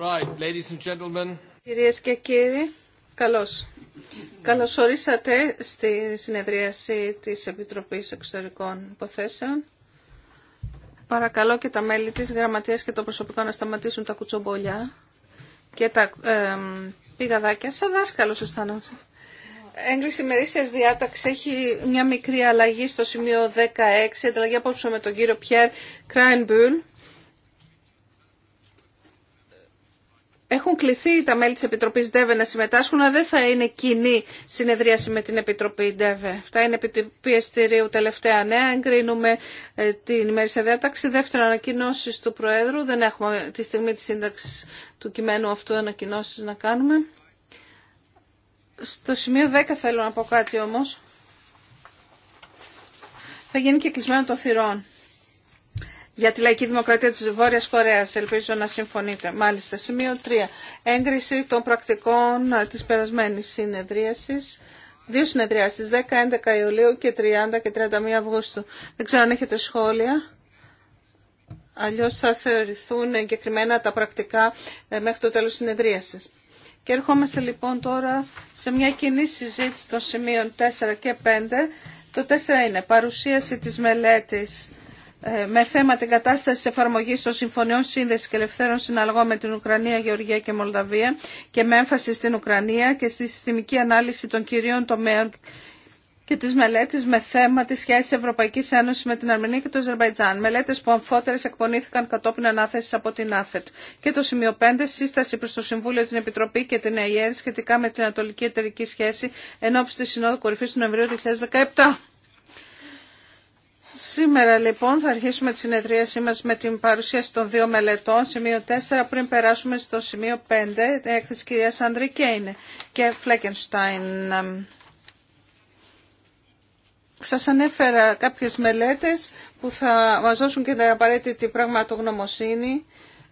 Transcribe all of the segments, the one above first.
Right, Κυρίες και κύριοι, καλώς. Καλώς ορίσατε στη συνεδρίαση της Επιτροπής Εξωτερικών Υποθέσεων. Παρακαλώ και τα μέλη της γραμματείας και το προσωπικό να σταματήσουν τα κουτσομπολιά και τα ε, πηγαδάκια. Σαν δάσκαλος αισθάνομαι. Έγκριση μερίσια διάταξη έχει μια μικρή αλλαγή στο σημείο 16. Ενταλλαγή απόψε με τον κύριο Πιέρ Κράινμπουλ Έχουν κληθεί τα μέλη της Επιτροπής ΔΕΒΕ να συμμετάσχουν, αλλά δεν θα είναι κοινή συνεδρίαση με την Επιτροπή ΔΕΒΕ. Αυτά είναι επί του πιεστηρίου τελευταία νέα. Εγκρίνουμε ε, την ημέρησια διάταξη. δεύτερη ανακοινώσει του Προέδρου. Δεν έχουμε τη στιγμή της σύνταξη του κειμένου αυτού ανακοινώσει να κάνουμε. Στο σημείο 10 θέλω να πω κάτι όμως. Θα γίνει και κλεισμένο το θυρών για τη λαϊκή δημοκρατία της Βόρειας Κορέας. Ελπίζω να συμφωνείτε. Μάλιστα, σημείο 3. Έγκριση των πρακτικών ε, της περασμένης συνεδρίασης. Δύο συνεδριάσεις, 10-11 Ιουλίου και 30 και 31 Αυγούστου. Δεν ξέρω αν έχετε σχόλια. Αλλιώς θα θεωρηθούν εγκεκριμένα τα πρακτικά ε, μέχρι το τέλος συνεδρίασης. Και ερχόμαστε λοιπόν τώρα σε μια κοινή συζήτηση των σημείων 4 και 5. Το 4 είναι παρουσίαση της μελέτης ε, με θέμα την κατάσταση της εφαρμογή των συμφωνιών σύνδεση και ελευθέρων συναλλαγών με την Ουκρανία, Γεωργία και Μολδαβία και με έμφαση στην Ουκρανία και στη συστημική ανάλυση των κυρίων τομέων και τη μελέτη με θέμα τη σχέση Ευρωπαϊκή Ένωση με την Αρμενία και το Αζερβαϊτζάν. Μελέτε που αμφότερε εκπονήθηκαν κατόπιν ανάθεση από την ΑΦΕΤ. Και το σημείο 5, σύσταση προ το Συμβούλιο, την Επιτροπή και την ΑΕΔ σχετικά με την Ανατολική Εταιρική Σχέση εν τη Συνόδου Κορυφή του Νοεμβρίου 2017. Σήμερα λοιπόν θα αρχίσουμε τη συνεδρίασή μας με την παρουσίαση των δύο μελετών, σημείο 4, πριν περάσουμε στο σημείο 5, έκθεση κυρίας Ανδρή Κέινε και Φλέκενστάιν. Σας ανέφερα κάποιες μελέτες που θα μας δώσουν και την απαραίτητη πραγματογνωμοσύνη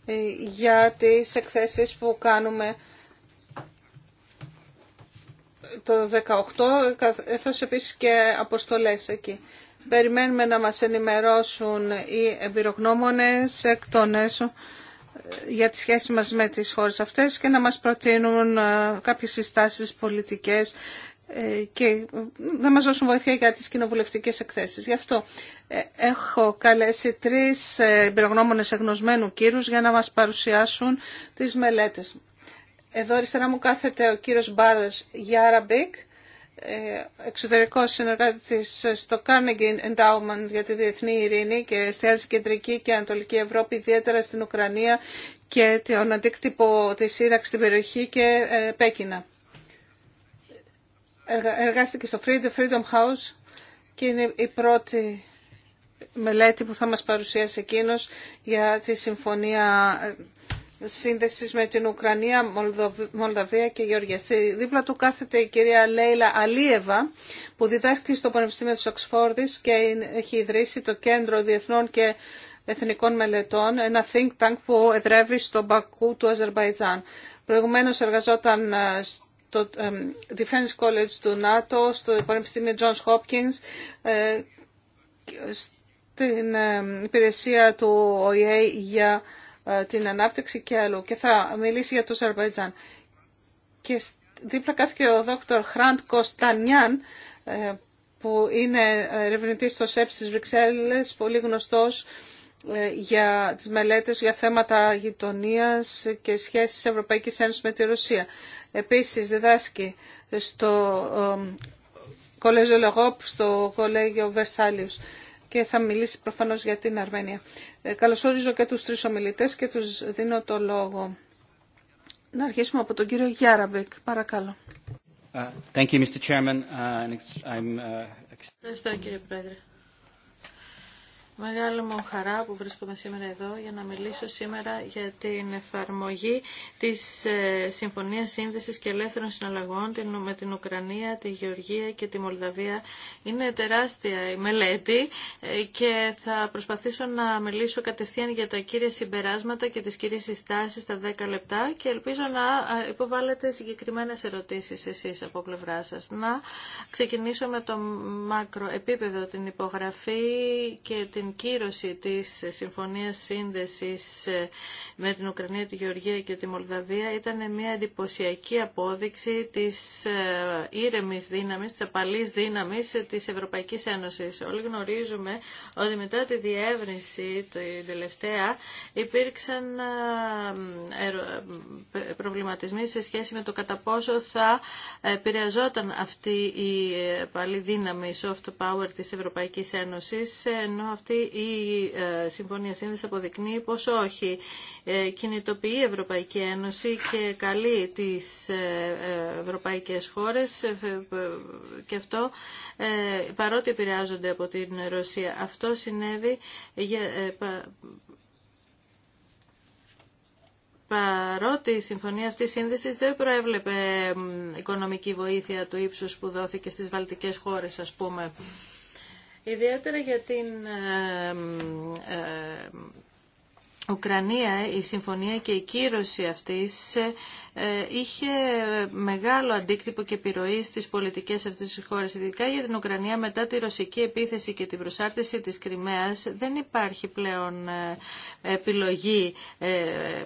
ε, για τις εκθέσεις που κάνουμε το 18, καθώς επίσης και αποστολές εκεί. Περιμένουμε να μας ενημερώσουν οι εμπειρογνώμονες εκ των έσω ε, για τη σχέση μας με τις χώρες αυτές και να μας προτείνουν ε, κάποιες συστάσεις πολιτικές ε, και να μας δώσουν βοήθεια για τις κοινοβουλευτικές εκθέσεις. Γι' αυτό έχω καλέσει τρεις εμπειρογνώμονες εγνωσμένου κύρους για να μας παρουσιάσουν τις μελέτες. Εδώ αριστερά μου κάθεται ο κύριος Μπάρας Γιάραμπικ, ε, εξωτερικό συνεργάτη ε, στο Carnegie Endowment για τη διεθνή ειρήνη και εστιάζει κεντρική και ανατολική Ευρώπη, ιδιαίτερα στην Ουκρανία και τον αντίκτυπο της σύραξη στην περιοχή και ε, Πέκινα. Εργάστηκε στο Freedom House και είναι η πρώτη μελέτη που θα μας παρουσιάσει εκείνος για τη συμφωνία σύνδεσης με την Ουκρανία, Μολδαβία και Γεωργία. Στη δίπλα του κάθεται η κυρία Λέιλα Αλίεβα που διδάσκει στο Πανεπιστήμιο της Οξφόρδης και έχει ιδρύσει το Κέντρο Διεθνών και Εθνικών Μελετών, ένα think tank που εδρεύει στο Μπακού του Αζερβαϊτζάν. Προηγουμένως εργαζόταν ε, στο ε, Defense College του ΝΑΤΟ, στο Πανεπιστήμιο Johns Hopkins, ε, στην υπηρεσία του ΟΗΕ για ε, την ανάπτυξη και αλλού και θα μιλήσει για το Αζερβαϊτζάν. Και δίπλα κάθηκε ο δόκτωρ Χραντ Κωνστανιάν ε, που είναι ερευνητής στο ΣΕΦ στις Βρυξέλλες, πολύ γνωστός ε, για τις μελέτες για θέματα γειτονίας και σχέσεις Ευρωπαϊκής Ένωσης με τη Ρωσία. Επίσης διδάσκει στο Κολέγιο Λεγόπ, στο Κολέγιο Βερσάλιους και θα μιλήσει προφανώς για την Αρμενία. Καλωσόριζω και τους τρεις ομιλητές και τους δίνω το λόγο. Να αρχίσουμε από τον κύριο Γιάραμπεκ. Παρακαλώ. Uh, thank you, Mr. Chairman. Uh, uh, Ευχαριστώ κύριε Πρόεδρε. Μεγάλη μου χαρά που βρίσκομαι σήμερα εδώ για να μιλήσω σήμερα για την εφαρμογή της ε, Συμφωνίας Σύνδεσης και Ελεύθερων Συναλλαγών με την Ουκρανία, τη Γεωργία και τη Μολδαβία. Είναι τεράστια η μελέτη ε, και θα προσπαθήσω να μιλήσω κατευθείαν για τα κύρια συμπεράσματα και τις κύριες συστάσεις στα 10 λεπτά και ελπίζω να ε, υποβάλλετε συγκεκριμένες ερωτήσεις εσείς από πλευρά σας. Να ξεκινήσω με το μακροεπίπεδο, την υπογραφή και την την κύρωση της Συμφωνίας Σύνδεσης με την Ουκρανία, τη Γεωργία και τη Μολδαβία ήταν μια εντυπωσιακή απόδειξη της ε, ήρεμης δύναμης, της απαλής δύναμης της Ευρωπαϊκής Ένωσης. Όλοι γνωρίζουμε ότι μετά τη διεύρυνση την τελευταία υπήρξαν ε, ε, προβληματισμοί σε σχέση με το κατά πόσο θα επηρεαζόταν αυτή η απαλή δύναμη soft power της Ευρωπαϊκής Ένωσης ενώ αυτή η ε, Συμφωνία Σύνδεση αποδεικνύει πως όχι. Ε, κινητοποιεί η Ευρωπαϊκή Ένωση και καλεί τις ε, ευρωπαϊκές χώρες και αυτό παρότι επηρεάζονται από την Ρωσία. Αυτό συνέβη Παρότι η συμφωνία αυτή σύνδεσης δεν προέβλεπε οικονομική βοήθεια του ύψους που δόθηκε στις βαλτικές χώρες, ας πούμε. Ιδιαίτερα για την Ουκρανία η συμφωνία και η κύρωση αυτής ε, είχε μεγάλο αντίκτυπο και επιρροή στις πολιτικές αυτής της χώρας, ειδικά για την Ουκρανία μετά τη ρωσική επίθεση και την προσάρτηση της Κρυμαίας. Δεν υπάρχει πλέον ε, επιλογή ε,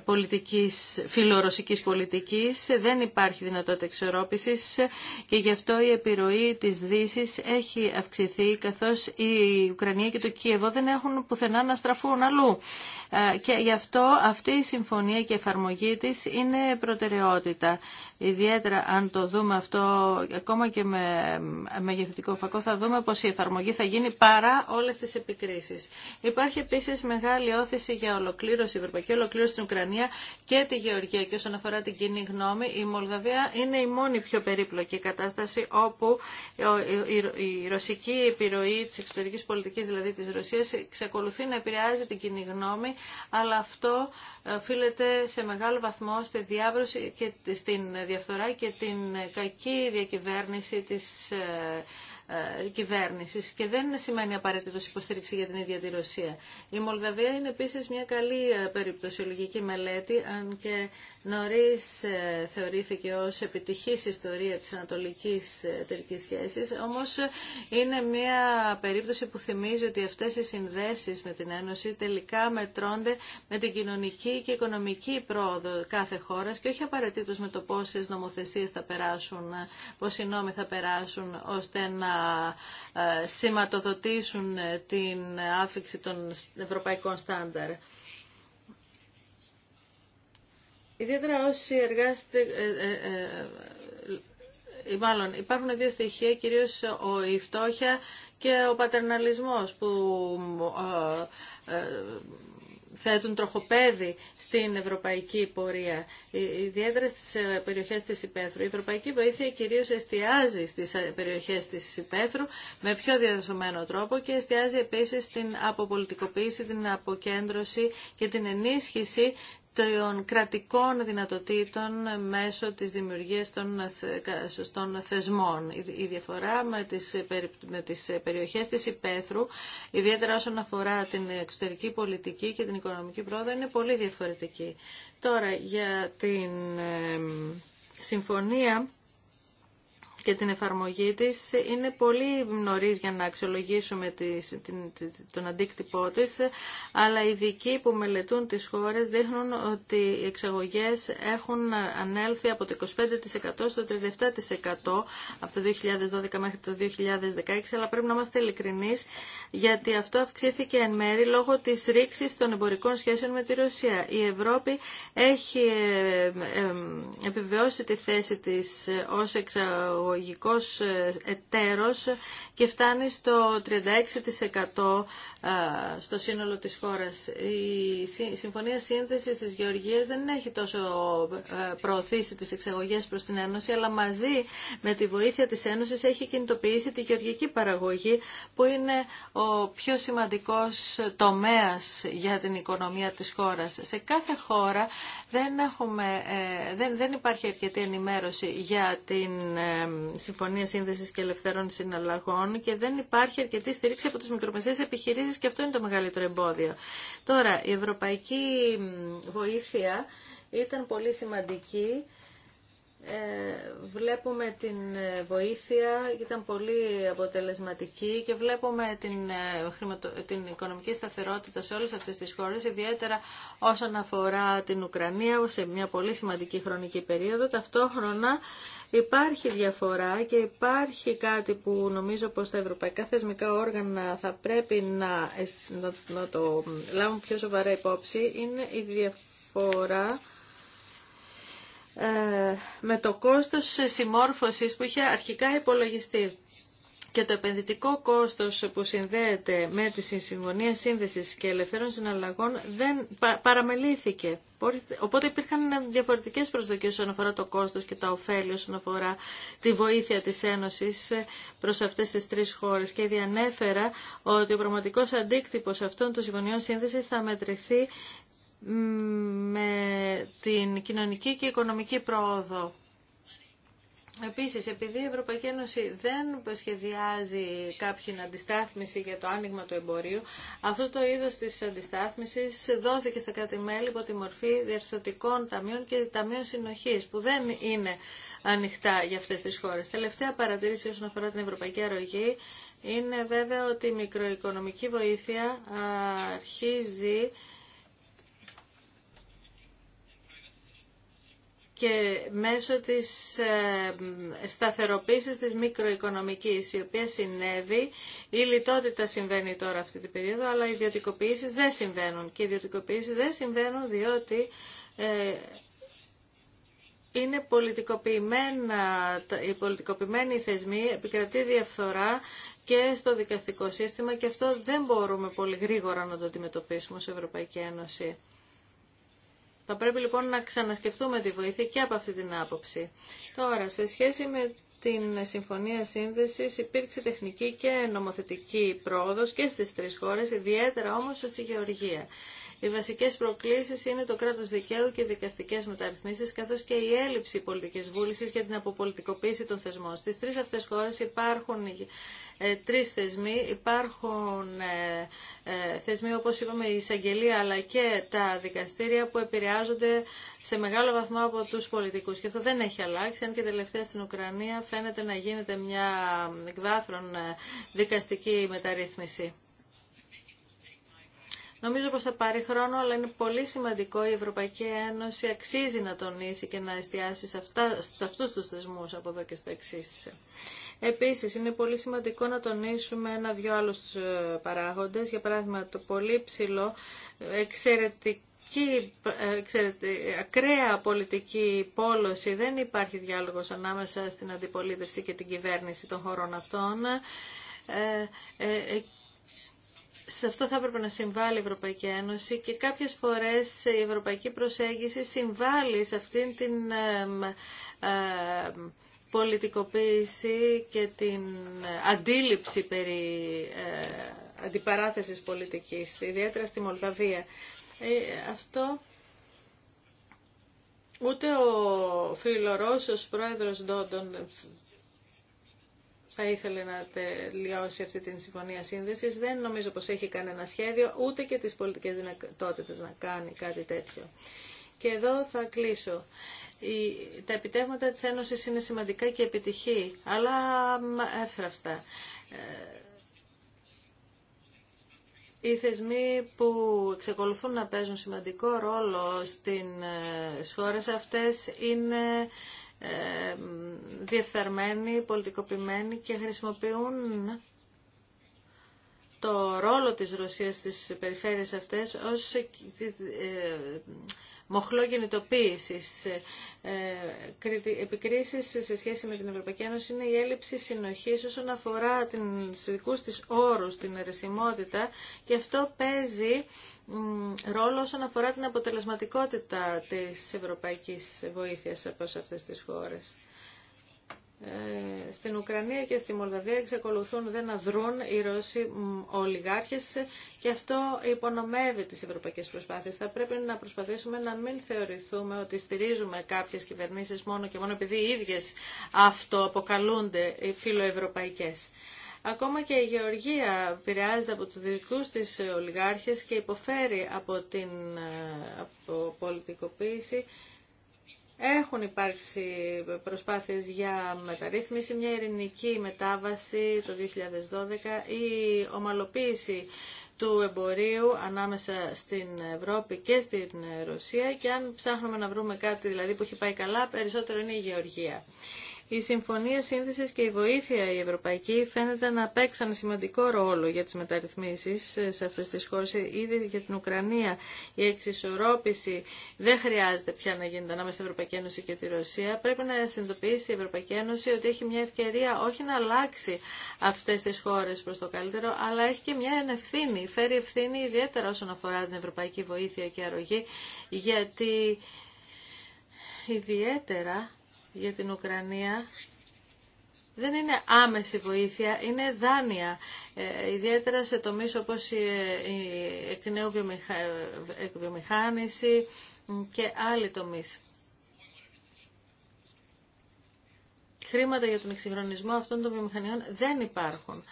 πολιτικής, φιλορωσικής πολιτικής, δεν υπάρχει δυνατότητα εξορόπησης και γι' αυτό η επιρροή της δύση έχει αυξηθεί καθώς η Ουκρανία και το Κίεβο δεν έχουν πουθενά να στραφούν αλλού. Και γι' αυτό αυτή η συμφωνία και η εφαρμογή της είναι προτεραιότητα Ιδιαίτερα αν το δούμε αυτό ακόμα και με μεγεθυντικό φακό θα δούμε πως η εφαρμογή θα γίνει παρά όλες τις επικρίσεις. Υπάρχει επίσης μεγάλη όθηση για ολοκλήρωση, ευρωπαϊκή ολοκλήρωση στην Ουκρανία και τη Γεωργία και όσον αφορά την κοινή γνώμη η Μολδαβία είναι η μόνη πιο περίπλοκη κατάσταση όπου η ρωσική επιρροή της εξωτερικής πολιτικής δηλαδή της Ρωσίας εξακολουθεί να επηρεάζει την κοινή γνώμη αλλά αυτό ε, οφείλεται σε μεγάλο βαθμό στη διάβρωση και στην διαφθορά και την κακή διακυβέρνηση της ε, ε, κυβέρνησης και δεν σημαίνει απαραίτητος υποστήριξη για την ίδια τη Ρωσία. Η Μολδαβία είναι επίσης μια καλή ε, περιπτωσιολογική μελέτη, αν και Νωρίς ε, θεωρήθηκε ως επιτυχής ιστορία της ανατολικής εταιρικής σχέσης, όμως είναι μια περίπτωση που θυμίζει ότι αυτές οι συνδέσεις με την Ένωση τελικά μετρώνται με την κοινωνική και οικονομική πρόοδο κάθε χώρας και όχι απαραίτητο με το πόσες νομοθεσίες θα περάσουν, πόσοι νόμοι θα περάσουν ώστε να ε, σηματοδοτήσουν την άφηξη των ευρωπαϊκών στάνταρ. Ιδιαίτερα όσοι εργάζεται, ε, ε, ε, μάλλον υπάρχουν δύο στοιχεία, κυρίως ο, η φτώχεια και ο πατερναλισμός που θέτουν τροχοπέδι στην ευρωπαϊκή πορεία, ιδιαίτερα στις περιοχές της Υπέθρου. Η ευρωπαϊκή βοήθεια κυρίως εστιάζει στις περιοχές της Υπέθρου με πιο διαδεδομένο τρόπο και εστιάζει επίσης στην αποπολιτικοποίηση, την αποκέντρωση και την ενίσχυση των κρατικών δυνατοτήτων μέσω της δημιουργίας των σωστών θεσμών. Η διαφορά με τις, με τις περιοχές της Υπέθρου, ιδιαίτερα όσον αφορά την εξωτερική πολιτική και την οικονομική πρόοδο, είναι πολύ διαφορετική. Τώρα, για την συμφωνία και την εφαρμογή της είναι πολύ νωρίς για να αξιολογήσουμε τον αντίκτυπό της, αλλά οι ειδικοί που μελετούν τις χώρες δείχνουν ότι οι εξαγωγές έχουν ανέλθει από το 25% στο 37% από το 2012 μέχρι το 2016, αλλά πρέπει να είμαστε ειλικρινεί γιατί αυτό αυξήθηκε εν μέρη λόγω της ρήξης των εμπορικών σχέσεων με τη Ρωσία. Η Ευρώπη έχει ε, ε, ε, επιβεβαιώσει τη θέση της ως εξαγωγή παραγωγικός ε, εταίρος και φτάνει στο 36% ε, στο σύνολο της χώρας. Η Συμφωνία Σύνθεσης της Γεωργίας δεν έχει τόσο ε, προωθήσει τις εξαγωγές προς την Ένωση, αλλά μαζί με τη βοήθεια της Ένωσης έχει κινητοποιήσει τη γεωργική παραγωγή, που είναι ο πιο σημαντικός τομέας για την οικονομία της χώρας. Σε κάθε χώρα δεν, έχουμε, δεν υπάρχει αρκετή ενημέρωση για την Συμφωνία Σύνδεση και Ελευθέρων Συναλλαγών και δεν υπάρχει αρκετή στήριξη από τι μικρομεσαίε επιχειρήσει και αυτό είναι το μεγαλύτερο εμπόδιο. Τώρα, η ευρωπαϊκή βοήθεια ήταν πολύ σημαντική ε, βλέπουμε την ε, βοήθεια, ήταν πολύ αποτελεσματική και βλέπουμε την, ε, την οικονομική σταθερότητα σε όλες αυτές τις χώρες, ιδιαίτερα όσον αφορά την Ουκρανία σε μια πολύ σημαντική χρονική περίοδο. Ταυτόχρονα υπάρχει διαφορά και υπάρχει κάτι που νομίζω πως τα ευρωπαϊκά θεσμικά όργανα θα πρέπει να, να το λάβουν πιο σοβαρά υπόψη, είναι η διαφορά ε, με το κόστος συμμόρφωσης που είχε αρχικά υπολογιστεί. Και το επενδυτικό κόστος που συνδέεται με τη συμφωνία σύνδεσης και ελευθέρων συναλλαγών δεν παραμελήθηκε. Οπότε υπήρχαν διαφορετικές προσδοκίες όσον αφορά το κόστος και τα ωφέλη όσον αφορά τη βοήθεια της Ένωσης προς αυτές τις τρεις χώρες. Και διανέφερα ότι ο πραγματικός αντίκτυπος αυτών των συμφωνιών σύνδεσης θα μετρηθεί με την κοινωνική και οικονομική πρόοδο. Επίσης, επειδή η Ευρωπαϊκή Ένωση δεν σχεδιάζει κάποια αντιστάθμιση για το άνοιγμα του εμπορίου, αυτό το είδος της αντιστάθμισης δόθηκε στα κράτη-μέλη υπό τη μορφή διαρθρωτικών ταμείων και ταμείων συνοχής, που δεν είναι ανοιχτά για αυτές τις χώρες. Τελευταία παρατήρηση όσον αφορά την Ευρωπαϊκή Αρρωγή είναι βέβαια ότι η μικροοικονομική βοήθεια αρχίζει και μέσω της ε, σταθεροποίησης της μικροοικονομικής, η οποία συνέβη, η λιτότητα συμβαίνει τώρα αυτή την περίοδο, αλλά οι ιδιωτικοποιήσεις δεν συμβαίνουν. Και οι ιδιωτικοποιήσεις δεν συμβαίνουν διότι ε, είναι πολιτικοποιημένα, οι πολιτικοποιημένοι θεσμοί, επικρατεί διαφθορά και στο δικαστικό σύστημα και αυτό δεν μπορούμε πολύ γρήγορα να το αντιμετωπίσουμε ως Ευρωπαϊκή Ένωση. Θα πρέπει λοιπόν να ξανασκεφτούμε τη βοήθεια και από αυτή την άποψη. Τώρα, σε σχέση με την Συμφωνία σύνδεση, υπήρξε τεχνική και νομοθετική πρόοδος και στις τρεις χώρες, ιδιαίτερα όμως στη Γεωργία. Οι βασικέ προκλήσει είναι το κράτο δικαίου και οι δικαστικέ μεταρρυθμίσει, καθώ και η έλλειψη πολιτική βούληση για την αποπολιτικοποίηση των θεσμών. Στι τρει αυτέ χώρε υπάρχουν ε, τρει θεσμοί. Υπάρχουν ε, ε, θεσμοί, όπω είπαμε, η εισαγγελία αλλά και τα δικαστήρια που επηρεάζονται σε μεγάλο βαθμό από του πολιτικού. Και αυτό δεν έχει αλλάξει, αν και τελευταία στην Ουκρανία φαίνεται να γίνεται μια εκβάθρον ε, δικαστική μεταρρύθμιση. Νομίζω πως θα πάρει χρόνο, αλλά είναι πολύ σημαντικό η Ευρωπαϊκή Ένωση αξίζει να τονίσει και να εστιάσει σε, αυτά, σε αυτούς τους θεσμούς από εδώ και στο εξή. Επίσης, είναι πολύ σημαντικό να τονίσουμε ένα-δυο άλλους ε, παράγοντες, για παράδειγμα το πολύ ψηλό, εξαιρετικό ακραία πολιτική πόλωση δεν υπάρχει διάλογος ανάμεσα στην αντιπολίτευση και την κυβέρνηση των χωρών αυτών. Ε, ε, σε αυτό θα έπρεπε να συμβάλλει η Ευρωπαϊκή Ένωση και κάποιες φορές η ευρωπαϊκή προσέγγιση συμβάλλει σε αυτήν την πολιτικοποίηση και την αντίληψη περί ε, αντιπαράθεσης πολιτικής, ιδιαίτερα στη Μολδαβία. Ε, αυτό ούτε ο φιλορώσος πρόεδρος Ντόντον θα ήθελε να τελειώσει αυτή την συμφωνία σύνδεση. Δεν νομίζω πως έχει κανένα σχέδιο, ούτε και τις πολιτικές δυνατότητες να κάνει κάτι τέτοιο. Και εδώ θα κλείσω. Η, τα επιτεύγματα της Ένωσης είναι σημαντικά και επιτυχή, αλλά εύθραυστα. Ε, οι θεσμοί που εξακολουθούν να παίζουν σημαντικό ρόλο ε, στις χώρες αυτές είναι διεφθαρμένοι, πολιτικοποιημένοι και χρησιμοποιούν το ρόλο της Ρωσίας στις περιφέρειες αυτές ως ε, μοχλό κινητοποίηση, ε, ε, Επικρίσεις σε σχέση με την Ευρωπαϊκή Ένωση είναι η έλλειψη συνοχής όσον αφορά την δικού τη όρους, την αιρεσιμότητα και αυτό παίζει ρόλο όσον αφορά την αποτελεσματικότητα της ευρωπαϊκής βοήθεια προ αυτές τις χώρες. Ε, στην Ουκρανία και στη Μολδαβία εξακολουθούν δεν να δρούν οι Ρώσοι ολιγάρχες και αυτό υπονομεύει τις ευρωπαϊκές προσπάθειες. Θα πρέπει να προσπαθήσουμε να μην θεωρηθούμε ότι στηρίζουμε κάποιες κυβερνήσεις μόνο και μόνο επειδή οι ίδιες αυτό αποκαλούνται φιλοευρωπαϊκές. Ακόμα και η Γεωργία επηρεάζεται από του δικούς της ολιγάρχες και υποφέρει από την ε, πολιτικοποίηση έχουν υπάρξει προσπάθειες για μεταρρύθμιση, μια ειρηνική μετάβαση το 2012, η ομαλοποίηση του εμπορίου ανάμεσα στην Ευρώπη και στην Ρωσία και αν ψάχνουμε να βρούμε κάτι δηλαδή που έχει πάει καλά, περισσότερο είναι η γεωργία. Η Συμφωνία σύνδεση και η Βοήθεια η Ευρωπαϊκή φαίνεται να παίξαν σημαντικό ρόλο για τι μεταρρυθμίσει σε αυτέ τι χώρε Ήδη για την Ουκρανία η εξισορρόπηση δεν χρειάζεται πια να γίνεται ανάμεσα στην Ευρωπαϊκή Ένωση και τη Ρωσία. Πρέπει να συνειδητοποιήσει η Ευρωπαϊκή Ένωση ότι έχει μια ευκαιρία όχι να αλλάξει αυτέ τι χώρε προ το καλύτερο, αλλά έχει και μια ευθύνη. Φέρει ευθύνη ιδιαίτερα όσον αφορά την ευρωπαϊκή βοήθεια και αρρωγή, γιατί ιδιαίτερα για την Ουκρανία δεν είναι άμεση βοήθεια, είναι δάνεια. Ε, ιδιαίτερα σε τομείς όπως η, εκ νέου και άλλοι τομείς. Χρήματα για τον εξυγχρονισμό αυτών των βιομηχανιών δεν υπάρχουν.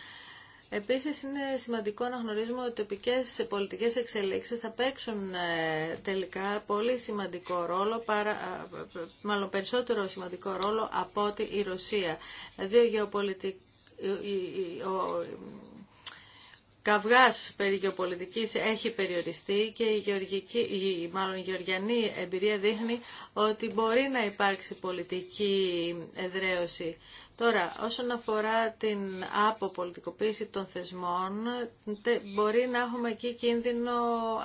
Επίση, είναι σημαντικό να γνωρίζουμε ότι τοπικέ πολιτικές εξελίξεις θα παίξουν ε, τελικά πολύ σημαντικό ρόλο, παρα, μάλλον περισσότερο σημαντικό ρόλο από ότι η Ρωσία. Δύο καυγάς περί γεωπολιτικής έχει περιοριστεί και η, γεωργική, η, μάλλον η γεωργιανή εμπειρία δείχνει ότι μπορεί να υπάρξει πολιτική εδραίωση. Τώρα, όσον αφορά την αποπολιτικοποίηση των θεσμών, μπορεί να έχουμε εκεί κίνδυνο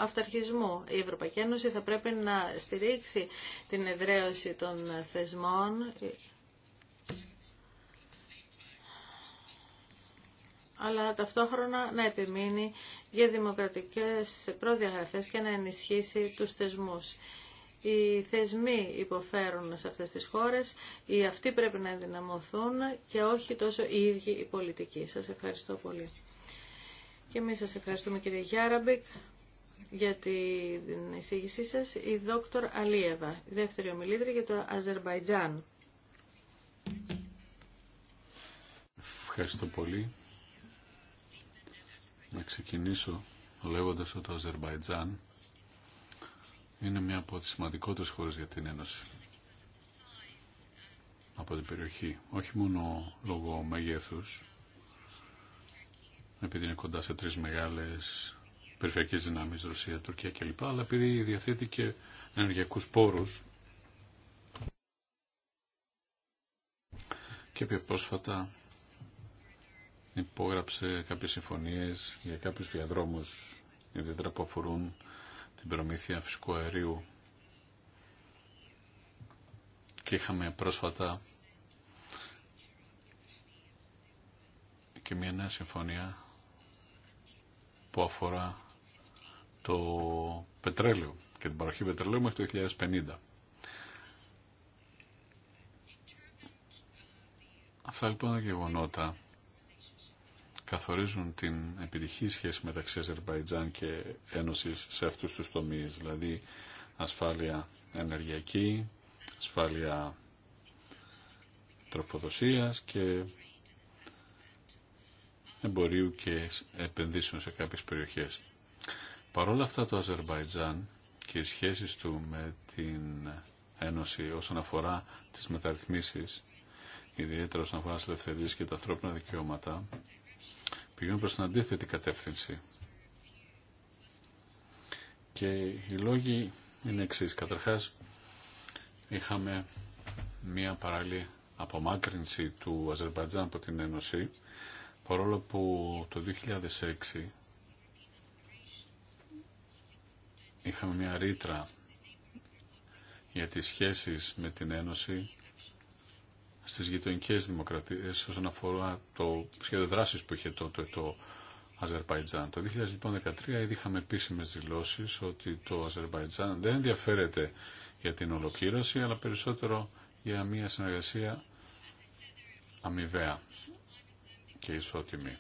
αυταρχισμού. Η Ευρωπαϊκή Ένωση θα πρέπει να στηρίξει την εδραίωση των θεσμών αλλά ταυτόχρονα να επιμείνει για δημοκρατικές προδιαγραφές και να ενισχύσει τους θεσμούς. Οι θεσμοί υποφέρουν σε αυτές τις χώρες, οι αυτοί πρέπει να ενδυναμωθούν και όχι τόσο οι ίδιοι οι πολιτικοί. Σας ευχαριστώ πολύ. Και εμείς σας ευχαριστούμε κύριε Γιάραμπικ για την εισήγησή σας. Η δόκτωρ Αλίεβα, δεύτερη για το Αζερβαϊτζάν. Ευχαριστώ πολύ. Να ξεκινήσω λέγοντας ότι το Αζερβαϊτζάν είναι μια από τις σημαντικότερες χώρες για την Ένωση από την περιοχή. Όχι μόνο λόγω μεγέθους, επειδή είναι κοντά σε τρεις μεγάλες περιφερειακές δυνάμεις, Ρωσία, Τουρκία κλπ, αλλά επειδή διαθέτει και ενεργειακούς πόρους και πιο πρόσφατα υπόγραψε κάποιες συμφωνίες για κάποιους διαδρόμους ιδιαίτερα που αφορούν την προμήθεια φυσικού αερίου και είχαμε πρόσφατα και μια νέα συμφωνία που αφορά το πετρέλαιο και την παροχή πετρελαίου μέχρι το 2050. Αυτά λοιπόν τα γεγονότα καθορίζουν την επιτυχή σχέση μεταξύ Αζερβαϊτζάν και Ένωσης σε αυτούς τους τομείς, δηλαδή ασφάλεια ενεργειακή, ασφάλεια τροφοδοσίας και εμπορίου και επενδύσεων σε κάποιες περιοχές. όλα αυτά το Αζερβαϊτζάν και οι σχέσεις του με την Ένωση όσον αφορά τις μεταρρυθμίσεις, ιδιαίτερα όσον αφορά τις ελευθερίες και τα ανθρώπινα δικαιώματα, πηγαίνουν προς την αντίθετη κατεύθυνση. Και οι λόγοι είναι εξή. Καταρχάς, είχαμε μία παράλληλη απομάκρυνση του Αζερβαϊτζάν από την Ένωση, παρόλο που το 2006 είχαμε μία ρήτρα για τις σχέσεις με την Ένωση Στι γειτονικέ δημοκρατίε όσον αφορά το σχέδιο δράσης που είχε τότε το Αζερβαϊτζάν. Το 2013 λοιπόν ήδη είχαμε επίσημε δηλώσει ότι το Αζερβαϊτζάν δεν ενδιαφέρεται για την ολοκλήρωση αλλά περισσότερο για μια συνεργασία αμοιβαία και ισότιμη.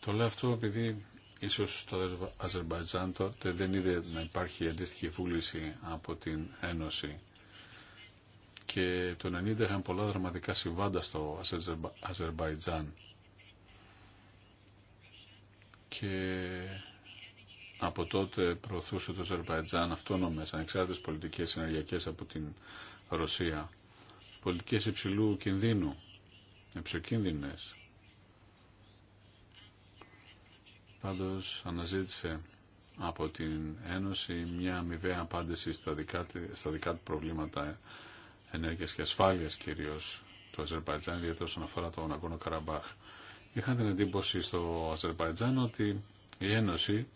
Το λέω αυτό επειδή ίσως το Αζερβαϊτζάν τότε δεν είδε να υπάρχει αντίστοιχη βούληση από την Ένωση και το 90 είχαν πολλά δραματικά συμβάντα στο Αζερβαϊτζάν. Και από τότε προωθούσε το Αζερβαϊτζάν αυτόνομες, ανεξάρτητες πολιτικές συνεργειακές από την Ρωσία. Πολιτικές υψηλού κινδύνου, υψοκίνδυνε. Πάντως αναζήτησε από την Ένωση μια αμοιβαία απάντηση στα δικά του προβλήματα ε ενέργειας και ασφάλειας κυρίως του Αζερβαϊτζάν, ιδιαίτερα όσον αφορά τον Αγκόνο Καραμπάχ. είχαν την εντύπωση στο Αζερβαϊτζάν ότι η Ένωση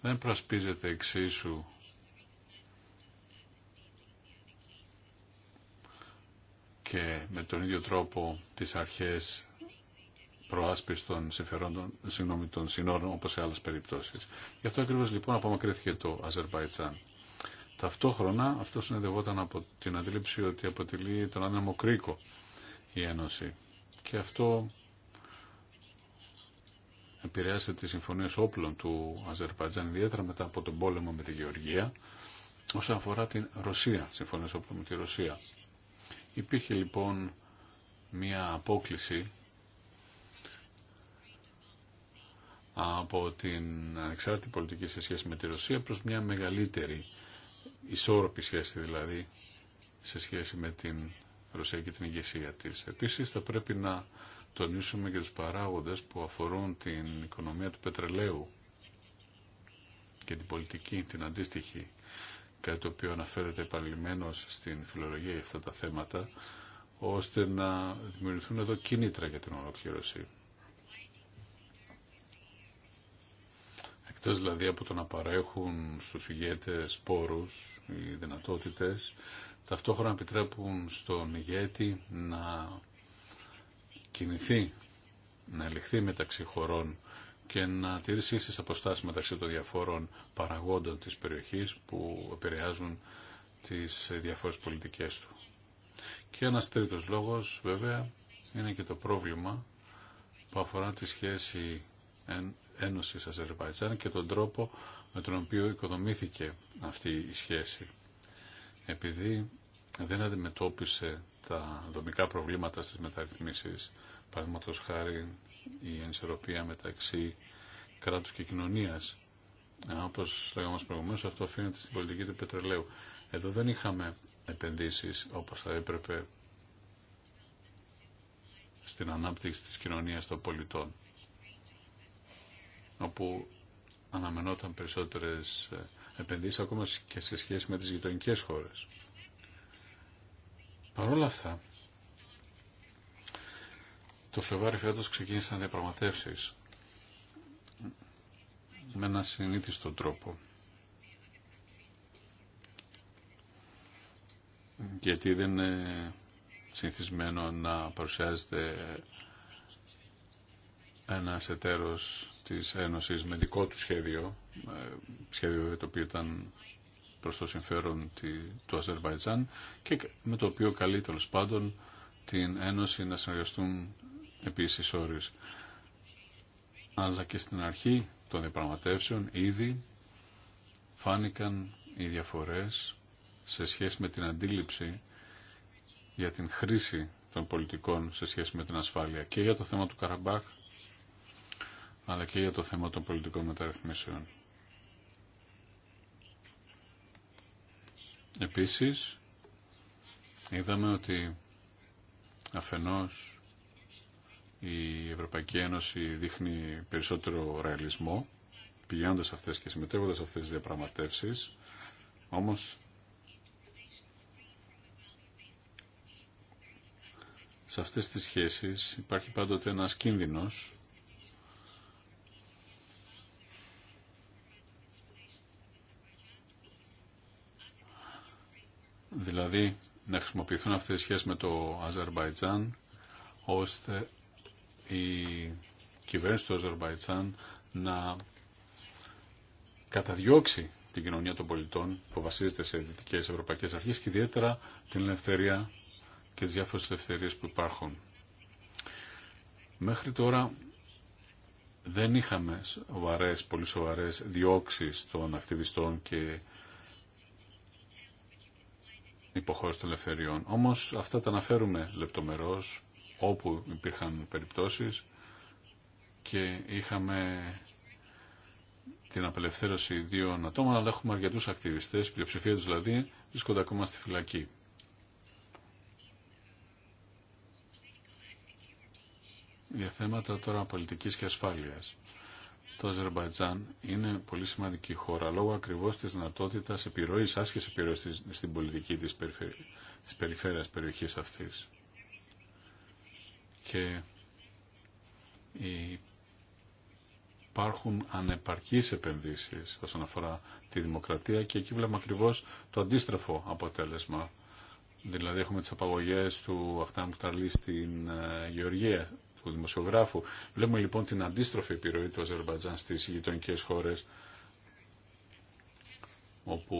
δεν προσπίζεται εξίσου και με τον ίδιο τρόπο τις αρχές προάσπιση των συμφερόντων, συνόρων όπως σε άλλες περιπτώσεις. Γι' αυτό ακριβώς λοιπόν απομακρύθηκε το Αζερβαϊτζάν. Ταυτόχρονα αυτό συνεδευόταν από την αντίληψη ότι αποτελεί τον άνεμο κρίκο η Ένωση. Και αυτό επηρέασε τις συμφωνίες όπλων του Αζερβαϊτζάν, ιδιαίτερα μετά από τον πόλεμο με τη Γεωργία, όσον αφορά την Ρωσία, συμφωνίες όπλων με τη Ρωσία. Υπήρχε λοιπόν μία απόκληση από την ανεξάρτητη πολιτική σε σχέση με τη Ρωσία προς μια μεγαλύτερη ισόρροπη σχέση δηλαδή σε σχέση με την Ρωσία και την ηγεσία της. Επίσης θα πρέπει να τονίσουμε και τους παράγοντες που αφορούν την οικονομία του πετρελαίου και την πολιτική, την αντίστοιχη, κάτι το οποίο αναφέρεται επαλλημένως στην φιλολογία για αυτά τα θέματα, ώστε να δημιουργηθούν εδώ κίνητρα για την ολοκλήρωση. Εκτός δηλαδή από το να παρέχουν στους ηγέτες πόρους, οι δυνατότητες ταυτόχρονα επιτρέπουν στον ηγέτη να κινηθεί, να ελιχθεί μεταξύ χωρών και να τηρήσει στις αποστάσεις μεταξύ των διαφόρων παραγόντων της περιοχής που επηρεάζουν τις διαφόρες πολιτικές του. Και ένας τρίτος λόγος βέβαια είναι και το πρόβλημα που αφορά τη σχέση Ένωσης Αζερβαϊτζάν και τον τρόπο με τον οποίο οικοδομήθηκε αυτή η σχέση. Επειδή δεν αντιμετώπισε τα δομικά προβλήματα στις μεταρρυθμίσεις, παραδείγματο χάρη η ενισορροπία μεταξύ κράτους και κοινωνίας, όπως λέγαμε προηγουμένως, αυτό αφήνεται στην πολιτική του πετρελαίου. Εδώ δεν είχαμε επενδύσεις όπως θα έπρεπε στην ανάπτυξη της κοινωνίας των πολιτών όπου αναμενόταν περισσότερες ε, επενδύσεις ακόμα και σε σχέση με τις γειτονικές χώρες. Παρ' όλα αυτά, το Φλεβάρι φέτος ξεκίνησαν διαπραγματεύσεις με ένα συνήθιστο τρόπο. Γιατί δεν είναι συνηθισμένο να παρουσιάζεται ένα εταίρο της Ένωσης με δικό του σχέδιο, ε, σχέδιο το οποίο ήταν προς το συμφέρον του Αζερβαϊτζάν και με το οποίο καλεί τέλο πάντων την Ένωση να συνεργαστούν επίση όρει. Αλλά και στην αρχή των διαπραγματεύσεων ήδη φάνηκαν οι διαφορές σε σχέση με την αντίληψη για την χρήση των πολιτικών σε σχέση με την ασφάλεια και για το θέμα του Καραμπάχ αλλά και για το θέμα των πολιτικών μεταρρυθμίσεων. Επίσης, είδαμε ότι αφενός η Ευρωπαϊκή Ένωση δείχνει περισσότερο ρεαλισμό, πηγαίνοντας αυτές και συμμετέχοντας αυτές τις διαπραγματεύσεις, όμως σε αυτές τις σχέσεις υπάρχει πάντοτε ένας κίνδυνος δηλαδή να χρησιμοποιηθούν αυτές οι σχέσεις με το Αζερβαϊτζάν ώστε η κυβέρνηση του Αζερβαϊτζάν να καταδιώξει την κοινωνία των πολιτών που βασίζεται σε δυτικέ ευρωπαϊκέ αρχέ και ιδιαίτερα την ελευθερία και τι διάφορε ελευθερίε που υπάρχουν. Μέχρι τώρα δεν είχαμε σοβαρές, πολύ σοβαρέ διώξει των ακτιβιστών και υποχώρηση των ελευθεριών. Όμως αυτά τα αναφέρουμε λεπτομερώς όπου υπήρχαν περιπτώσεις και είχαμε την απελευθέρωση δύο ατόμων, αλλά έχουμε αρκετού ακτιβιστές, η πλειοψηφία του δηλαδή βρίσκονται ακόμα στη φυλακή. Για θέματα τώρα πολιτικής και ασφάλειας το Αζερμπαϊτζάν είναι πολύ σημαντική χώρα λόγω ακριβώς της δυνατότητα επιρροή άσχηση επιρροή στην πολιτική της, περιφέρεια, της περιφέρειας περιοχής αυτής. Και υπάρχουν ανεπαρκείς επενδύσεις όσον αφορά τη δημοκρατία και εκεί βλέπουμε ακριβώς το αντίστροφο αποτέλεσμα. Δηλαδή έχουμε τις απαγωγές του Αχτάμ Κταρλή στην ε, Γεωργία του δημοσιογράφου. Βλέπουμε λοιπόν την αντίστροφη επιρροή του Αζερβαϊτζάν στις γειτονικέ χώρες όπου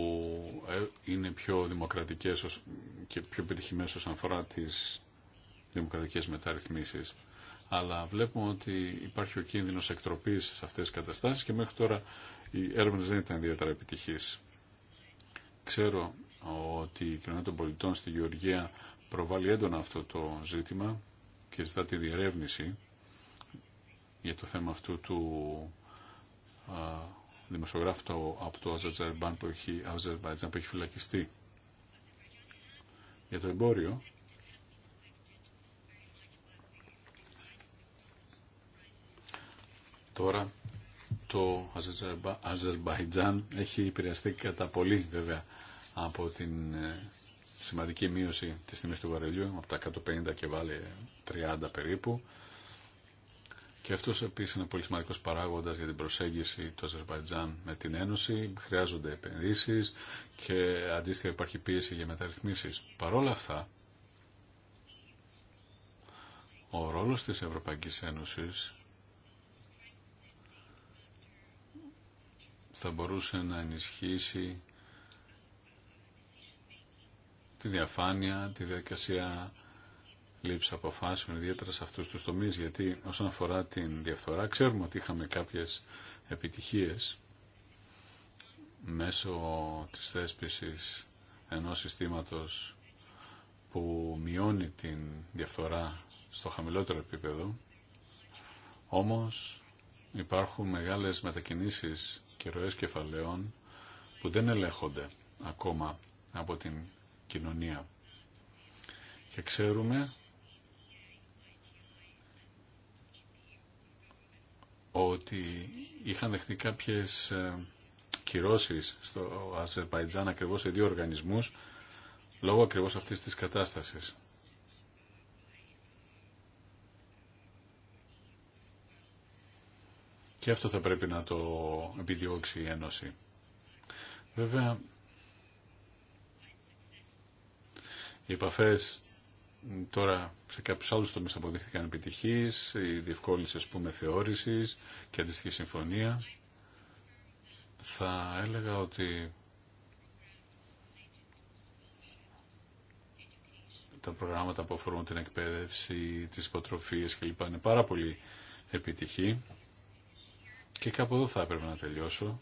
ε, είναι πιο δημοκρατικές και πιο επιτυχημένες όσον αφορά τις δημοκρατικές μεταρρυθμίσεις. Αλλά βλέπουμε ότι υπάρχει ο κίνδυνος εκτροπής σε αυτές τις καταστάσεις και μέχρι τώρα οι έρευνε δεν ήταν ιδιαίτερα επιτυχείς. Ξέρω ότι η κοινωνία των πολιτών στη Γεωργία προβάλλει έντονα αυτό το ζήτημα και ζητά τη διερεύνηση για το θέμα αυτού του δημοσιογράφου από το Αζερμπαϊτζάν που, έχει, που έχει φυλακιστεί. Για το εμπόριο, τώρα το Αζερμπαϊτζάν έχει επηρεαστεί κατά πολύ βέβαια από την ε, σημαντική μείωση της τιμής του βαρελιού από τα 150 και βάλει 30 περίπου. Και αυτός επίσης είναι πολύ σημαντικός παράγοντας για την προσέγγιση του Αζερβαϊτζάν με την Ένωση. Χρειάζονται επενδύσεις και αντίστοιχα υπάρχει πίεση για μεταρρυθμίσεις. Παρόλα αυτά, ο ρόλος της Ευρωπαϊκής Ένωσης θα μπορούσε να ενισχύσει τη διαφάνεια, τη διαδικασία λήψη αποφάσεων, ιδιαίτερα σε αυτούς του τομείς, γιατί όσον αφορά την διαφθορά, ξέρουμε ότι είχαμε κάποιες επιτυχίες μέσω της θέσπισης ενός συστήματος που μειώνει την διαφθορά στο χαμηλότερο επίπεδο, όμως υπάρχουν μεγάλες μετακινήσεις και ροές κεφαλαίων που δεν ελέγχονται ακόμα από την κοινωνία. Και ξέρουμε ότι είχαν δεχτεί κάποιες ε, κυρώσεις στο Αζερβαϊτζάν ακριβώς σε δύο οργανισμούς λόγω ακριβώς αυτής της κατάστασης. Και αυτό θα πρέπει να το επιδιώξει η Ένωση. Βέβαια, Οι επαφέ τώρα σε κάποιους άλλους τομεί αποδείχθηκαν επιτυχεί, η διευκόλυνση α πούμε θεώρηση και αντιστοιχή συμφωνία. Θα έλεγα ότι τα προγράμματα που αφορούν την εκπαίδευση, τις υποτροφίες κλπ. είναι πάρα πολύ επιτυχή. Και κάπου εδώ θα έπρεπε να τελειώσω.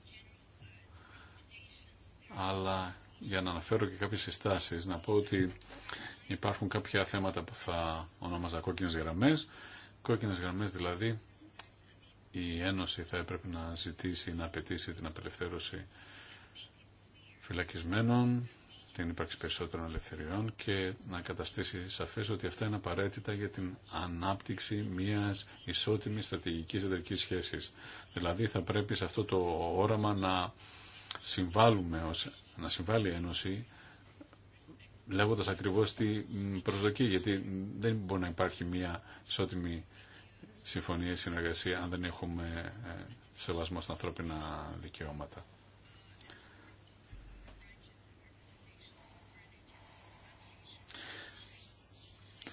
Αλλά για να αναφέρω και κάποιες συστάσεις, να πω ότι υπάρχουν κάποια θέματα που θα ονόμαζα κόκκινες γραμμές. Κόκκινες γραμμές δηλαδή η Ένωση θα έπρεπε να ζητήσει, να απαιτήσει την απελευθέρωση φυλακισμένων, την ύπαρξη περισσότερων ελευθεριών και να καταστήσει σαφές ότι αυτά είναι απαραίτητα για την ανάπτυξη μιας ισότιμης στρατηγικής εταιρικής σχέσης. Δηλαδή θα πρέπει σε αυτό το όραμα να συμβάλλουμε ως να συμβάλλει η Ένωση λέγοντας ακριβώς τι προσδοκεί, γιατί δεν μπορεί να υπάρχει μια ισότιμη συμφωνία ή συνεργασία αν δεν έχουμε ε, σεβασμό στα ανθρώπινα δικαιώματα.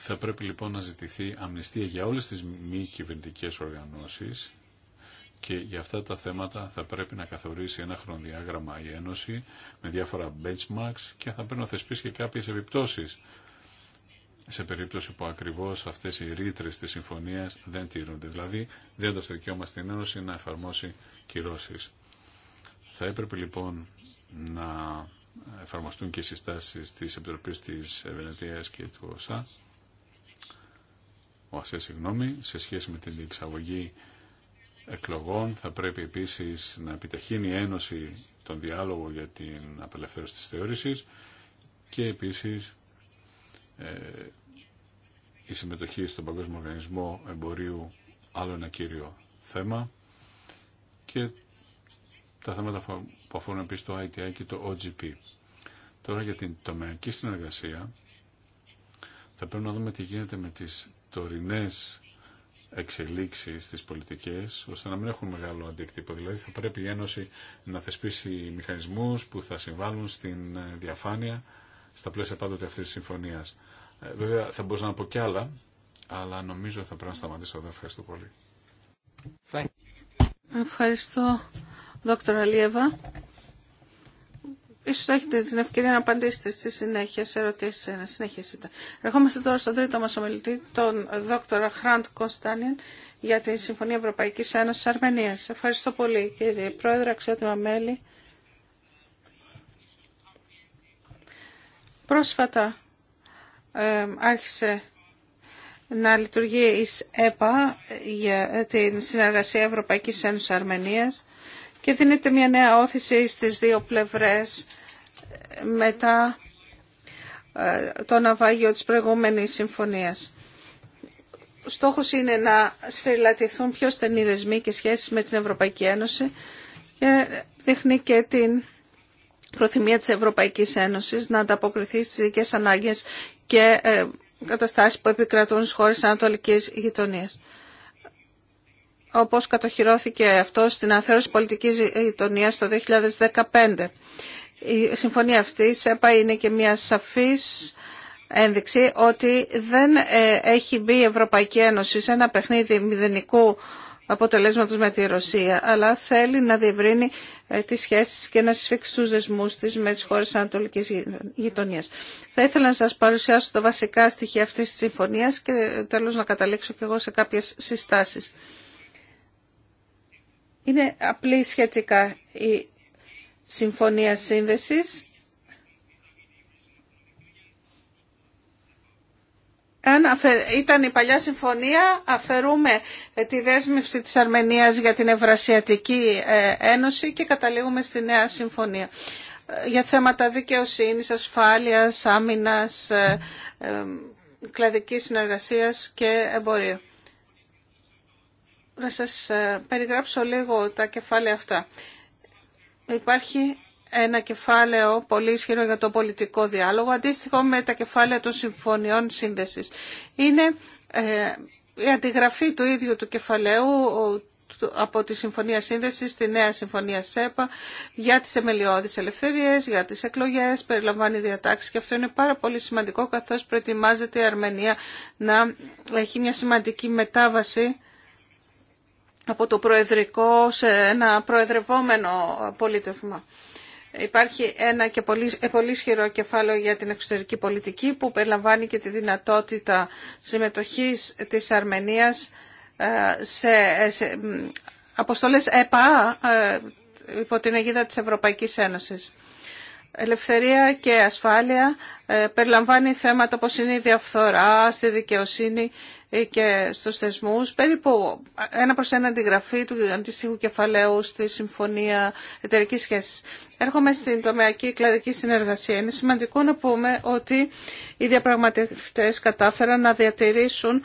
Θα πρέπει λοιπόν να ζητηθεί αμνηστία για όλες τις μη κυβερνητικέ οργανώσεις και για αυτά τα θέματα θα πρέπει να καθορίσει ένα χρονοδιάγραμμα η Ένωση με διάφορα benchmarks και θα πρέπει να θεσπίσει και κάποιες επιπτώσεις σε περίπτωση που ακριβώς αυτές οι ρήτρε της συμφωνίας δεν τηρούνται. Δηλαδή, δεν το δικαίωμα στην Ένωση να εφαρμόσει κυρώσεις. Θα έπρεπε λοιπόν να εφαρμοστούν και οι συστάσεις της Επιτροπής της Βενετίας και του ΟΣΑ, ο ΑΣΕ, συγγνώμη, σε σχέση με την εξαγωγή εκλογών. Θα πρέπει επίσης να επιταχύνει η Ένωση τον διάλογο για την απελευθέρωση της θεώρησης και επίσης ε, η συμμετοχή στον Παγκόσμιο Οργανισμό Εμπορίου άλλο ένα κύριο θέμα και τα θέματα που αφορούν επίσης το ITI και το OGP. Τώρα για την τομεακή συνεργασία θα πρέπει να δούμε τι γίνεται με τις τωρινές εξελίξεις στι πολιτικέ, ώστε να μην έχουν μεγάλο αντίκτυπο. Δηλαδή θα πρέπει η Ένωση να θεσπίσει μηχανισμούς που θα συμβάλλουν στην ε, διαφάνεια στα πλαίσια πάντοτε αυτής της συμφωνίας. Ε, βέβαια θα μπορούσα να πω κι άλλα, αλλά νομίζω θα πρέπει να σταματήσω εδώ. Ευχαριστώ πολύ. Ευχαριστώ, Δόκτωρα Λίεβα. Ίσως θα έχετε την ευκαιρία να απαντήσετε στη συνέχεια σε Να συνεχίσετε. Ερχόμαστε τώρα στον τρίτο μα ομιλητή, τον δόκτωρα Χραντ Κωνστάνιν για τη Συμφωνία Ευρωπαϊκής Ένωσης Αρμενίας. Ευχαριστώ πολύ κύριε Πρόεδρε, αξιότιμα μέλη. Πρόσφατα άρχισε να λειτουργεί η ΕΠΑ για την συνεργασία Ευρωπαϊκής Ένωσης Αρμενίας και δίνεται μια νέα όθηση στις δύο πλευρές μετά ε, το ναυάγιο της προηγούμενης συμφωνίας. Στόχος είναι να σφυριλατηθούν πιο στενοί δεσμοί και σχέσεις με την Ευρωπαϊκή Ένωση και δείχνει και την προθυμία της Ευρωπαϊκής Ένωσης να ανταποκριθεί στις και ανάγκες και ε, καταστάσεις που επικρατούν στις χώρες ανατολικής γειτονίας. Όπως κατοχυρώθηκε αυτό στην αθέρωση Πολιτικής Γειτονίας το 2015. Η συμφωνία αυτή, ΣΕΠΑ, είναι και μια σαφής ένδειξη ότι δεν ε, έχει μπει η Ευρωπαϊκή Ένωση σε ένα παιχνίδι μηδενικού αποτελέσματος με τη Ρωσία, αλλά θέλει να διευρύνει ε, τις σχέσεις και να συσφίξει τους δεσμούς της με τις χώρες ανατολικής γειτονίας. Θα ήθελα να σας παρουσιάσω τα βασικά στοιχεία αυτής της συμφωνίας και ε, τέλος να καταλήξω κι εγώ σε κάποιες συστάσεις. Είναι απλή σχετικά η συμφωνία σύνδεσης Αν ήταν η παλιά συμφωνία, αφαιρούμε ε, τη δέσμευση της Αρμενίας για την Ευρασιατική ε, Ένωση και καταλήγουμε στη νέα συμφωνία. Ε, για θέματα δικαιοσύνης, ασφάλειας, άμυνας, κλαδικής συνεργασίας και εμπορίου. Να σας περιγράψω λίγο τα κεφάλαια αυτά υπάρχει ένα κεφάλαιο πολύ ισχυρό για το πολιτικό διάλογο, αντίστοιχο με τα κεφάλαια των συμφωνιών σύνδεσης. Είναι ε, η αντιγραφή του ίδιου του κεφαλαίου από τη Συμφωνία Σύνδεσης στη Νέα Συμφωνία ΣΕΠΑ για τις εμελιώδεις ελευθερίες, για τις εκλογές, περιλαμβάνει διατάξεις και αυτό είναι πάρα πολύ σημαντικό καθώς προετοιμάζεται η Αρμενία να έχει μια σημαντική μετάβαση από το Προεδρικό σε ένα προεδρευόμενο πολίτευμα. Υπάρχει ένα και πολύ, ε, πολύ κεφάλαιο για την εξωτερική πολιτική που περιλαμβάνει και τη δυνατότητα συμμετοχής της Αρμενίας ε, σε, σε αποστολές ΕΠΑ ε, υπό την αιγίδα της Ευρωπαϊκής Ένωσης. Ελευθερία και ασφάλεια ε, περιλαμβάνει θέματα όπως είναι η διαφθορά στη δικαιοσύνη ε, και στους θεσμούς. Περίπου ένα προς ένα αντιγραφή του αντίστοιχου κεφαλαίου στη Συμφωνία Εταιρικής Σχέσης. Έρχομαι στην τομεακή κλαδική συνεργασία. Είναι σημαντικό να πούμε ότι οι διαπραγματευτές κατάφεραν να διατηρήσουν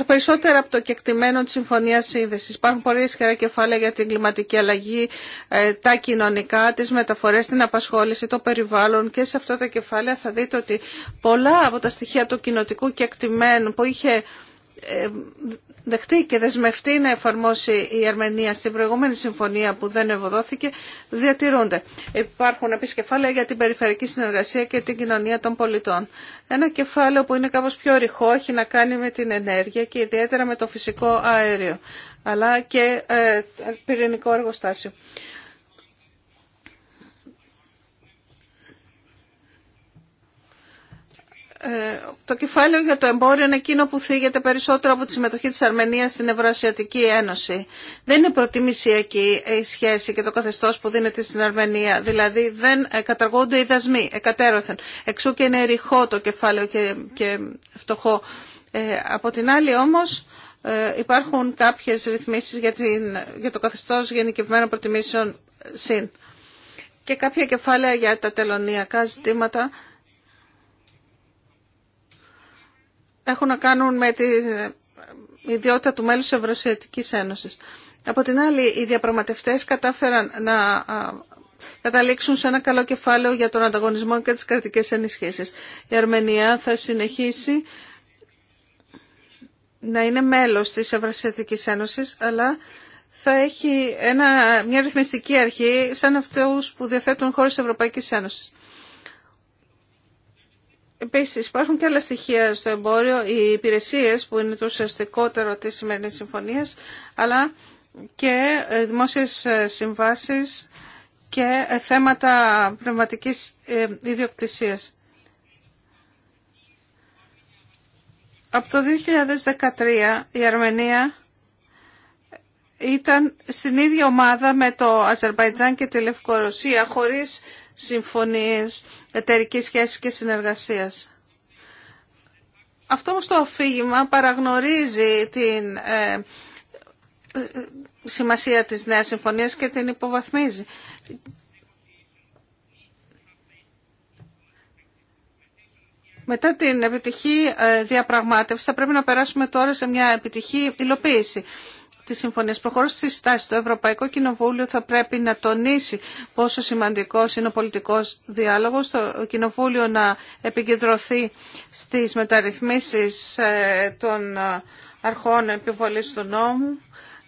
το περισσότερο από το κεκτημένο της Συμφωνίας Σύνδεσης. Υπάρχουν πολύ ισχυρά κεφάλαια για την κλιματική αλλαγή, ε, τα κοινωνικά, τις μεταφορές, την απασχόληση, το περιβάλλον και σε αυτά τα κεφάλαια θα δείτε ότι πολλά από τα στοιχεία του κοινοτικού κεκτημένου που είχε ε, δεχτεί και δεσμευτεί να εφαρμόσει η Αρμενία στην προηγούμενη συμφωνία που δεν ευωδόθηκε, διατηρούνται. Υπάρχουν επίση κεφάλαια για την περιφερειακή συνεργασία και την κοινωνία των πολιτών. Ένα κεφάλαιο που είναι κάπως πιο ρηχό έχει να κάνει με την ενέργεια και ιδιαίτερα με το φυσικό αέριο, αλλά και ε, πυρηνικό εργοστάσιο. Ε, το κεφάλαιο για το εμπόριο είναι εκείνο που θίγεται περισσότερο από τη συμμετοχή της Αρμενίας στην Ευρωασιατική Ένωση. Δεν είναι προτιμησιακή η σχέση και το καθεστώς που δίνεται στην Αρμενία. Δηλαδή δεν ε, καταργούνται οι δασμοί εκατέρωθεν. Εξού και είναι ρηχό το κεφάλαιο και, και φτωχό. Ε, από την άλλη όμως ε, υπάρχουν κάποιες ρυθμίσεις για, την, για το καθεστώς γενικευμένων προτιμήσεων συν. Και κάποια κεφάλαια για τα τελωνιακά ζητήματα έχουν να κάνουν με τη ιδιότητα του μέλους της Ευρωσιατικής Ένωσης. Από την άλλη, οι διαπραγματευτές κατάφεραν να καταλήξουν σε ένα καλό κεφάλαιο για τον ανταγωνισμό και τις κρατικές ενισχύσεις. Η Αρμενία θα συνεχίσει να είναι μέλος της Ευρωσιατικής Ένωσης, αλλά θα έχει ένα, μια ρυθμιστική αρχή σαν αυτούς που διαθέτουν χώρες Ευρωπαϊκής Ένωσης. Επίση, υπάρχουν και άλλα στοιχεία στο εμπόριο, οι υπηρεσίε, που είναι το ουσιαστικότερο τη σημερινή συμφωνία, αλλά και ε, δημόσιε ε, συμβάσεις και ε, θέματα πνευματική ιδιοκτησίας. Από το 2013 η Αρμενία ήταν στην ίδια ομάδα με το Αζερβαϊτζάν και τη Λευκορωσία χωρίς συμφωνίες εταιρικής σχέσης και συνεργασίας. Αυτό όμως το αφήγημα παραγνωρίζει την ε, ε σημασία της νέας συμφωνίας και την υποβαθμίζει. Μετά την επιτυχή ε, διαπραγμάτευση θα πρέπει να περάσουμε τώρα σε μια επιτυχή υλοποίηση τη τη Προχωρώ στάση. Το Ευρωπαϊκό Κοινοβούλιο θα πρέπει να τονίσει πόσο σημαντικός είναι ο πολιτικός διάλογος. Το Κοινοβούλιο να επικεντρωθεί στις μεταρρυθμίσεις ε, των ε, αρχών επιβολής του νόμου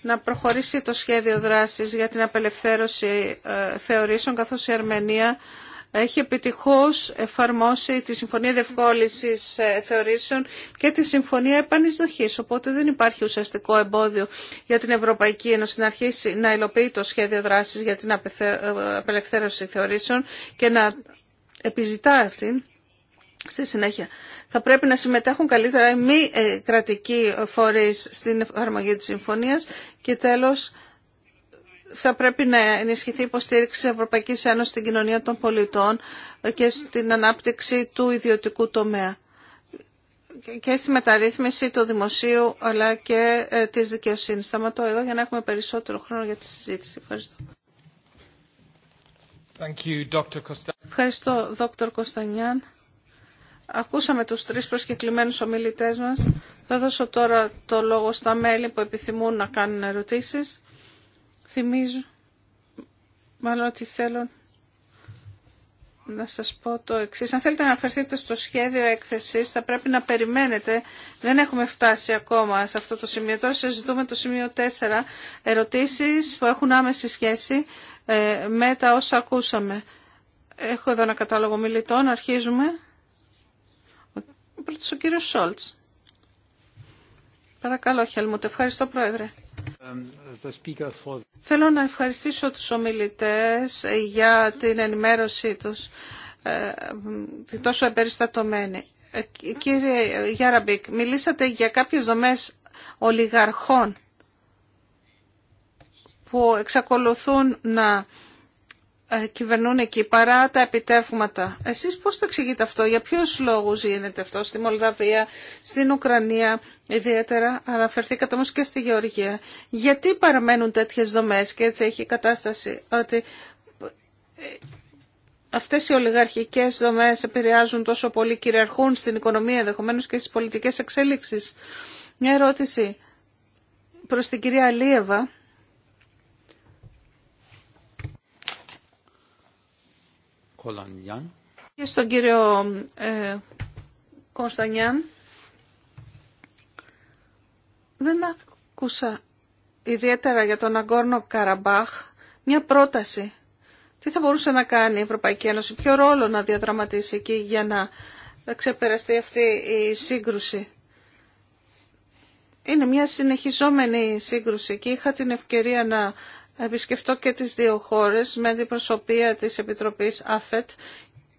να προχωρήσει το σχέδιο δράσης για την απελευθέρωση ε, θεωρήσεων καθώς η Αρμενία έχει επιτυχώς εφαρμόσει τη Συμφωνία Διευκόλυνσης ε, Θεωρήσεων και τη Συμφωνία Επανεισδοχής, οπότε δεν υπάρχει ουσιαστικό εμπόδιο για την Ευρωπαϊκή Ένωση να αρχίσει να υλοποιεί το σχέδιο δράσης για την απελευθέρωση θεωρήσεων και να επιζητά αυτήν. Στη συνέχεια, θα πρέπει να συμμετέχουν καλύτερα οι μη ε, κρατικοί φορείς στην εφαρμογή της συμφωνίας και τέλος θα πρέπει να ενισχυθεί η υποστήριξη της Ευρωπαϊκής Ένωσης στην κοινωνία των πολιτών και στην ανάπτυξη του ιδιωτικού τομέα και στη μεταρρύθμιση του δημοσίου αλλά και ε, της δικαιοσύνης. Σταματώ εδώ για να έχουμε περισσότερο χρόνο για τη συζήτηση. Ευχαριστώ. Ευχαριστώ, Δόκτωρ Κωνστανιάν. Ακούσαμε τους τρεις προσκεκλημένους ομιλητές μας. Θα δώσω τώρα το λόγο στα μέλη που επιθυμούν να κάνουν ερωτήσεις. Θυμίζω, μάλλον ότι θέλω να σας πω το εξής. Αν θέλετε να αναφερθείτε στο σχέδιο έκθεσης θα πρέπει να περιμένετε. Δεν έχουμε φτάσει ακόμα σε αυτό το σημείο. Τώρα ζητούμε το σημείο 4. Ερωτήσεις που έχουν άμεση σχέση ε, με τα όσα ακούσαμε. Έχω εδώ ένα κατάλογο μιλητών. Αρχίζουμε. Πρώτος ο κύριος Σόλτς. Παρακαλώ, Χέλμουτ. Ευχαριστώ, Πρόεδρε. Um, Θέλω να ευχαριστήσω τους ομιλητές για την ενημέρωσή τους ε, τόσο εμπεριστατωμένη. Ε, κύριε Γιάραμπικ, μιλήσατε για κάποιες δομές ολιγαρχών που εξακολουθούν να ε, κυβερνούν εκεί παρά τα επιτεύγματα. Εσείς πώς το εξηγείτε αυτό, για ποιους λόγους γίνεται αυτό στη Μολδαβία, στην Ουκρανία, Ιδιαίτερα αναφερθήκατε όμως και στη Γεωργία. Γιατί παραμένουν τέτοιες δομές και έτσι έχει η κατάσταση ότι ε, αυτές οι ολιγαρχικές δομές επηρεάζουν τόσο πολύ, κυριαρχούν στην οικονομία ενδεχομένω και στις πολιτικές εξέλιξεις. Μια ερώτηση προς την κυρία Αλίεβα. Και στον κύριο ε, δεν άκουσα ιδιαίτερα για τον Αγκόρνο Καραμπάχ μια πρόταση. Τι θα μπορούσε να κάνει η Ευρωπαϊκή Ένωση, ποιο ρόλο να διαδραματίσει εκεί για να ξεπεραστεί αυτή η σύγκρουση. Είναι μια συνεχιζόμενη σύγκρουση και είχα την ευκαιρία να επισκεφτώ και τις δύο χώρες με την προσωπία της Επιτροπής ΑΦΕΤ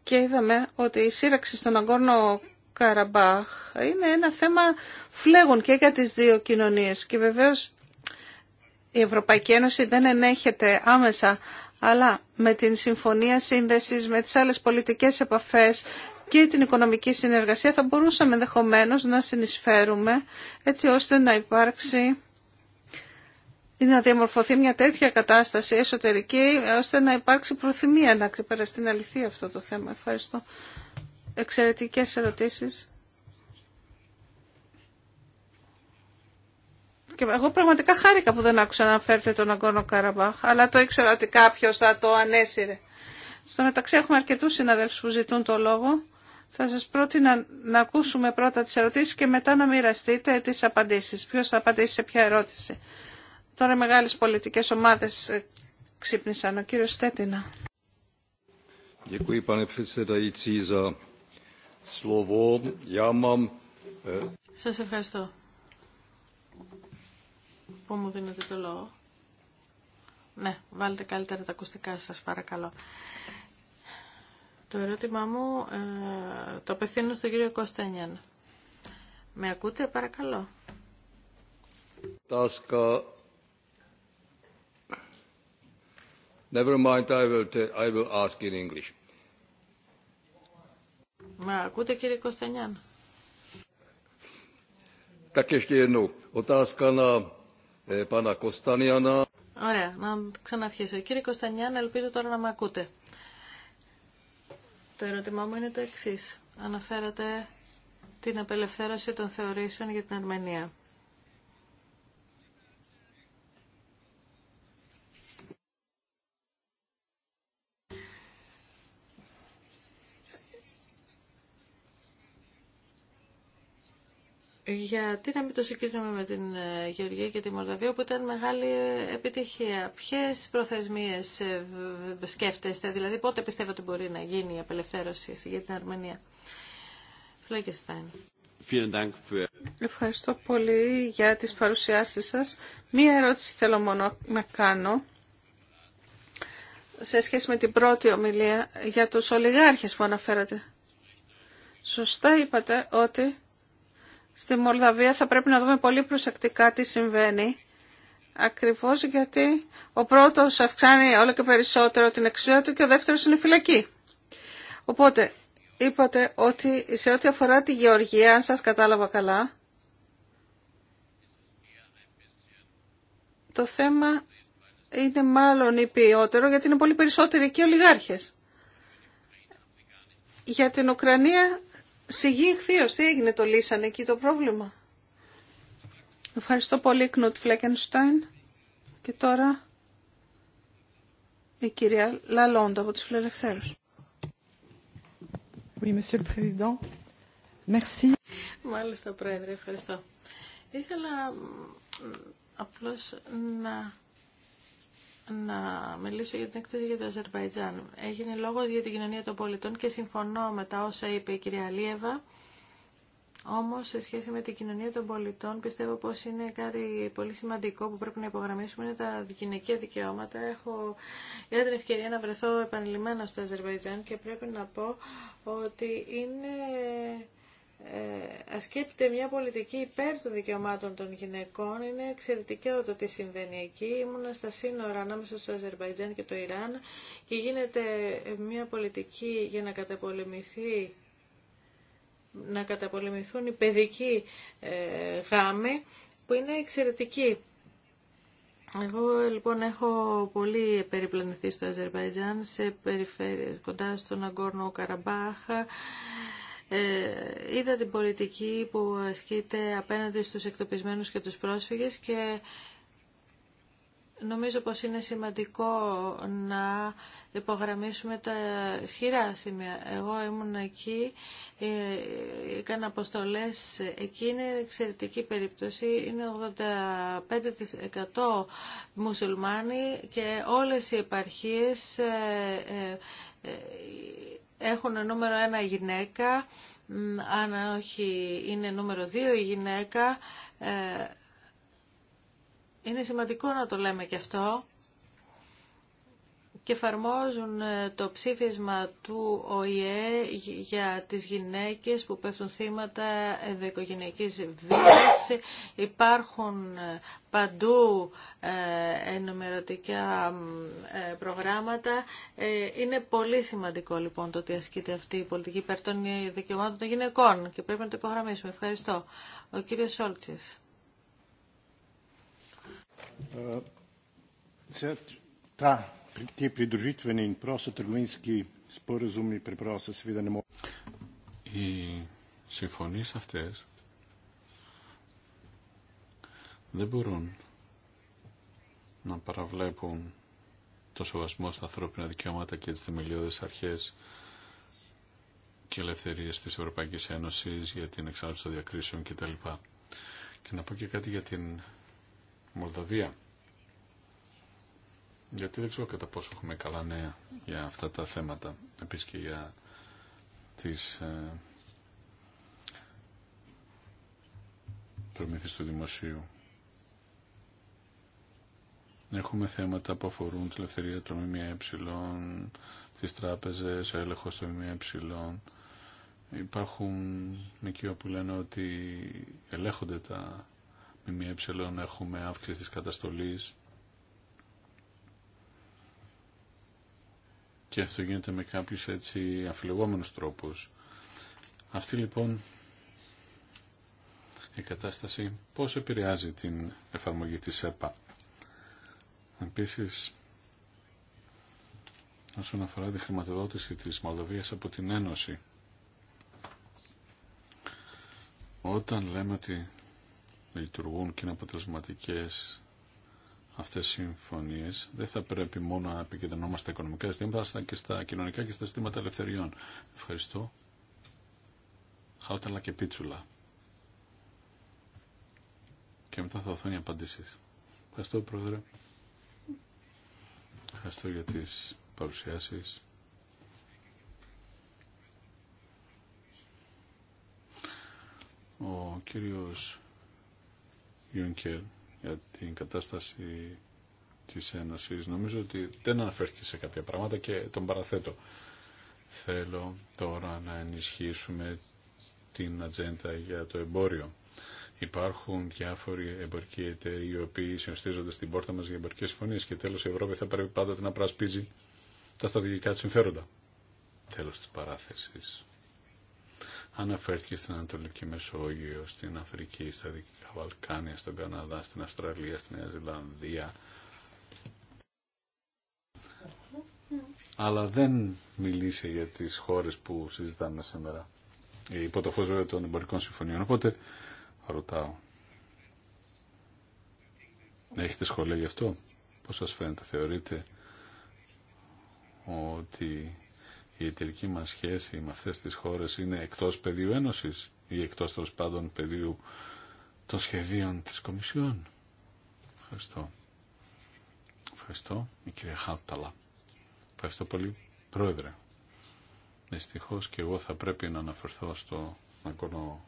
και είδαμε ότι η σύραξη στον Αγκόρνο Καραμπάχ είναι ένα θέμα φλέγων και για τις δύο κοινωνίες και βεβαίως η Ευρωπαϊκή Ένωση δεν ενέχεται άμεσα αλλά με την συμφωνία σύνδεσης, με τις άλλες πολιτικές επαφές και την οικονομική συνεργασία θα μπορούσαμε ενδεχομένω να συνεισφέρουμε έτσι ώστε να υπάρξει ή να διαμορφωθεί μια τέτοια κατάσταση εσωτερική ώστε να υπάρξει προθυμία να ξεπεραστεί να λυθεί αυτό το θέμα. Ευχαριστώ εξαιρετικές ερωτήσεις. Και εγώ πραγματικά χάρηκα που δεν άκουσα να φέρτε τον Αγκόνο Καραμπάχ, αλλά το ήξερα ότι κάποιο θα το ανέσυρε. Στο μεταξύ έχουμε αρκετού συναδέλφου που ζητούν το λόγο. Θα σας πρότεινα να ακούσουμε πρώτα τις ερωτήσεις και μετά να μοιραστείτε τις απαντήσεις. Ποιος θα απαντήσει σε ποια ερώτηση. Τώρα μεγάλε μεγάλες πολιτικές ομάδες ξύπνησαν. Ο κύριος Στέτινα. E, Σα ευχαριστώ που μου δίνετε το λόγο. Ναι, βάλτε καλύτερα τα ακουστικά σας παρακαλώ. Το ερώτημά μου ε, το απευθύνω στον κύριο Κωνστανιάν. Με ακούτε παρακαλώ. Τάσκα. Never mind, I will, I will ask in English. Με ακούτε κύριε Κωνστανιάν. Eh, Ωραία, να ξαναρχίσω. Κύριε Κωνσταντιάν, ελπίζω τώρα να με ακούτε. Το ερώτημά μου είναι το εξής. Αναφέρατε την απελευθέρωση των θεωρήσεων για την Αρμενία. Γιατί να μην το συγκρίνουμε με την ε, Γεωργία και τη Μορδαβία που ήταν μεγάλη ε, επιτυχία. Ποιες προθεσμίες ε, σκέφτεστε, δηλαδή πότε πιστεύω ότι μπορεί να γίνει η απελευθέρωση για την Αρμενία. Φλέγκεστάιν. Ευχαριστώ πολύ για τις παρουσιάσεις σας. Μία ερώτηση θέλω μόνο να κάνω σε σχέση με την πρώτη ομιλία για τους ολιγάρχες που αναφέρατε. Σωστά είπατε ότι στη Μολδαβία θα πρέπει να δούμε πολύ προσεκτικά τι συμβαίνει. Ακριβώς γιατί ο πρώτος αυξάνει όλο και περισσότερο την εξουσία του και ο δεύτερος είναι φυλακή. Οπότε, είπατε ότι σε ό,τι αφορά τη γεωργία, αν σας κατάλαβα καλά, το θέμα είναι μάλλον υπηότερο γιατί είναι πολύ περισσότεροι και ολιγάρχες. Για την Ουκρανία Σιγή τι έγινε, το λύσανε εκεί το πρόβλημα. Ευχαριστώ πολύ, Κνούτ Φλέκενστάιν. Και τώρα η κυρία Λαλόντα από τους Φιλελευθέρους. Oui, Monsieur Μάλιστα, Πρόεδρε, ευχαριστώ. Ήθελα απλώς να να μιλήσω για την έκθεση για το Αζερβαϊτζάν. Έγινε λόγος για την κοινωνία των πολιτών και συμφωνώ με τα όσα είπε η κυρία Λίεβα. Όμως, σε σχέση με την κοινωνία των πολιτών, πιστεύω πως είναι κάτι πολύ σημαντικό που πρέπει να υπογραμμίσουμε, είναι τα γυναικεία δικαιώματα. Έχω για την ευκαιρία να βρεθώ επανειλημμένα στο Αζερβαϊτζάν και πρέπει να πω ότι είναι ε, ασκείται μια πολιτική υπέρ των δικαιωμάτων των γυναικών. Είναι εξαιρετικό το τι συμβαίνει εκεί. Ήμουνα στα σύνορα ανάμεσα στο Αζερβαϊτζάν και το Ιράν και γίνεται μια πολιτική για να καταπολεμηθεί να καταπολεμηθούν οι παιδικοί ε, γάμοι που είναι εξαιρετικοί. Εγώ λοιπόν έχω πολύ περιπλανηθεί στο Αζερβαϊτζάν, σε περιφέρει, κοντά στον Αγκόρνο Καραμπάχα, ε, είδα την πολιτική που ασκείται απέναντι στους εκτοπισμένους και τους πρόσφυγες και νομίζω πως είναι σημαντικό να υπογραμμίσουμε τα ισχυρά σημεία. Εγώ ήμουν εκεί, ε, έκανα αποστολές, εκεί είναι εξαιρετική περίπτωση, είναι 85% μουσουλμάνοι και όλες οι επαρχίες ε, έχουν νούμερο ένα γυναίκα, αν όχι είναι νούμερο δύο η γυναίκα. Ε, είναι σημαντικό να το λέμε και αυτό και εφαρμόζουν ε, το ψήφισμα του ΟΗΕ για τις γυναίκες που πέφτουν θύματα ενδοοικογενειακής βίας. Υπάρχουν ε, παντού ε, ενημερωτικά προγράμματα. Είναι πολύ σημαντικό λοιπόν το ότι ασκείται αυτή η πολιτική υπέρ των δικαιωμάτων των γυναικών και πρέπει να το υπογραμμίσουμε. Ευχαριστώ. Ο κύριος Σόλτσης. Uh, οι συμφωνίες αυτές δεν μπορούν να παραβλέπουν το σεβασμό στα ανθρώπινα δικαιώματα και τις θεμελιώδεις αρχές και ελευθερίες της Ευρωπαϊκής Ένωσης για την εξάρτηση των διακρίσεων κτλ. Και να πω και κάτι για την Μολδαβία γιατί δεν ξέρω κατά πόσο έχουμε καλά νέα για αυτά τα θέματα, επίσης και για τις προμήθειες ε, του δημοσίου. Έχουμε θέματα που αφορούν τη ελευθερία των ΜΜΕ, τις τράπεζες, ο έλεγχος των ΜΜΕ. Υπάρχουν εκεί που λένε ότι ελέγχονται τα ΜΜΕ, έχουμε αύξηση της καταστολής και αυτό γίνεται με κάποιους έτσι αφιλεγόμενους τρόπους. Αυτή λοιπόν η κατάσταση πώς επηρεάζει την εφαρμογή της ΕΠΑ. Επίσης, όσον αφορά τη χρηματοδότηση της Μολδοβίας από την Ένωση, όταν λέμε ότι λειτουργούν και είναι αποτελεσματικές αυτές οι συμφωνίες δεν θα πρέπει μόνο να επικεντρωνόμαστε στα οικονομικά ζητήματα, αλλά και στα κοινωνικά και στα ζητήματα ελευθεριών. Ευχαριστώ. Χάουταλα και Πίτσουλα. Και μετά θα δοθούν οι απαντήσεις. Ευχαριστώ, Πρόεδρε. Ευχαριστώ για τις παρουσιάσεις. Ο κύριος Ιούνκερ για την κατάσταση της Ένωσης. Νομίζω ότι δεν αναφέρθηκε σε κάποια πράγματα και τον παραθέτω. Θέλω τώρα να ενισχύσουμε την ατζέντα για το εμπόριο. Υπάρχουν διάφοροι εμπορικοί εταίροι οι οποίοι συνοστίζονται στην πόρτα μας για εμπορικές συμφωνίες και τέλος η Ευρώπη θα πρέπει πάντοτε να πρασπίζει τα στρατηγικά της συμφέροντα. Τέλος της παράθεσης. Αναφέρθηκε στην Ανατολική Μεσόγειο, στην Αφρική, στα Βαλκάνια, στον Καναδά, στην Αυστραλία, στην Νέα Ζηλανδία. Αλλά δεν μιλήσε για τις χώρες που συζητάμε σήμερα. Υπό το φως βέβαια των εμπορικών συμφωνιών. Οπότε ρωτάω. Έχετε σχολεία γι' αυτό. Πώς σας φαίνεται. Θεωρείτε ότι η εταιρική μας σχέση με αυτές τις χώρες είναι εκτός πεδίου ένωσης ή εκτός τέλο πάντων πεδίου των σχεδίων της Κομισιόν. Ευχαριστώ. Ευχαριστώ, η κυρία Χάπταλα. Ευχαριστώ πολύ, Πρόεδρε. Δυστυχώ και εγώ θα πρέπει να αναφερθώ στο Ναγκόνο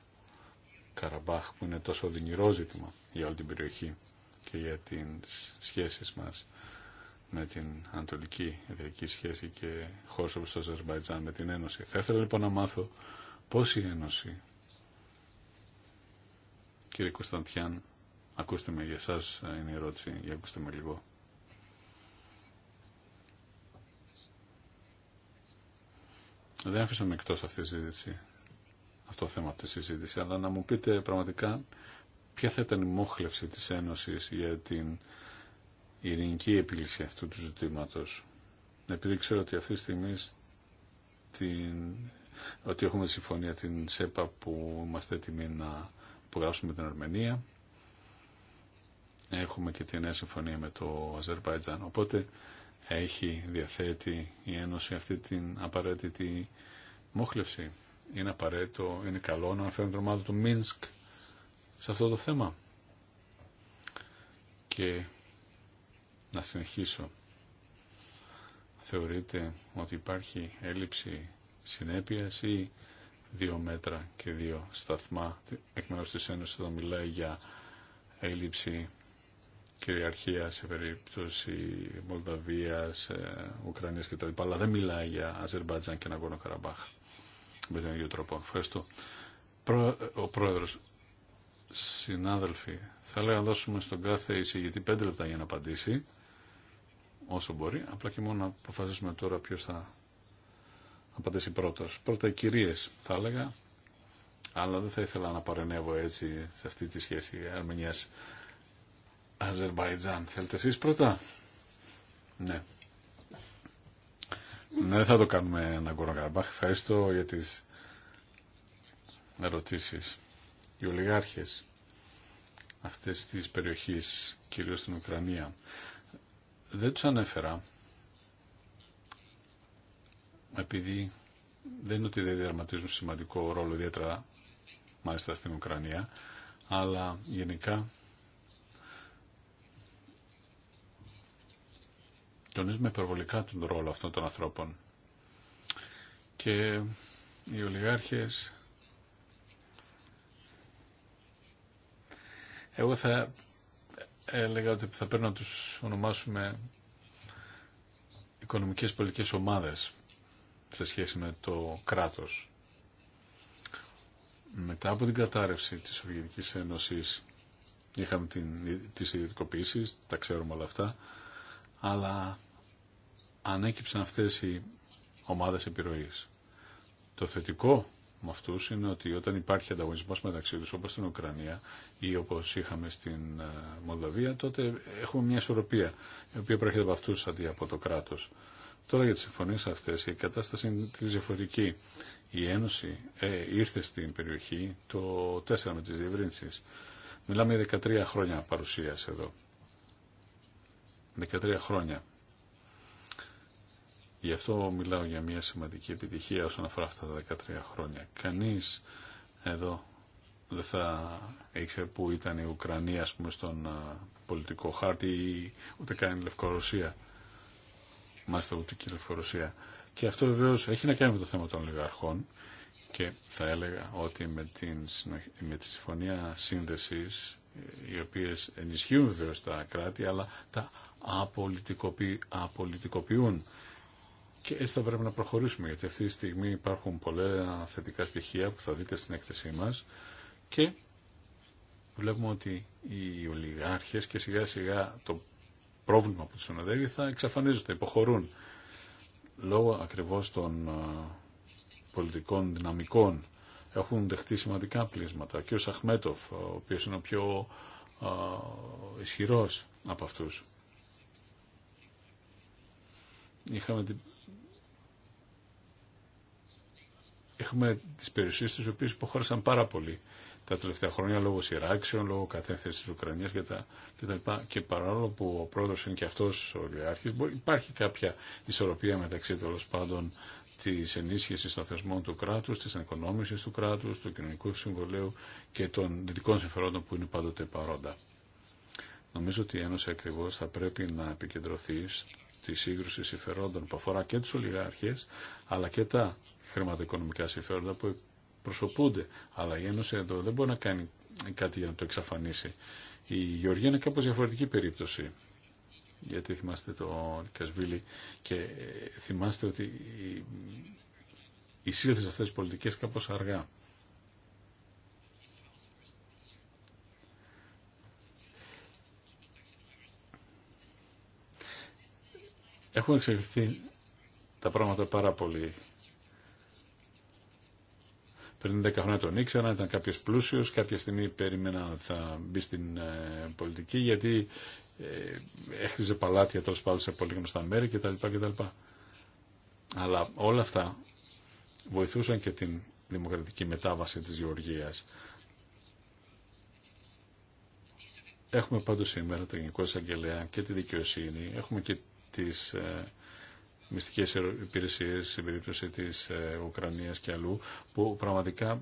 Καραμπάχ που είναι τόσο οδυνηρό ζήτημα για όλη την περιοχή και για τις σχέσεις μας με την Ανατολική Εταιρική Σχέση και χώρο όπως το Αζερβαϊτζάν με την Ένωση. Θα ήθελα λοιπόν να μάθω πώς η Ένωση Κύριε Κωνσταντιάν, ακούστε με, για εσάς ε, είναι η ερώτηση, για ακούστε με λίγο. Δεν αφήσαμε εκτός αυτή τη συζήτηση, αυτό το θέμα αυτή τη συζήτηση, αλλά να μου πείτε πραγματικά ποια θα ήταν η μόχλευση της Ένωσης για την ειρηνική επίλυση αυτού του ζητήματος. Επειδή ξέρω ότι αυτή τη στιγμή την... ότι έχουμε συμφωνία την ΣΕΠΑ που είμαστε έτοιμοι να υπογράψουμε την Αρμενία. Έχουμε και τη νέα συμφωνία με το Αζερβαϊτζάν. Οπότε έχει διαθέτει η Ένωση αυτή την απαραίτητη μόχλευση. Είναι απαραίτητο, είναι καλό να αναφέρουμε το ομάδα του Μίνσκ σε αυτό το θέμα. Και να συνεχίσω. Θεωρείτε ότι υπάρχει έλλειψη συνέπειας ή δύο μέτρα και δύο σταθμά. Εκ μέρους της Ένωσης εδώ μιλάει για έλλειψη κυριαρχία σε περίπτωση Μολδαβίας, ε, Ουκρανίας κτλ. Αλλά δεν μιλάει για Αζερμπάτζαν και Ναγκόνο Καραμπάχ με τον ίδιο τρόπο. Ευχαριστώ. Ο Πρόεδρος, συνάδελφοι, θα έλεγα να δώσουμε στον κάθε εισηγητή πέντε λεπτά για να απαντήσει όσο μπορεί. Απλά και μόνο να αποφασίσουμε τώρα ποιος θα απαντήσει πρώτος. Πρώτα οι κυρίες θα έλεγα, αλλά δεν θα ήθελα να παρενεύω έτσι σε αυτή τη σχέση Αρμενίας Αζερβαϊτζάν. Θέλετε εσείς πρώτα? Ναι. Ναι, θα το κάνουμε να Καρμπάχ. Ευχαριστώ για τις ερωτήσεις. Οι ολιγάρχες αυτές της περιοχής, κυρίως στην Ουκρανία, δεν τους ανέφερα επειδή δεν είναι ότι δεν διαρματίζουν σημαντικό ρόλο, ιδιαίτερα μάλιστα στην Ουκρανία, αλλά γενικά τονίζουμε υπερβολικά τον ρόλο αυτών των ανθρώπων. Και οι ολιγάρχες εγώ θα έλεγα ότι θα πρέπει να τους ονομάσουμε οικονομικές πολιτικές ομάδες σε σχέση με το κράτος. Μετά από την κατάρρευση της Σοβιετικής Ένωσης είχαμε την, τις ιδιωτικοποιήσεις, τα ξέρουμε όλα αυτά, αλλά ανέκυψαν αυτές οι ομάδες επιρροής. Το θετικό με αυτού είναι ότι όταν υπάρχει ανταγωνισμός μεταξύ του όπως στην Ουκρανία ή όπως είχαμε στην ε, Μολδαβία, τότε έχουμε μια ισορροπία, η οποία προέρχεται από αυτούς προερχεται απο αυτου από το κράτο. Τώρα για τις συμφωνίες αυτές η κατάσταση είναι διαφορετική. Η Ένωση ε, ήρθε στην περιοχή το 4 με τις διευρύνσεις. Μιλάμε για 13 χρόνια παρουσίας εδώ. 13 χρόνια. Γι' αυτό μιλάω για μια σημαντική επιτυχία όσον αφορά αυτά τα 13 χρόνια. Κανείς εδώ δεν θα ήξερε που ήταν η Ουκρανία ας πούμε, στον ε, πολιτικό χάρτη ή ούτε καν η Λευκορωσία μάλιστα ούτε κυριοφορουσία. Και αυτό βεβαίω έχει να κάνει με το θέμα των λιγαρχών και θα έλεγα ότι με, την, με τη συμφωνία σύνδεση, οι οποίε ενισχύουν βεβαίω τα κράτη αλλά τα απολυτικοποιούν, Και έτσι θα πρέπει να προχωρήσουμε γιατί αυτή τη στιγμή υπάρχουν πολλά θετικά στοιχεία που θα δείτε στην έκθεσή μας και βλέπουμε ότι οι ολιγάρχες και σιγά σιγά το πρόβλημα που τους συνοδεύει θα εξαφανίζονται, υποχωρούν λόγω ακριβώς των ε, πολιτικών δυναμικών έχουν δεχτεί σημαντικά πλήσματα. Ο Σαχμέτοφ, ο οποίος είναι ο πιο α, ε, από αυτούς. Είχαμε την... Έχουμε τις περιουσίες οι οποίες υποχώρησαν πάρα πολύ τα τελευταία χρόνια λόγω σειράξεων, λόγω κατέθεση τη Ουκρανία κτλ. Και παρόλο που ο πρόεδρο είναι και αυτό ο Λιάρχη, υπάρχει κάποια ισορροπία μεταξύ τέλο πάντων τη ενίσχυση των θεσμών του κράτου, τη ανοικονόμηση του κράτου, του κοινωνικού συμβολέου και των δυτικών συμφερόντων που είναι πάντοτε παρόντα. Νομίζω ότι η Ένωση ακριβώ θα πρέπει να επικεντρωθεί στη σύγκρουση συμφερόντων που αφορά και του ολιγάρχε, αλλά και τα χρηματοοικονομικά συμφέροντα που εκπροσωπούνται. Αλλά η Ένωση εδώ δεν μπορεί να κάνει κάτι για να το εξαφανίσει. Η Γεωργία είναι κάπως διαφορετική περίπτωση. Γιατί θυμάστε το Κασβίλη και ε, θυμάστε ότι εισήλθε σε αυτές τις πολιτικές κάπως αργά. Έχουν εξελιχθεί τα πράγματα πάρα πολύ πριν 10 χρόνια τον ήξερα, ήταν κάποιο πλούσιο. Κάποια στιγμή περίμενα να θα μπει στην ε, πολιτική γιατί ε, έχτιζε παλάτια τέλο πάντων σε πολύ γνωστά μέρη κτλ. Αλλά όλα αυτά βοηθούσαν και την δημοκρατική μετάβαση της Γεωργίας. Έχουμε πάντως σήμερα τα Γενικό Εισαγγελέα και τη δικαιοσύνη, έχουμε και τις ε, μυστικές υπηρεσίες στην περίπτωση της ε, Ουκρανίας και αλλού που πραγματικά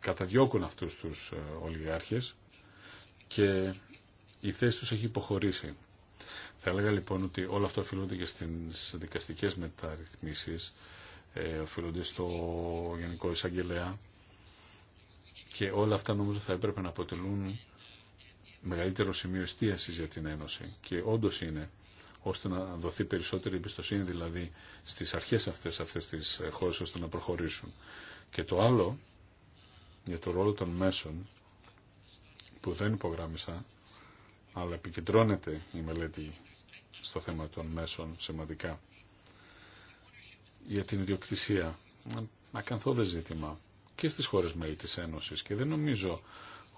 καταδιώκουν αυτούς τους ε, ολιγάρχες και η θέση τους έχει υποχωρήσει. Θα έλεγα λοιπόν ότι όλο αυτό οφείλονται και στις δικαστικές μεταρρυθμίσεις, ε, οφείλονται στο Γενικό Εισαγγελέα και όλα αυτά νομίζω θα έπρεπε να αποτελούν μεγαλύτερο σημείο εστίασης για την Ένωση και όντως είναι ώστε να δοθεί περισσότερη εμπιστοσύνη δηλαδή στις αρχές αυτές, αυτές τις χώρες ώστε να προχωρήσουν. Και το άλλο για το ρόλο των μέσων που δεν υπογράμμισα αλλά επικεντρώνεται η μελέτη στο θέμα των μέσων σημαντικά για την ιδιοκτησία ακαθόδε ζήτημα και στις χώρες μέλη της Ένωσης και δεν νομίζω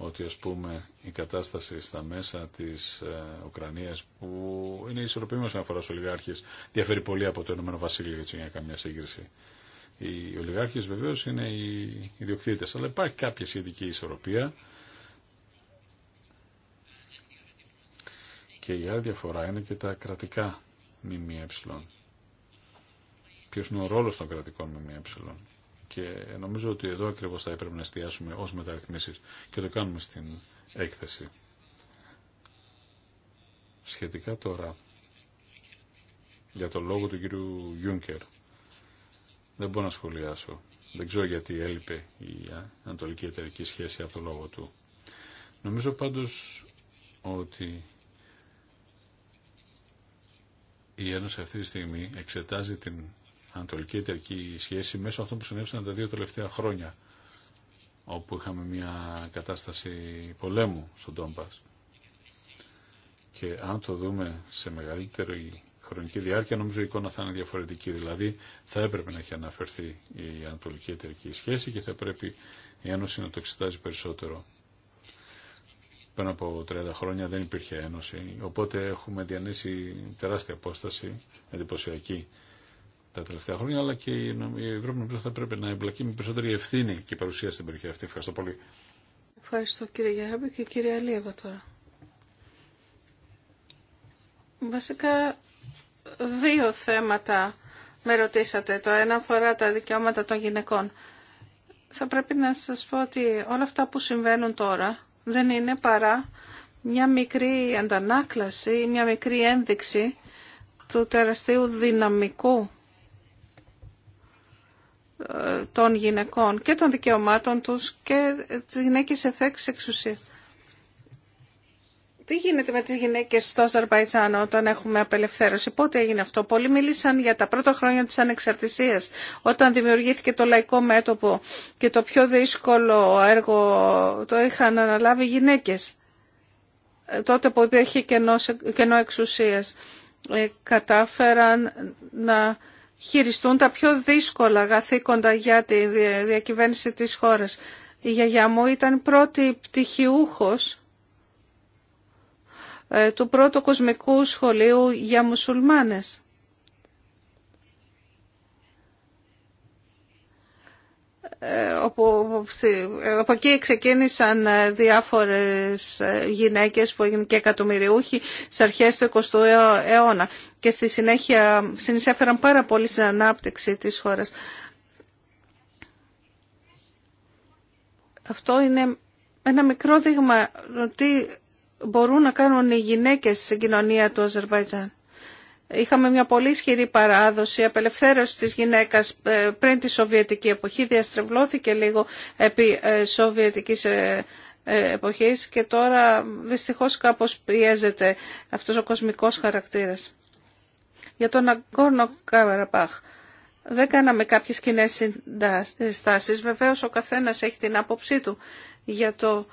ότι ας πούμε η κατάσταση στα μέσα της ε, Ουκρανίας που είναι ισορροπημένη όσον αφορά στους ολιγάρχες διαφέρει πολύ από το Ηνωμένο Βασίλειο έτσι για καμία σύγκριση. Οι ολιγάρχες βεβαίως είναι οι ιδιοκτήτες αλλά υπάρχει κάποια σχετική ισορροπία και η άλλη διαφορά είναι και τα κρατικά Ε. Ποιος είναι ο ρόλος των κρατικών ΜΜΕ. Και νομίζω ότι εδώ ακριβώς θα έπρεπε να εστιάσουμε ως μεταρρυθμίσεις και το κάνουμε στην έκθεση. Σχετικά τώρα για το λόγο του κύριου Γιούνκερ δεν μπορώ να σχολιάσω. Δεν ξέρω γιατί έλειπε η ανατολική εταιρική σχέση από το λόγο του. Νομίζω πάντως ότι η Ένωση αυτή τη στιγμή εξετάζει την ανατολική εταιρική σχέση μέσω αυτών που συνέβησαν τα δύο τελευταία χρόνια όπου είχαμε μια κατάσταση πολέμου στον Τόμπας. Και αν το δούμε σε μεγαλύτερη χρονική διάρκεια, νομίζω η εικόνα θα είναι διαφορετική. Δηλαδή, θα έπρεπε να έχει αναφερθεί η ανατολική εταιρική σχέση και θα πρέπει η Ένωση να το εξετάζει περισσότερο. πέρα από 30 χρόνια δεν υπήρχε Ένωση, οπότε έχουμε διανύσει τεράστια απόσταση, εντυπωσιακή τα τελευταία χρόνια, αλλά και η Ευρώπη νομίζω θα πρέπει να εμπλακεί με περισσότερη ευθύνη και παρουσία στην περιοχή αυτή. Ευχαριστώ πολύ. Ευχαριστώ κύριε Γιάννη και κύριε Αλίεβα τώρα. Βασικά δύο θέματα με ρωτήσατε. Το ένα αφορά τα δικαιώματα των γυναικών. Θα πρέπει να σας πω ότι όλα αυτά που συμβαίνουν τώρα δεν είναι παρά μια μικρή αντανάκλαση, μια μικρή ένδειξη του τεραστίου δυναμικού ε, των γυναικών και των δικαιωμάτων τους και τις γυναίκες σε θέση εξουσία. Τι γίνεται με τις γυναίκες στο Αζερβαϊτζάν όταν έχουμε απελευθέρωση, πότε έγινε αυτό. Πολλοί μίλησαν για τα πρώτα χρόνια της ανεξαρτησίας, όταν δημιουργήθηκε το λαϊκό μέτωπο και το πιο δύσκολο έργο το είχαν αναλάβει γυναίκες, ε, τότε που υπήρχε κενό, κενό εξουσίας. Ε, κατάφεραν να χειριστούν τα πιο δύσκολα γαθήκοντα για τη διακυβέρνηση της χώρας. Η γιαγιά μου ήταν πρώτη πτυχιούχος ε, του πρώτου κοσμικού σχολείου για μουσουλμάνες. Ε, όπου ε, από εκεί ξεκίνησαν ε, διάφορες γυναίκες που έγιναν και εκατομμυριούχοι στις αρχές του 20ου αιώνα και στη συνέχεια συνεισέφεραν πάρα πολύ στην ανάπτυξη της χώρας. Αυτό είναι ένα μικρό δείγμα τι μπορούν να κάνουν οι γυναίκες στην κοινωνία του Αζερβαϊτζάν. Είχαμε μια πολύ ισχυρή παράδοση απελευθέρωση της γυναίκας ε, πριν τη Σοβιετική εποχή, διαστρεβλώθηκε λίγο επί ε, Σοβιετικής ε, εποχής και τώρα δυστυχώς κάπως πιέζεται αυτός ο κοσμικός χαρακτήρας. Για τον Αγκόρνο Καραπάχ δεν κάναμε κάποιες κοινέ συστάσεις. Βεβαίως ο καθένας έχει την άποψή του για το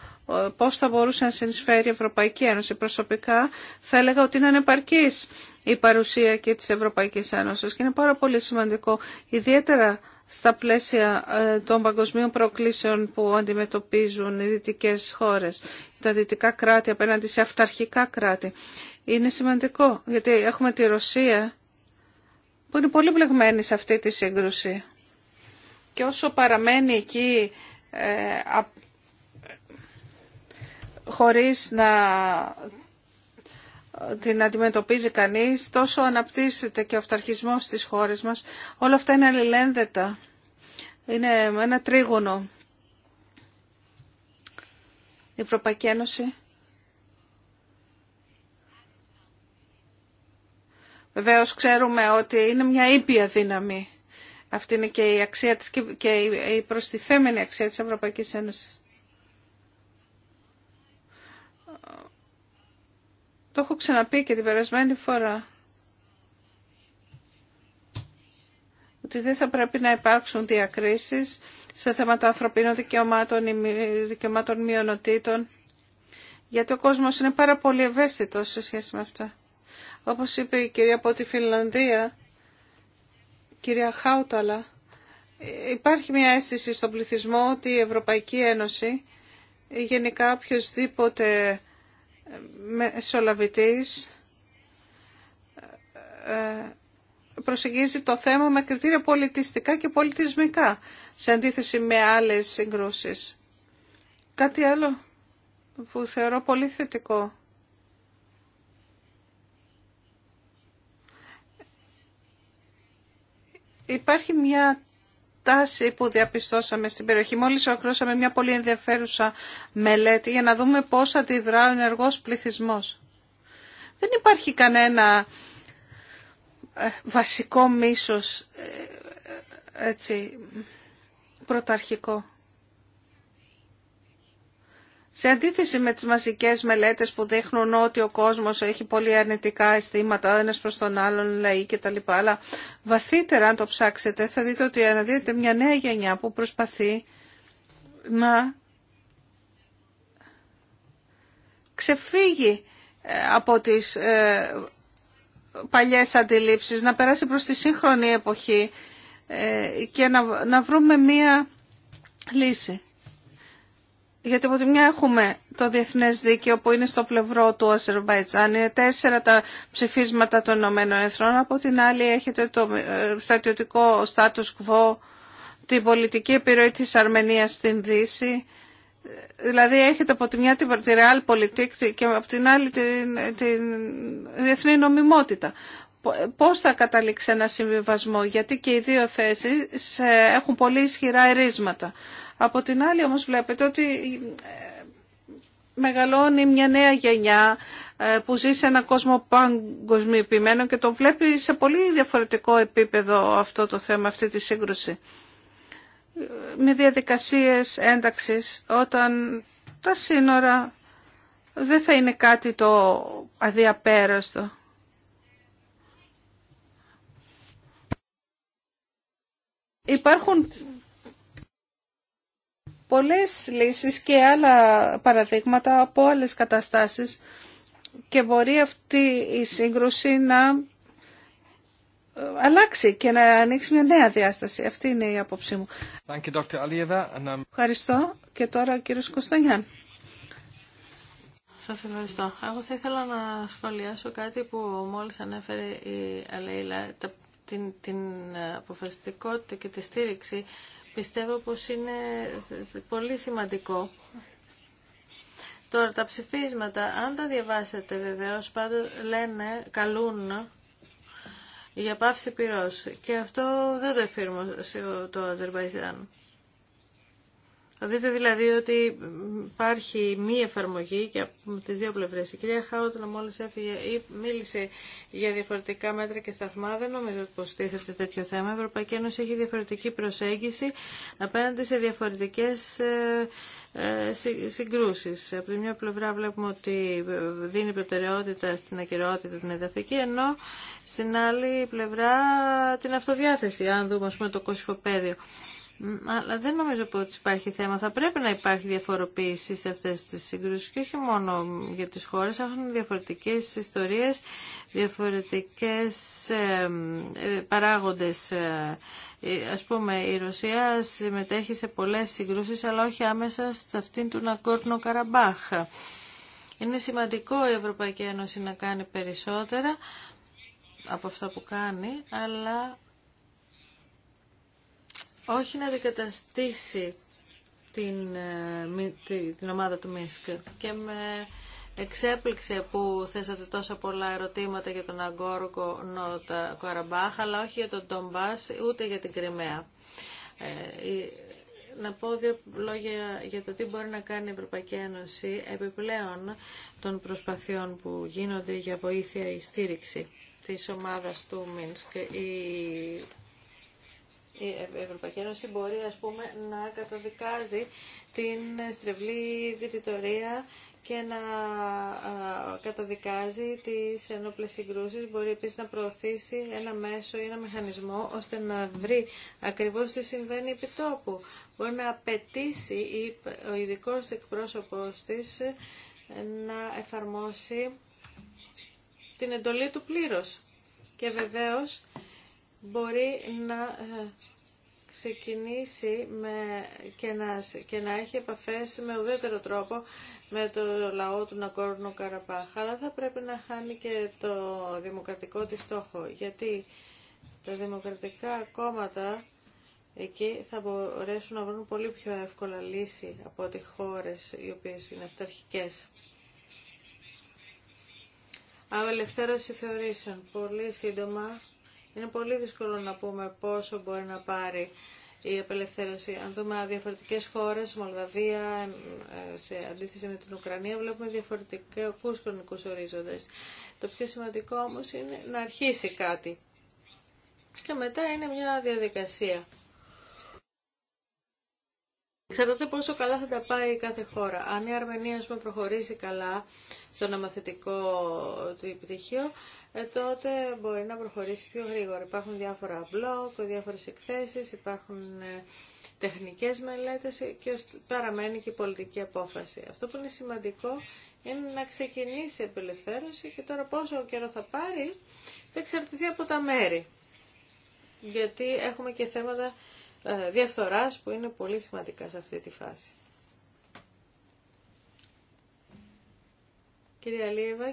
πώς θα μπορούσε να συνεισφέρει η Ευρωπαϊκή Ένωση. Προσωπικά θα έλεγα ότι είναι ανεπαρκής η παρουσία και της Ευρωπαϊκής Ένωσης και είναι πάρα πολύ σημαντικό, ιδιαίτερα στα πλαίσια ε, των παγκοσμίων προκλήσεων που αντιμετωπίζουν οι δυτικές χώρες, τα δυτικά κράτη απέναντι σε αυταρχικά κράτη. Είναι σημαντικό, γιατί έχουμε τη Ρωσία που είναι πολύ πλεγμένη σε αυτή τη σύγκρουση. Και όσο παραμένει εκεί ε, α, χωρίς να την αντιμετωπίζει κανείς, τόσο αναπτύσσεται και ο αυταρχισμός στις χώρες μας. Όλα αυτά είναι αλληλένδετα. Είναι ένα τρίγωνο. Η Ευρωπαϊκή Ένωση. Βεβαίως ξέρουμε ότι είναι μια ήπια δύναμη. Αυτή είναι και η, αξία της, και η προστιθέμενη αξία της Ευρωπαϊκής Ένωσης. Το έχω ξαναπεί και την περασμένη φορά. Ότι δεν θα πρέπει να υπάρξουν διακρίσεις σε θέματα ανθρωπίνων δικαιωμάτων ή δικαιωμάτων μειονοτήτων. Γιατί ο κόσμος είναι πάρα πολύ ευαίσθητος σε σχέση με αυτά. Όπως είπε η κυρία από τη Φινλανδία, η κυρία Χάουταλα, υπάρχει μια αίσθηση στον φιλανδια Ευρωπαϊκή Ένωση, γενικά οποιοδήποτε μεσολαβητής ε, προσεγγίζει το θέμα με κριτήρια πολιτιστικά και πολιτισμικά σε αντίθεση με άλλες συγκρούσεις. Κάτι άλλο που θεωρώ πολύ θετικό. Υπάρχει μια τάση που διαπιστώσαμε στην περιοχή. Μόλι ολοκληρώσαμε μια πολύ ενδιαφέρουσα μελέτη για να δούμε πώ αντιδρά ο ενεργός πληθυσμός. Δεν υπάρχει κανένα ε, βασικό μίσος ε, ε, έτσι, πρωταρχικό. Σε αντίθεση με τις μαζικές μελέτες που δείχνουν ότι ο κόσμος έχει πολύ αρνητικά αισθήματα ο ένας προς τον άλλον, λαοί κτλ. Αλλά βαθύτερα αν το ψάξετε θα δείτε ότι αναδύεται μια νέα γενιά που προσπαθεί να ξεφύγει ε, από τις ε, παλιές αντιλήψεις, να περάσει προς τη σύγχρονη εποχή ε, και να βρούμε μια λύση. Γιατί από τη μια έχουμε το διεθνές δίκαιο που είναι στο πλευρό του Αζερβαϊτζάν, είναι τέσσερα τα ψηφίσματα των Ηνωμένων Εθνών, από την άλλη έχετε το ε, στατιωτικό status quo, την πολιτική επιρροή της Αρμενίας στην Δύση, δηλαδή έχετε από τη μια την Real πολιτική και από την άλλη την, διεθνή νομιμότητα. Πώς θα καταλήξει ένα συμβιβασμό, γιατί και οι δύο θέσεις ε, έχουν πολύ ισχυρά ερίσματα. Από την άλλη όμως βλέπετε ότι ε, μεγαλώνει μια νέα γενιά ε, που ζει σε έναν κόσμο παγκοσμιοποιημένο και τον βλέπει σε πολύ διαφορετικό επίπεδο αυτό το θέμα, αυτή τη σύγκρουση. Με διαδικασίες ένταξης όταν τα σύνορα δεν θα είναι κάτι το αδιαπέραστο. Υπάρχουν πολλές λύσεις και άλλα παραδείγματα από άλλες καταστάσεις και μπορεί αυτή η σύγκρουση να ε, αλλάξει και να ανοίξει μια νέα διάσταση. Αυτή είναι η άποψή μου. Um, ευχαριστώ. Και τώρα ο κύριος Κωνσταντιάν. Σας ευχαριστώ. Εγώ θα ήθελα να σχολιάσω κάτι που μόλις ανέφερε η Αλέιλα, την, την ε, αποφασιστικότητα και τη στήριξη Πιστεύω πως είναι πολύ σημαντικό. Τώρα τα ψηφίσματα, αν τα διαβάσετε βεβαίως, πάντα λένε, καλούν για πάυση πυρός. Και αυτό δεν το εφήρμοσε το Αζερμπαϊτζάν. Θα δείτε δηλαδή ότι υπάρχει μία εφαρμογή και από τις δύο πλευρές. Η κυρία Χάουτλα μόλις έφυγε ή μίλησε για διαφορετικά μέτρα και σταθμά. Δεν νομίζω πως τίθεται τέτοιο θέμα. Η Ευρωπαϊκή Ένωση νομιζω οτι υποστηθεται διαφορετική προσέγγιση απέναντι σε διαφορετικές ε, ε, συγκρούσεις. Από τη μια πλευρά βλέπουμε ότι δίνει προτεραιότητα στην ακυρεότητα την εδαφική, ενώ στην άλλη πλευρά την αυτοδιάθεση, αν δούμε πούμε, το κοσφοπέδιο. Αλλά δεν νομίζω ότι υπάρχει θέμα. Θα πρέπει να υπάρχει διαφοροποίηση σε αυτές τις συγκρούσεις και όχι μόνο για τις χώρες. Έχουν διαφορετικές ιστορίες, διαφορετικές ε, παράγοντες. Ε, ας πούμε, η Ρωσία συμμετέχει σε πολλές συγκρούσεις, αλλά όχι άμεσα σε αυτήν του Ναγκόρνο Καραμπάχ. Είναι σημαντικό η Ευρωπαϊκή Ένωση να κάνει περισσότερα από αυτά που κάνει, αλλά όχι να δικαταστήσει την, ε, την ομάδα του ΜΙΣΚ. Και με εξέπληξε που θέσατε τόσα πολλά ερωτήματα για τον Αγκόρκο Νότα Καραμπάχ, αλλά όχι για τον Ντομπάς, ούτε για την Κρυμαία. Ε, να πω δύο λόγια για το τι μπορεί να κάνει η Ευρωπαϊκή Ένωση επιπλέον των προσπαθειών που γίνονται για βοήθεια ή στήριξη της ομάδας του Μίνσκ. Η η Ευρωπαϊκή Ένωση μπορεί ας πούμε να καταδικάζει την στρεβλή διτητορία και να καταδικάζει τις ενόπλες συγκρούσεις. Μπορεί επίσης να προωθήσει ένα μέσο ή ένα μηχανισμό ώστε να βρει ακριβώς τι συμβαίνει επί τόπου. Μπορεί να απαιτήσει ο ειδικό εκπρόσωπος της ε, να εφαρμόσει την εντολή του πλήρως. Και βεβαίως μπορεί να ε, ξεκινήσει με, και, να, και να έχει επαφές με ουδέτερο τρόπο με το λαό του Νακόρνου Καραπάχ. Αλλά θα πρέπει να χάνει και το δημοκρατικό της στόχο, γιατί τα δημοκρατικά κόμματα εκεί θα μπορέσουν να βρουν πολύ πιο εύκολα λύση από ότι χώρες οι οποίες είναι αυταρχικές. Απελευθέρωση θεωρήσεων. Πολύ σύντομα είναι πολύ δύσκολο να πούμε πόσο μπορεί να πάρει η απελευθέρωση. Αν δούμε διαφορετικέ χώρε, Μολδαβία, ε, σε αντίθεση με την Ουκρανία, βλέπουμε διαφορετικού χρονικού ορίζοντε. Το πιο σημαντικό όμω είναι να αρχίσει κάτι. Και μετά είναι μια διαδικασία. Εξαρτάται πόσο καλά θα τα πάει κάθε χώρα. Αν η Αρμενία πούμε, προχωρήσει καλά στο αναμαθητικό του επιτυχίο, ε, τότε μπορεί να προχωρήσει πιο γρήγορα. Υπάρχουν διάφορα blog, διάφορες εκθέσεις, υπάρχουν ε, τεχνικές μελέτες και παραμένει και η πολιτική απόφαση. Αυτό που είναι σημαντικό είναι να ξεκινήσει η απελευθέρωση και τώρα πόσο καιρό θα πάρει θα εξαρτηθεί από τα μέρη. Γιατί έχουμε και θέματα ε, διαφθοράς που είναι πολύ σημαντικά σε αυτή τη φάση. Κυρία Λίεβα,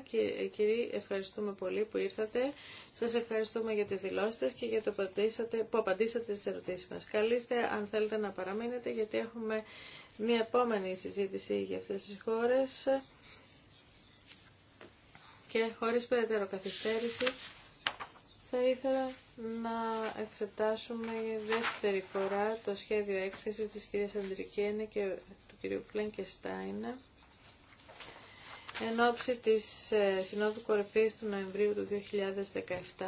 κύριοι, ευχαριστούμε πολύ που ήρθατε. Σας ευχαριστούμε για τις δηλώσεις και για το απαντήσατε, που απαντήσατε στις ερωτήσεις μας. Καλείστε αν θέλετε να παραμείνετε, γιατί έχουμε μια επόμενη συζήτηση για αυτές τις χώρες. Και χωρίς περαιτέρω καθυστέρηση, θα ήθελα να εξετάσουμε για δεύτερη φορά το σχέδιο έκθεσης της κυρίας Αντρικένη και του κυρίου Φλέγκεστάινα εν ώψη της ε, Συνόδου Κορυφής του Νοεμβρίου του 2017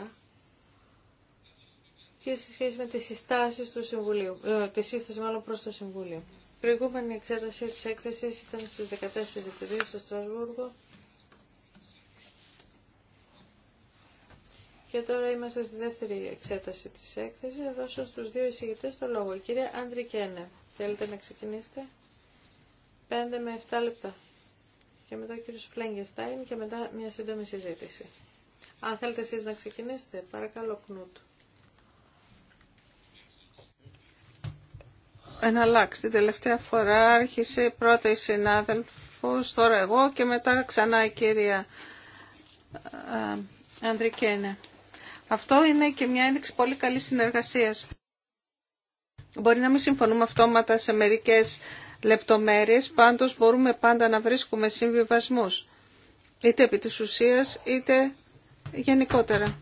και σε σχέση με συστάσεις του Συμβουλίου, ε, τη σύσταση μάλλον προς το Συμβούλιο. Η προηγούμενη εξέταση της έκθεσης ήταν στις 14 Ιουλίου στο Στρασβούργο Και τώρα είμαστε στη δεύτερη εξέταση της έκθεσης. Θα δώσω στους δύο εισηγητές το λόγο. Η κυρία Άντρη Κένε, θέλετε να ξεκινήσετε. 5 με 7 λεπτά και μετά ο κύριος Φλέγγεστάιν και μετά μια σύντομη συζήτηση. Αν θέλετε εσείς να ξεκινήσετε, παρακαλώ Κνούτ. Εναλλάξει, την τελευταία φορά άρχισε πρώτα η συνάδελφος, τώρα εγώ και μετά ξανά η κυρία Ανδρικένε. Αυτό είναι και μια ένδειξη πολύ καλής συνεργασίας. Μπορεί να μην συμφωνούμε αυτόματα σε μερικές λεπτομέρειες, πάντως μπορούμε πάντα να βρίσκουμε συμβιβασμούς, είτε επί της ουσίας, είτε γενικότερα.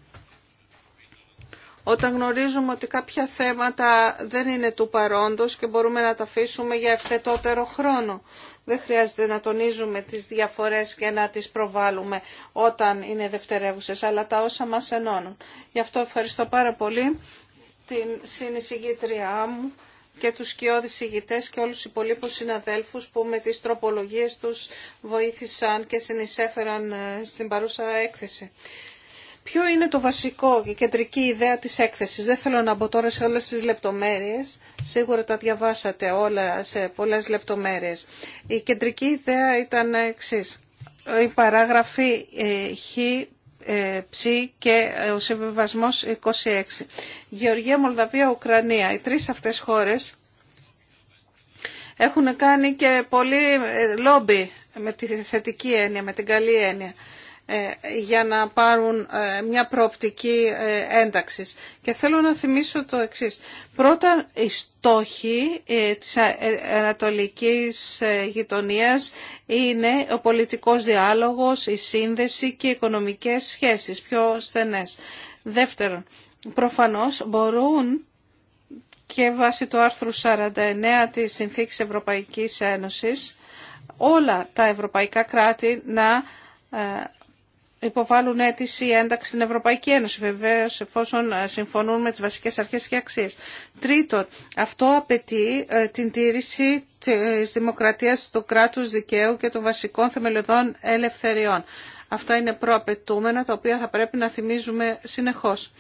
Όταν γνωρίζουμε ότι κάποια θέματα δεν είναι του παρόντος και μπορούμε να τα αφήσουμε για ευθετότερο χρόνο. Δεν χρειάζεται να τονίζουμε τις διαφορές και να τις προβάλλουμε όταν είναι δευτερεύουσες, αλλά τα όσα μας ενώνουν. Γι' αυτό ευχαριστώ πάρα πολύ την συνεισηγήτριά μου και τους σκιώδης ηγητές και όλους τους υπολείπους συναδέλφους που με τις τροπολογίες τους βοήθησαν και συνεισέφεραν ε, στην παρούσα έκθεση. Ποιο είναι το βασικό και κεντρική ιδέα της έκθεσης. Δεν θέλω να μπω τώρα σε όλες τις λεπτομέρειες. Σίγουρα τα διαβάσατε όλα σε πολλές λεπτομέρειες. Η κεντρική ιδέα ήταν εξή. Η παράγραφη ε, Χ ε, ψη και ε, ο συμβιβασμός 26. Γεωργία, Μολδαβία, Ουκρανία. Οι τρεις αυτές χώρες έχουν κάνει και πολύ ε, λόμπι με τη θετική έννοια, με την καλή έννοια. Ε, για να πάρουν ε, μια προοπτική ε, ένταξης. Και θέλω να θυμίσω το εξής. Πρώτα, οι στόχοι της ανατολικής γειτονίας είναι ο πολιτικός διάλογος, η σύνδεση και οι οικονομικές σχέσεις πιο στενές. Δεύτερον, προφανώς μπορούν και βάσει του άρθρου 49 της Συνθήκης Ευρωπαϊκής Ένωσης όλα τα ευρωπαϊκά κράτη να υποβάλουν αίτηση ένταξη στην Ευρωπαϊκή Ένωση, βεβαίω εφόσον ε, συμφωνούν με τις βασικές αρχές και αξίες. Τρίτον, αυτό απαιτεί ε, την τήρηση τη δημοκρατίας του κράτους δικαίου και των βασικών θεμελιωδών ελευθεριών. Αυτά είναι προαπαιτούμενα, τα οποία θα πρέπει να θυμίζουμε συνεχώς.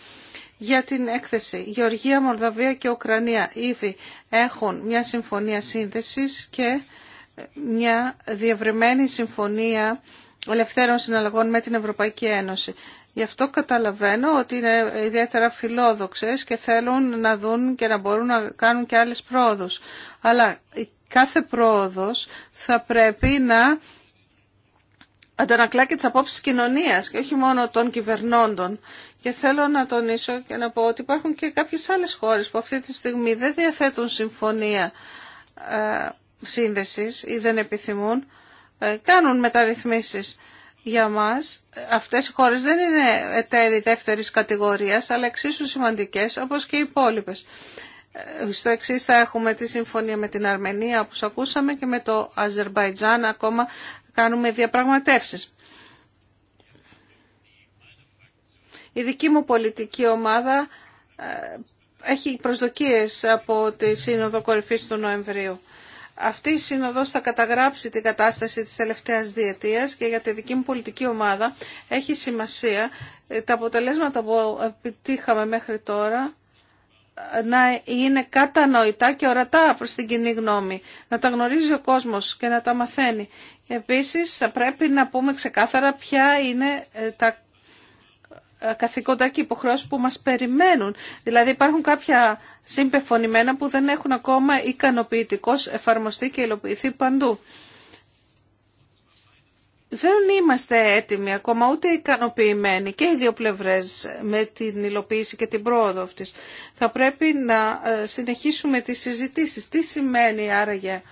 Για την έκθεση, Γεωργία, Μολδαβία και Ουκρανία ήδη έχουν μια συμφωνία σύνδεσης και ε, μια διευρυμένη συμφωνία ελευθέρων συναλλαγών με την Ευρωπαϊκή Ένωση. Γι' αυτό καταλαβαίνω ότι είναι ιδιαίτερα φιλόδοξες και θέλουν να δουν και να μπορούν να κάνουν και άλλες πρόοδους. Αλλά κάθε πρόοδος θα πρέπει να αντανακλά και τις απόψεις κοινωνίας και όχι μόνο των κυβερνώντων. Και θέλω να τονίσω και να πω ότι υπάρχουν και κάποιες άλλες χώρες που αυτή τη στιγμή δεν διαθέτουν συμφωνία ε, σύνδεσης ή δεν επιθυμούν ε, κάνουν μεταρρυθμίσεις για μας. Αυτές οι χώρες δεν είναι εταίροι δεύτερης κατηγορίας, αλλά εξίσου σημαντικές, όπως και οι υπόλοιπε. Ε, στο εξή θα έχουμε τη συμφωνία με την Αρμενία, όπως ακούσαμε, και με το Αζερμπαϊτζάν ακόμα κάνουμε διαπραγματεύσεις. Η δική μου πολιτική ομάδα ε, έχει προσδοκίες από τη Σύνοδο Κορυφής του Νοεμβρίου. Αυτή η Σύνοδος θα καταγράψει την κατάσταση της τελευταίας διετίας και για τη δική μου πολιτική ομάδα έχει σημασία ε, τα αποτελέσματα που επιτύχαμε μέχρι τώρα ε, να είναι κατανοητά και ορατά προς την κοινή γνώμη, να τα γνωρίζει ο κόσμος και να τα μαθαίνει. Επίσης θα πρέπει να πούμε ξεκάθαρα ποια είναι ε, τα καθηκόντα και υποχρεώσεις που μας περιμένουν. Δηλαδή υπάρχουν κάποια συμπεφωνημένα που δεν έχουν ακόμα ικανοποιητικώς εφαρμοστεί και υλοποιηθεί παντού. Δεν είμαστε έτοιμοι ακόμα ούτε ικανοποιημένοι και οι δύο πλευρές με την υλοποίηση και την πρόοδο αυτής. Θα πρέπει να ε, συνεχίσουμε τις συζητήσεις. Τι σημαίνει άραγε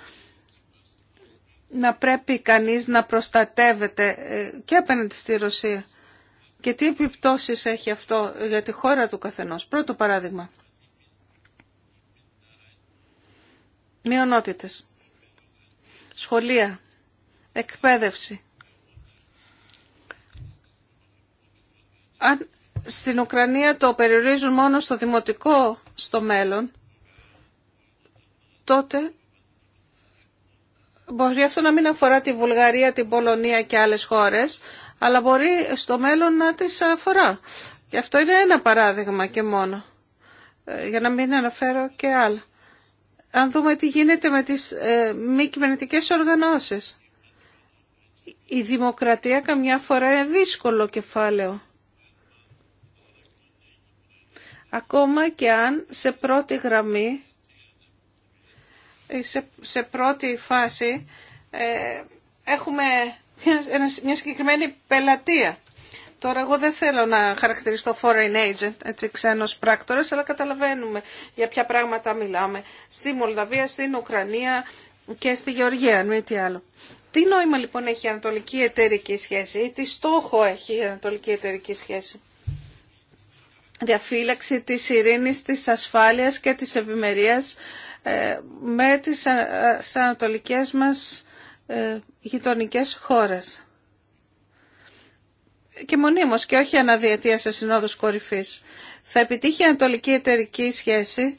να πρέπει κανείς να προστατεύεται ε, και απέναντι στη Ρωσία και τι επιπτώσεις έχει αυτό για τη χώρα του καθενός. Πρώτο παράδειγμα. Μειονότητες. Σχολεία. Εκπαίδευση. Αν στην Ουκρανία το περιορίζουν μόνο στο δημοτικό στο μέλλον, τότε Μπορεί αυτό να μην αφορά τη Βουλγαρία, την Πολωνία και άλλες χώρες, αλλά μπορεί στο μέλλον να τις αφορά. Και αυτό είναι ένα παράδειγμα και μόνο, ε, για να μην αναφέρω και άλλα. Αν δούμε τι γίνεται με τις ε, μη κυβερνητικέ οργανώσεις. Η δημοκρατία καμιά φορά είναι δύσκολο κεφάλαιο. Ακόμα και αν σε πρώτη γραμμή ε, σε, σε πρώτη φάση ε, έχουμε μια, μια συγκεκριμένη πελατεία. Τώρα εγώ δεν θέλω να χαρακτηριστώ foreign agent, έτσι ξένος πράκτορας, αλλά καταλαβαίνουμε για ποια πράγματα μιλάμε. Στη Μολδαβία, στην Ουκρανία και στη Γεωργία, αν μη τι άλλο. Τι νόημα λοιπόν έχει η ανατολική εταιρική σχέση ή τι στόχο έχει η ανατολική εταιρική σχέση. Διαφύλαξη της ειρήνης, της ασφάλειας και της ευημερίας ε, με ε, τις ανατολικές μας ε, γειτονικές χώρες. Και μονίμως και όχι αναδιαιτία σε συνόδους κορυφής. Θα επιτύχει η ανατολική εταιρική σχέση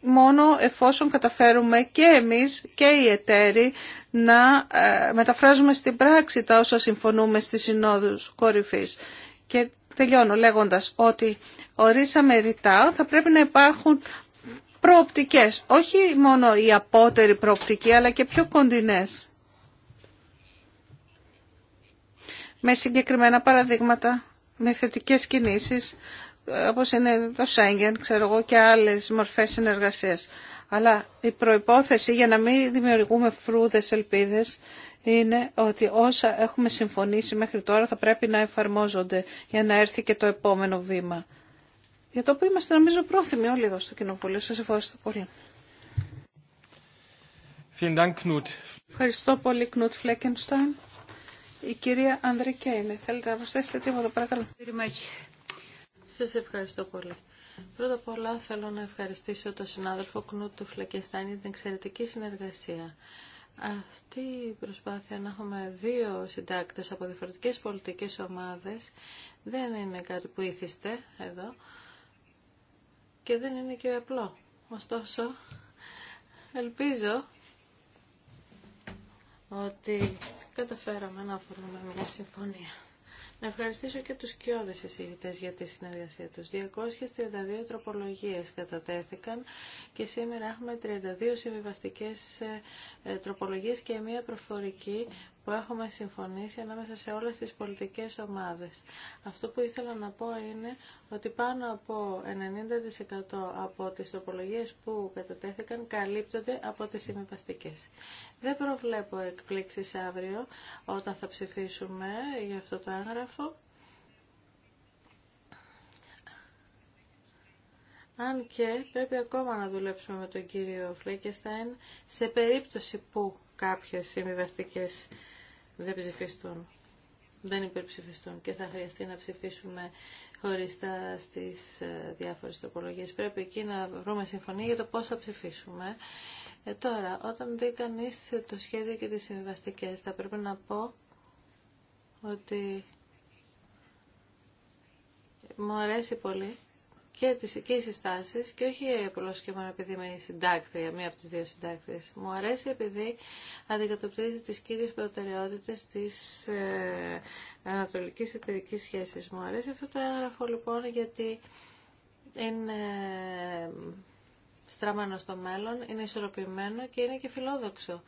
μόνο εφόσον καταφέρουμε και εμείς και οι εταίροι να μεταφράζουμε στην πράξη τα όσα συμφωνούμε στις συνόδους κορυφής. Και τελειώνω λέγοντας ότι ορίσαμε ρητά θα πρέπει να υπάρχουν προοπτικές, όχι μόνο η απότερη προοπτική, αλλά και πιο κοντινές. Με συγκεκριμένα παραδείγματα, με θετικές κινήσεις, όπως είναι το Σέγγεν, ξέρω εγώ, και άλλες μορφές συνεργασίας. Αλλά η προϋπόθεση για να μην δημιουργούμε φρούδες ελπίδες είναι ότι όσα έχουμε συμφωνήσει μέχρι τώρα θα πρέπει να εφαρμόζονται για να έρθει και το επόμενο βήμα για το οποίο είμαστε νομίζω πρόθυμοι όλοι εδώ στο Κοινοβούλιο. Σας ευχαριστώ πολύ. Ευχαριστώ πολύ, Κνούτ Φλέκενστάιν. Η κυρία Ανδρή Κέινε, Θέλετε να προσθέσετε τίποτα, παρακαλώ. Σας ευχαριστώ πολύ. Πρώτα απ' όλα θέλω να ευχαριστήσω τον συνάδελφο Κνούτ του Φλεκεστάιν για την εξαιρετική συνεργασία. Αυτή η προσπάθεια να έχουμε δύο συντάκτες από διαφορετικές πολιτικές ομάδες δεν είναι κάτι που ήθιστε εδώ και δεν είναι και απλό. Ωστόσο, ελπίζω ότι καταφέραμε να αφορούμε μια συμφωνία. Να ευχαριστήσω και τους κοιόδες εισηγητές για τη συνεργασία τους. 232 τροπολογίες κατατέθηκαν και σήμερα έχουμε 32 συμβιβαστικές ε, ε, τροπολογίες και μία προφορική που έχουμε συμφωνήσει ανάμεσα σε όλες τις πολιτικές ομάδες. Αυτό που ήθελα να πω είναι ότι πάνω από 90% από τις τοπολογίες που κατατέθηκαν καλύπτονται από τις συμβαστικέ. Δεν προβλέπω εκπλήξεις αύριο όταν θα ψηφίσουμε για αυτό το άγραφο. Αν και πρέπει ακόμα να δουλέψουμε με τον κύριο Φλέκεστάιν σε περίπτωση που κάποιες συμβιβαστικές δεν ψηφιστούν, δεν υπερψηφιστούν και θα χρειαστεί να ψηφίσουμε χωριστά στις ε, διάφορες τροπολογίες. Πρέπει εκεί να βρούμε συμφωνία για το πώς θα ψηφίσουμε. Ε, τώρα, όταν δει κανεί το σχέδιο και τις συμβαστικές, θα πρέπει να πω ότι μου αρέσει πολύ και τις εκεί συστάσεις και όχι πολλό μόνο επειδή είμαι συντάκτρια, μία από τις δύο συντάκτριες. Μου αρέσει επειδή αντικατοπτρίζει τις κύριες προτεραιότητες της ε, ανατολικής εταιρικής σχέσης. Μου αρέσει αυτό το έγραφο, λοιπόν γιατί είναι στραμμένο στο μέλλον, είναι ισορροπημένο και είναι και φιλόδοξο.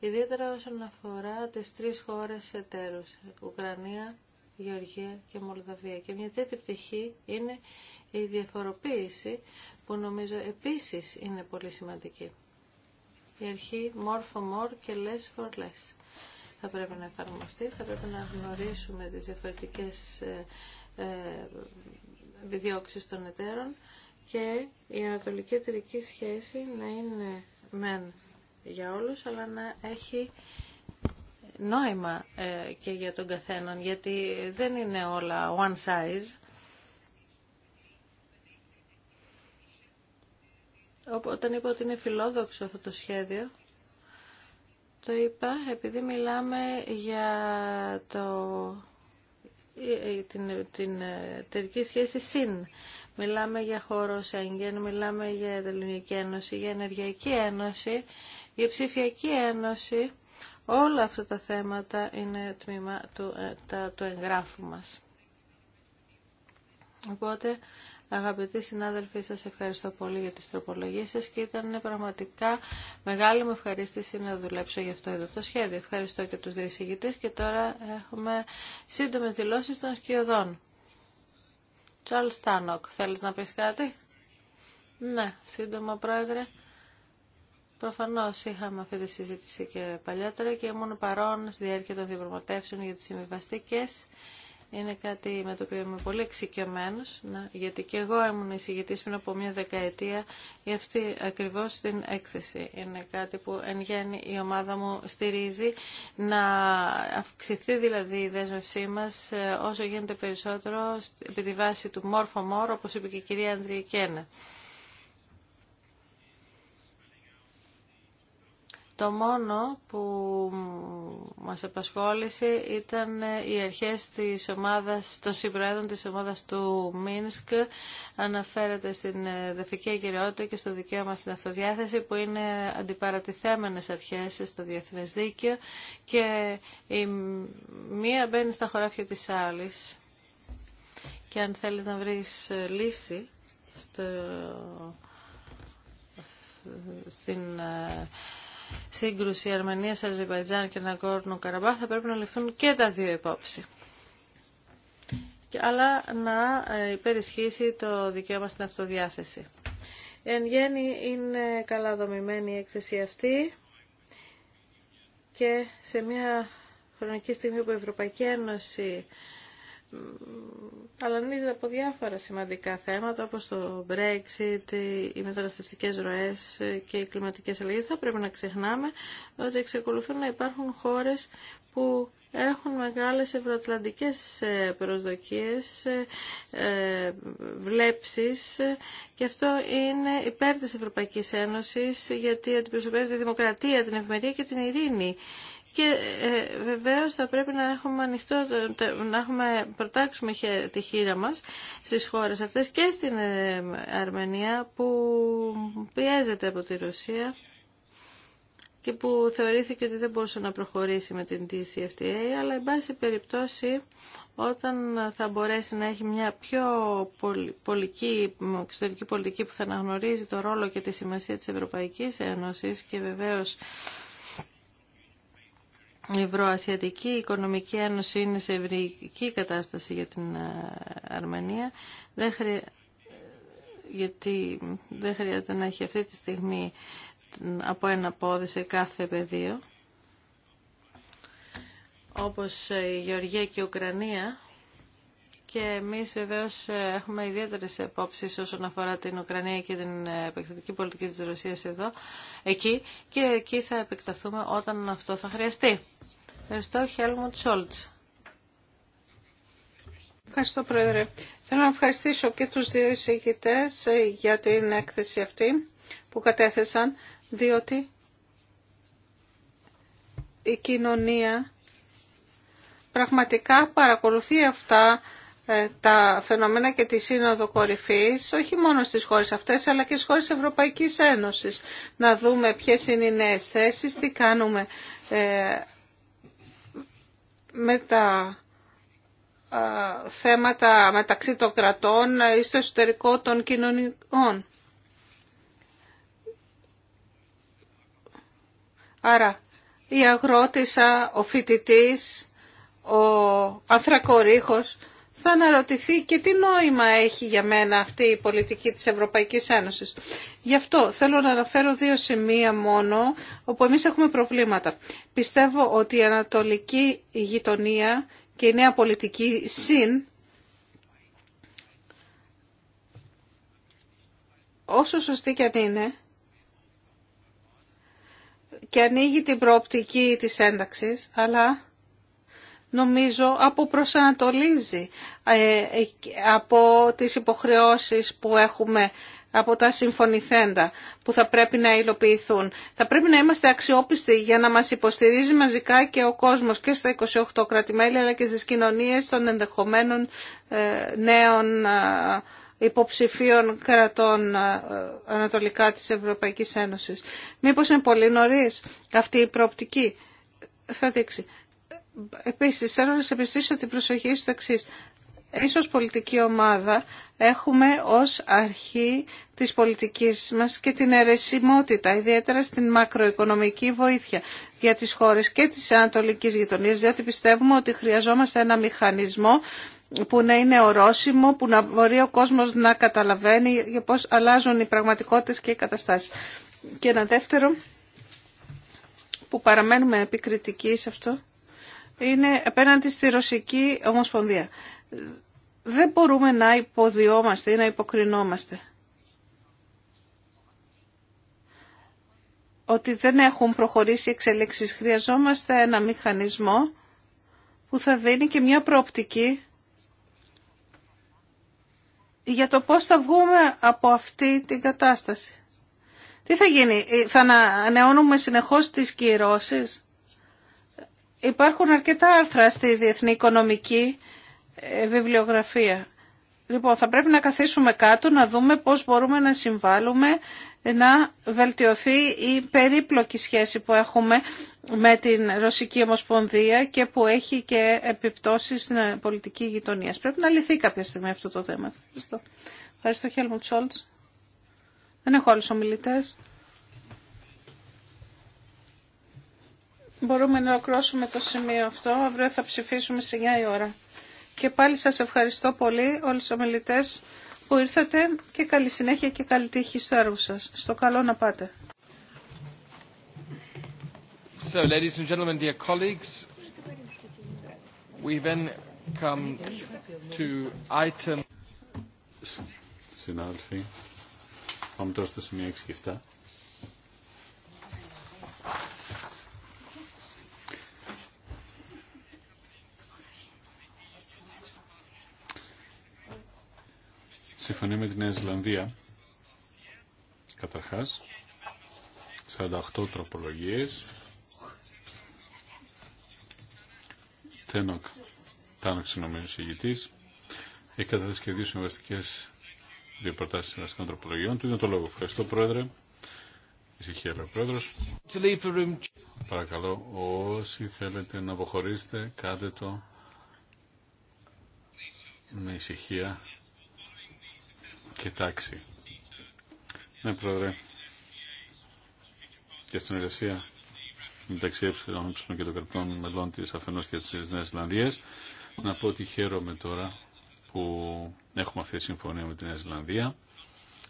Ιδιαίτερα όσον αφορά τις τρεις χώρες εταίρους, Ουκρανία, Γεωργία και Μολδαβία. Και μια τέτοια πτυχή είναι η διαφοροποίηση που νομίζω επίσης είναι πολύ σημαντική. Η αρχή more for more και less for less θα πρέπει να εφαρμοστεί, θα πρέπει να γνωρίσουμε τις διαφορετικές ε, ε, διώξεις των εταίρων και η ανατολική εταιρική σχέση να είναι μεν για όλους, αλλά να έχει νόημα ε, και για τον καθέναν, γιατί δεν είναι όλα one size. Όταν είπα ότι είναι φιλόδοξο αυτό το σχέδιο, το είπα επειδή μιλάμε για το ε, ε, την, την εταιρική σχέση συν. Μιλάμε για χώρο Σέγγεν, μιλάμε για Ελληνική Ένωση, για Ενεργειακή Ένωση, για Ψηφιακή Ένωση. Όλα αυτά τα θέματα είναι τμήμα του, ε, τα, του εγγράφου μας. Οπότε, αγαπητοί συνάδελφοι, σας ευχαριστώ πολύ για τις τροπολογίες σας και ήταν πραγματικά μεγάλη μου ευχαρίστηση να δουλέψω για αυτό εδώ το σχέδιο. Ευχαριστώ και τους δύο και τώρα έχουμε σύντομες δηλώσεις των σκιωδών. Τσάλ Στάνοκ, θέλεις να πεις κάτι? Ναι, σύντομα πρόεδρε. Προφανώ είχαμε αυτή τη συζήτηση και παλιότερα και ήμουν παρόν στη διάρκεια των διαπραγματεύσεων για τι συμβιβαστικέ. Είναι κάτι με το οποίο είμαι πολύ εξοικειωμένο, γιατί και εγώ ήμουν εισηγητή πριν από μια δεκαετία για αυτή ακριβώ την έκθεση. Είναι κάτι που εν γέννη η ομάδα μου στηρίζει να αυξηθεί δηλαδή η δέσμευσή μα ε, όσο γίνεται περισσότερο επί τη βάση του μόρφο μόρ, όπω είπε και η κυρία Ανδριακένα. Το μόνο που μας απασχόλησε ήταν οι αρχές της ομάδας, των συμπροέδρων της ομάδας του Μίνσκ αναφέρεται στην δεφική αγκυριότητα και στο δικαίωμα στην αυτοδιάθεση που είναι αντιπαρατηθέμενες αρχές στο διεθνές δίκαιο και η μία μπαίνει στα χωράφια της άλλης και αν θέλεις να βρεις λύση στο, στην ε, σύγκρουση Αρμενίας, Αζερβαϊτζάν και Ναγκόρνου καραμπα θα πρέπει να ληφθούν και τα δύο υπόψη. Αλλά να ε, υπερισχύσει το δικαίωμα στην αυτοδιάθεση. Εν γέννη είναι καλά δομημένη η έκθεση αυτή και σε μια χρονική στιγμή που η Ευρωπαϊκή Ένωση ταλανίζεται από διάφορα σημαντικά θέματα όπως το Brexit, οι μεταναστευτικές ροές και οι κλιματικές αλλαγές. Θα πρέπει να ξεχνάμε ότι εξακολουθούν να υπάρχουν χώρες που έχουν μεγάλες ευρωατλαντικές ε, προσδοκίες, ε, ε, βλέψεις και αυτό είναι υπέρ της Ευρωπαϊκής Ένωσης γιατί αντιπροσωπεύει τη δημοκρατία, την ευμερία και την ειρήνη και ε, βεβαίως θα πρέπει να έχουμε ανοιχτό, να έχουμε προτάξουμε τη χείρα μας στις χώρες αυτές και στην ε, Αρμενία που πιέζεται από τη Ρωσία και που θεωρήθηκε ότι δεν μπορούσε να προχωρήσει με την DCFTA, αλλά εν πάση περιπτώσει όταν θα μπορέσει να έχει μια πιο πολική, εξωτερική πολιτική που θα αναγνωρίζει το ρόλο και τη σημασία της Ευρωπαϊκής Ένωσης και βεβαίως η Ευρωασιατική Οικονομική Ένωση είναι σε ευρυκή κατάσταση για την ε, Αρμενία. Δεν Γιατί δεν χρειάζεται να έχει αυτή τη στιγμή από ένα πόδι σε κάθε πεδίο. Όπως η Γεωργία και η Ουκρανία και εμείς βεβαίως ε, έχουμε ιδιαίτερες επόψεις όσον αφορά την Ουκρανία και την ε, επεκτατική πολιτική της Ρωσίας εδώ, εκεί και εκεί θα επεκταθούμε όταν αυτό θα χρειαστεί. Ευχαριστώ, Χέλμουντ Σόλτς. Ευχαριστώ, Πρόεδρε. Θέλω να ευχαριστήσω και τους δύο εισηγητές ε, για την έκθεση αυτή που κατέθεσαν, διότι η κοινωνία πραγματικά παρακολουθεί αυτά ε, τα φαινομένα και τη Σύνοδο Κορυφής, όχι μόνο στις χώρες αυτές, αλλά και στις χώρες Ευρωπαϊκής Ένωσης. Να δούμε ποιες είναι οι νέες θέσεις, τι κάνουμε ε, με τα ε, θέματα μεταξύ των κρατών ή στο εσωτερικό των κοινωνικών. Άρα, η αγρότησα, ο φοιτητής, ο ανθρακορίχος, θα αναρωτηθεί και τι νόημα έχει για μένα αυτή η πολιτική της Ευρωπαϊκής Ένωσης. Γι' αυτό θέλω να αναφέρω δύο σημεία μόνο όπου εμείς έχουμε προβλήματα. Πιστεύω ότι η ανατολική γειτονία και η νέα πολιτική συν όσο σωστή και αν είναι και ανοίγει την προοπτική της ένταξης, αλλά νομίζω αποπροσανατολίζει ε, ε, από τις υποχρεώσεις που έχουμε από τα συμφωνηθέντα που θα πρέπει να υλοποιηθούν. Θα πρέπει να είμαστε αξιόπιστοι για να μας υποστηρίζει μαζικά και ο κόσμος και στα 28 κρατημέλη αλλά και στις κοινωνίες των ενδεχομένων ε, νέων υποψηφίων κρατών ανατολικά της Ευρωπαϊκής Ένωσης. Μήπως είναι πολύ νωρίς αυτή η προοπτική. Θα δείξει. Επίση, θέλω να σε πιστήσω την προσοχή στο εξή. Ίσως πολιτική ομάδα έχουμε ως αρχή της πολιτικής μας και την αιρεσιμότητα, ιδιαίτερα στην μακροοικονομική βοήθεια για τις χώρες και της Ανατολικής Γειτονίας, διότι πιστεύουμε ότι χρειαζόμαστε ένα μηχανισμό που να είναι ορόσημο, που να μπορεί ο κόσμος να καταλαβαίνει για πώς αλλάζουν οι πραγματικότητες και οι καταστάσεις. Και ένα δεύτερο που παραμένουμε επικριτικοί σε αυτό είναι απέναντι στη Ρωσική Ομοσπονδία. Δεν μπορούμε να υποδιόμαστε ή να υποκρινόμαστε. Ότι δεν έχουν προχωρήσει εξελίξεις. Χρειαζόμαστε ένα μηχανισμό που θα δίνει και μια προοπτική για το πώς θα βγούμε από αυτή την κατάσταση. Τι θα γίνει, θα ανανεώνουμε συνεχώς τις κυρώσεις Υπάρχουν αρκετά άρθρα στη διεθνή οικονομική ε, βιβλιογραφία. Λοιπόν, θα πρέπει να καθίσουμε κάτω, να δούμε πώς μπορούμε να συμβάλλουμε, να βελτιωθεί η περίπλοκη σχέση που έχουμε με την Ρωσική Ομοσπονδία και που έχει και επιπτώσεις στην πολιτική γειτονία. Πρέπει να λυθεί κάποια στιγμή αυτό το θέμα. Ευχαριστώ. Ευχαριστώ, Χέλμουντ Σόλτς. Δεν έχω άλλους ομιλητές. Μπορούμε να ολοκληρώσουμε το σημείο αυτό. Αύριο θα ψηφίσουμε σε 9 η ώρα. Και πάλι σας ευχαριστώ πολύ όλους τους ομιλητές που ήρθατε και καλή συνέχεια και καλή τύχη στο έργο σας. Στο καλό να πάτε. So, ladies and gentlemen, dear colleagues, we then come to item... Συνάδελφοι, πάμε τώρα στο σημείο 6 και 7. Συμφωνεί με τη Νέα Ζηλανδία. Καταρχάς, 48 τροπολογίες. Τένοκ, Τάνοκ, συνομιλή ηγητής. Έχει καταθέσει και δύο συμβαστικές δύο προτάσεις συμβαστικών τροπολογιών. Του είναι το λόγο. Ευχαριστώ, Πρόεδρε. Ησυχία, λέει ο Πρόεδρος. Παρακαλώ, όσοι θέλετε να αποχωρήσετε, κάντε το με ησυχία τάξη. Ναι, πρόεδρε. Και στην εργασία μεταξύ ΕΕ και των κρατών μελών της αφενός και της Νέας Ισλανδίας. Να πω ότι χαίρομαι τώρα που έχουμε αυτή τη συμφωνία με την Νέα Ισλανδία,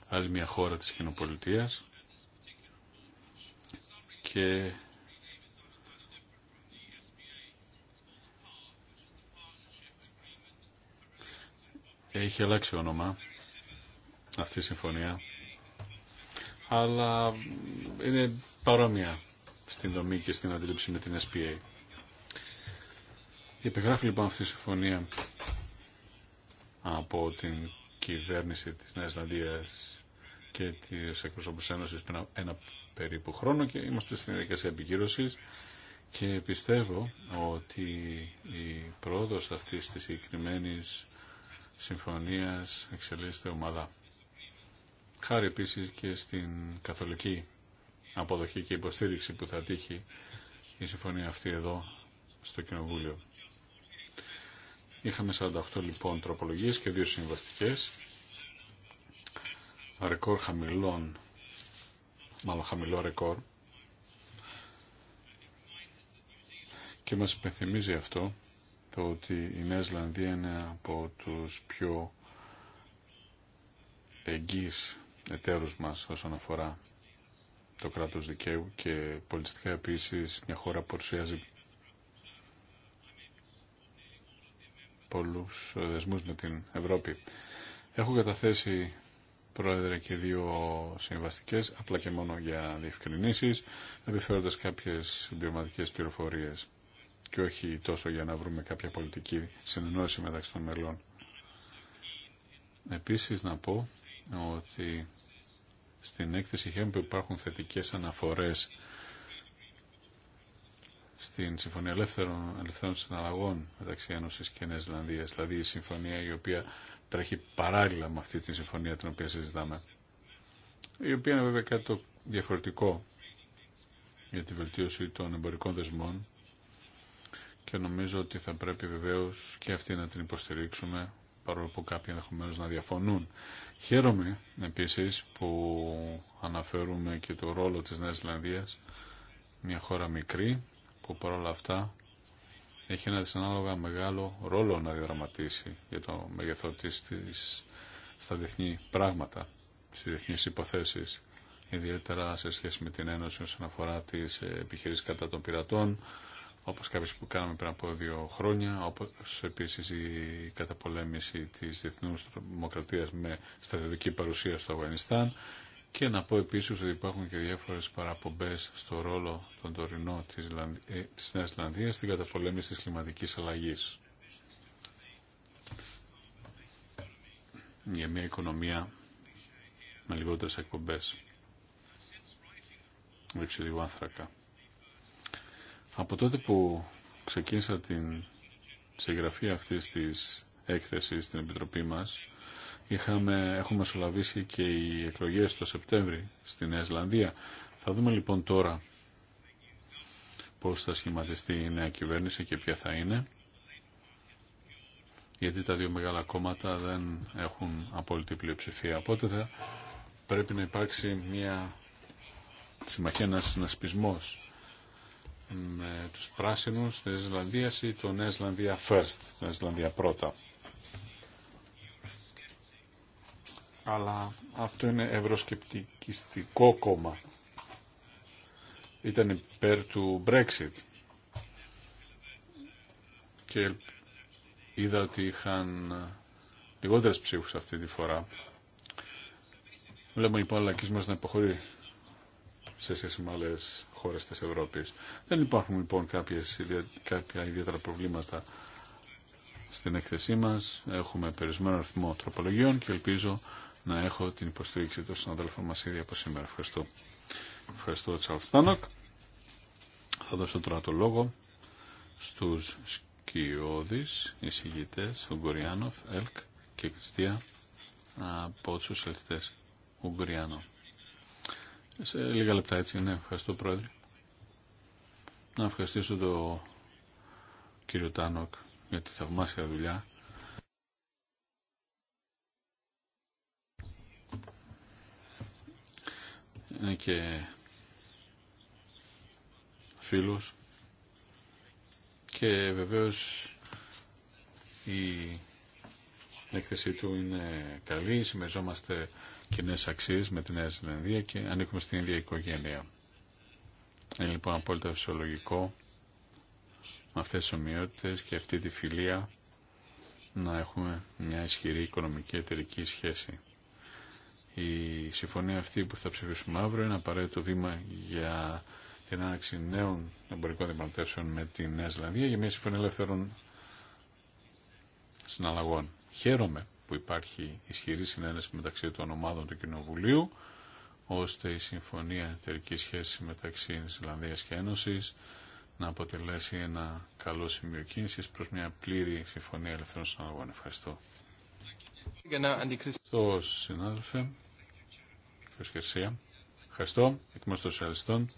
άλλη μια χώρα της κοινοπολιτείας και έχει αλλάξει όνομα αυτή η συμφωνία, αλλά είναι παρόμοια στην δομή και στην αντίληψη με την SPA. Υπεγράφει λοιπόν αυτή η συμφωνία από την κυβέρνηση της Νέας και της εκπροσώπους Ένωσης πριν ένα περίπου χρόνο και είμαστε στην διαδικασία επικύρωση και πιστεύω ότι η πρόοδος αυτής της συγκεκριμένη συμφωνίας εξελίσσεται ομαλά χάρη επίσης και στην καθολική αποδοχή και υποστήριξη που θα τύχει η συμφωνία αυτή εδώ στο Κοινοβούλιο. Είχαμε 48 λοιπόν τροπολογίες και δύο συμβαστικές ρεκόρ χαμηλών μάλλον χαμηλό ρεκόρ και μας υπενθυμίζει αυτό το ότι η Νέα είναι από τους πιο εγγύς εταίρους μας όσον αφορά το κράτος δικαίου και πολιτιστικά επίσης μια χώρα που ορσιάζει πολλούς ε, δεσμούς με την Ευρώπη. Έχω καταθέσει πρόεδρε και δύο συμβαστικές, απλά και μόνο για διευκρινήσεις, επιφέροντας κάποιες συμπληρωματικές πληροφορίες και όχι τόσο για να βρούμε κάποια πολιτική συνεννόηση μεταξύ των μελών. Επίσης να πω ότι στην έκθεση χαίρομαι που υπάρχουν θετικές αναφορές στην Συμφωνία Ελεύθερων, Ελευθερών Συναλλαγών μεταξύ Ένωσης και Νέας Ζηλανδίας, δηλαδή η συμφωνία η οποία τρέχει παράλληλα με αυτή τη συμφωνία την οποία συζητάμε, η οποία είναι βέβαια κάτι το διαφορετικό για τη βελτίωση των εμπορικών δεσμών και νομίζω ότι θα πρέπει βεβαίως και αυτή να την υποστηρίξουμε παρόλο που κάποιοι ενδεχομένω να διαφωνούν. Χαίρομαι επίση που αναφέρουμε και το ρόλο της Νέας Ζηλανδίας, μια χώρα μικρή που παρόλα αυτά έχει ένα δυσανάλογα μεγάλο ρόλο να διαδραματίσει για το μεγεθό της στα διεθνή πράγματα, στις διεθνεί υποθέσεις, ιδιαίτερα σε σχέση με την Ένωση όσον αφορά τις επιχειρήσεις κατά των πειρατών, όπως κάποιες που κάναμε πριν από δύο χρόνια, όπως επίσης η καταπολέμηση της διεθνούς δημοκρατίας με στρατιωτική παρουσία στο Αφγανιστάν και να πω επίσης ότι υπάρχουν και διάφορες παραπομπές στο ρόλο των τωρινών της, Λανδ... Ε, της Νέας Ισλανδίας στην καταπολέμηση της κλιματικής αλλαγής. Για μια οικονομία με λιγότερες εκπομπές. Ρίξε λίγο άνθρακα. Από τότε που ξεκίνησα την συγγραφή αυτή της έκθεση στην Επιτροπή μας, είχαμε, έχουμε μεσολαβήσει και οι εκλογέ το Σεπτέμβρη στην Ισλανδία. Θα δούμε λοιπόν τώρα πώς θα σχηματιστεί η νέα κυβέρνηση και ποια θα είναι γιατί τα δύο μεγάλα κόμματα δεν έχουν απόλυτη πλειοψηφία. Οπότε θα πρέπει να υπάρξει μια συμμαχία, ένας συνασπισμός με τους πράσινους της Ισλανδίας ή τον Ισλανδία first, τον Ισλανδία πρώτα. Αλλά αυτό είναι ευροσκεπτικιστικό κόμμα. Ήταν υπέρ του Brexit. Και είδα ότι είχαν λιγότερες ψήφους αυτή τη φορά. Βλέπουμε λοιπόν ο λακισμός να υποχωρεί σε σχέση με άλλες χώρες της Ευρώπης. Δεν υπάρχουν λοιπόν κάποιες, κάποια ιδιαίτερα προβλήματα στην έκθεσή μας. Έχουμε περισμένο αριθμό τροπολογιών και ελπίζω να έχω την υποστήριξη των συναδέλφων μας ήδη από σήμερα. Ευχαριστώ. Ευχαριστώ Τσάλφ Στάνοκ. Θα δώσω τώρα το λόγο στους σκιώδεις εισηγητές Ουγγουριάνοφ, Ελκ και Κριστία από τους σοσιαλιστές Ουγγουριάνοφ. Σε λίγα λεπτά έτσι, ναι, ευχαριστώ πρόεδρε. Να ευχαριστήσω τον κύριο Τάνοκ για τη θαυμάσια δουλειά. Είναι και φίλος και βεβαίως η έκθεσή του είναι καλή, συμμεριζόμαστε κοινέ αξίε με τη Νέα Ζηλανδία και ανήκουμε στην ίδια οικογένεια. Είναι λοιπόν απόλυτα φυσιολογικό με αυτέ τι ομοιότητε και αυτή τη φιλία να έχουμε μια ισχυρή οικονομική εταιρική σχέση. Η συμφωνία αυτή που θα ψηφίσουμε αύριο είναι απαραίτητο βήμα για την άναξη νέων εμπορικών διαπραγματεύσεων με τη Νέα Ζηλανδία για μια συμφωνία ελεύθερων συναλλαγών. Χαίρομαι που υπάρχει ισχυρή συνένεση μεταξύ των ομάδων του Κοινοβουλίου, ώστε η Συμφωνία Εταιρικής Σχέσης μεταξύ Ισλανδίας και Ένωσης να αποτελέσει ένα καλό σημείο κίνησης προς μια πλήρη Συμφωνία Ελευθερών Συναγωγών. Ευχαριστώ. Ευχαριστώ, συνάδελφε. Ευχαριστώ. Εκ μέρους των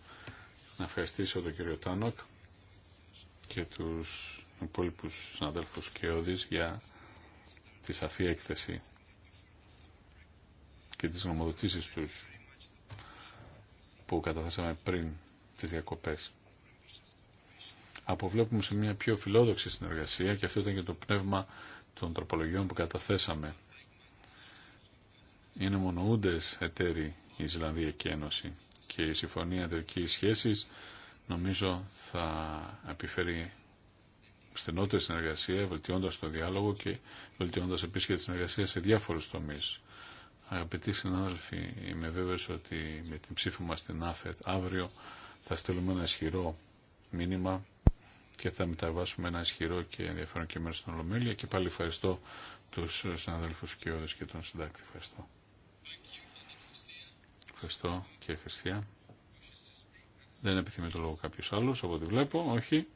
να ευχαριστήσω τον κύριο Τάνοκ και του υπόλοιπου συναδέλφου και όδης για τη σαφή έκθεση και τις νομοδοτήσεις τους που καταθέσαμε πριν τις διακοπές. Αποβλέπουμε σε μια πιο φιλόδοξη συνεργασία και αυτό ήταν και το πνεύμα των τροπολογιών που καταθέσαμε. Είναι μονοούντες εταίροι η Ισλανδία και η Ένωση και η Συμφωνία Εταιρικής Σχέσης νομίζω θα επιφέρει στενότερη συνεργασία, βελτιώντα το διάλογο και βελτιώντα επίση και τη συνεργασία σε διάφορου τομεί. Αγαπητοί συνάδελφοι, είμαι βέβαιο ότι με την ψήφο μα στην ΑΦΕΤ αύριο θα στείλουμε ένα ισχυρό μήνυμα και θα μεταβάσουμε ένα ισχυρό και ενδιαφέρον κείμενο στην Ολομέλεια και πάλι ευχαριστώ του συναδέλφου και όλους και τον συντάκτη. Ευχαριστώ. Ευχαριστώ και Χριστία. Δεν επιθυμεί το λόγο κάποιο άλλος από ό,τι βλέπω. Όχι.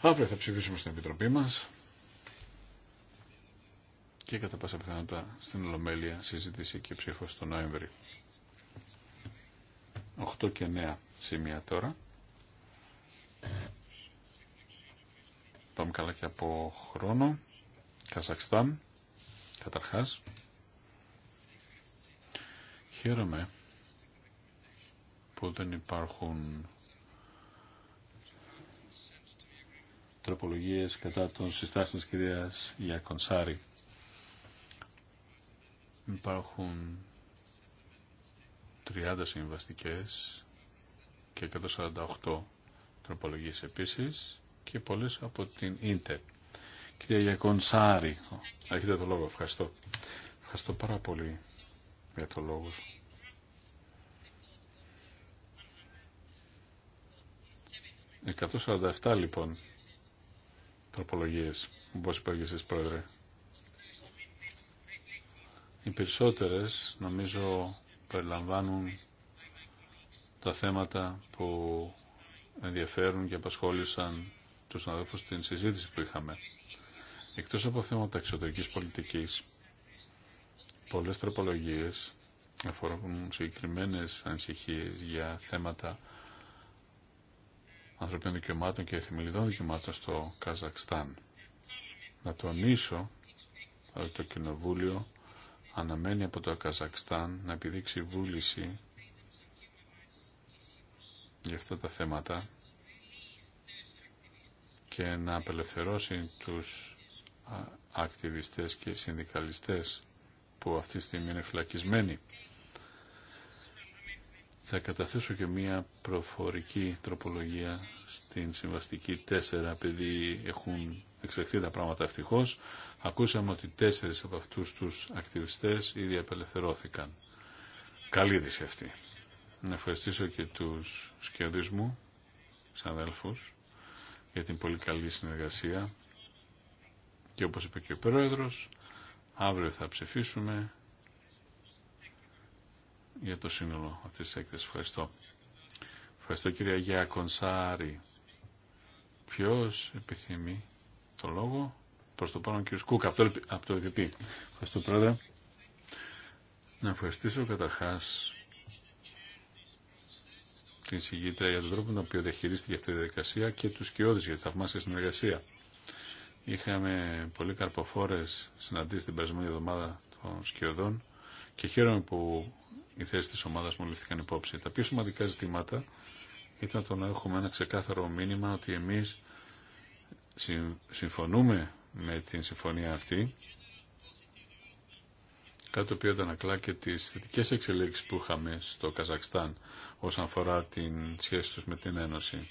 Αύριο θα ψηφίσουμε στην Επιτροπή μας και κατά πάσα πιθανότητα στην Ολομέλεια συζήτηση και ψήφο τον Νοέμβρη. 8 και 9 σημεία τώρα. Πάμε καλά και από χρόνο. Καζακστάν, καταρχάς. Χαίρομαι που δεν υπάρχουν τροπολογίες κατά των συστάσεων της κυρίας Υπάρχουν 30 συμβαστικές και 148 τροπολογίες επίσης και πολλές από την Ίντερ. Κυρία Γιακονσάρη, έχετε το λόγο, ευχαριστώ. Ευχαριστώ πάρα πολύ για το λόγο σου. 147 λοιπόν τροπολογίες, όπως είπα και εσείς πρόεδρε. Οι περισσότερες νομίζω περιλαμβάνουν τα θέματα που ενδιαφέρουν και απασχόλησαν τους συναδέλφους στην συζήτηση που είχαμε. Εκτός από θέματα εξωτερικής πολιτικής, πολλές τροπολογίες αφορούν συγκεκριμένες ανησυχίες για θέματα ανθρωπίνων δικαιωμάτων και θεμελιδών δικαιωμάτων στο Καζακστάν. Να τονίσω ότι το Κοινοβούλιο αναμένει από το Καζακστάν να επιδείξει βούληση για αυτά τα θέματα και να απελευθερώσει τους ακτιβιστές και συνδικαλιστές που αυτή τη στιγμή είναι φυλακισμένοι θα καταθέσω και μία προφορική τροπολογία στην συμβαστική 4, επειδή έχουν εξεχθεί τα πράγματα ευτυχώ. Ακούσαμε ότι τέσσερις από αυτούς τους ακτιβιστές ήδη απελευθερώθηκαν. Καλή είδηση αυτή. Να ευχαριστήσω και τους σκιωδείς μου, για την πολύ καλή συνεργασία. Και όπως είπε και ο Πρόεδρος, αύριο θα ψηφίσουμε για το σύνολο αυτή τη έκθεση. Ευχαριστώ. Ευχαριστώ κύριε Αγία Κονσάρη. Ποιος επιθυμεί το λόγο προ το παρόν κύριο Κούκα από το, από το Ευχαριστώ πρόεδρε. Να ευχαριστήσω καταρχά την συγγήτρια για τον τρόπο με τον οποίο διαχειρίστηκε αυτή τη διαδικασία και του κοιόδης για τη θαυμάσια συνεργασία. Είχαμε πολύ καρποφόρες συναντήσει την περασμένη εβδομάδα των σκιωδών και χαίρομαι που οι θέσει τη ομάδα μου ληφθήκαν υπόψη. Τα πιο σημαντικά ζητήματα ήταν το να έχουμε ένα ξεκάθαρο μήνυμα ότι εμεί συμφωνούμε με την συμφωνία αυτή, κάτι το οποίο αντανακλά και τι θετικέ εξελίξει που είχαμε στο Καζακστάν όσον αφορά την σχέση του με την Ένωση.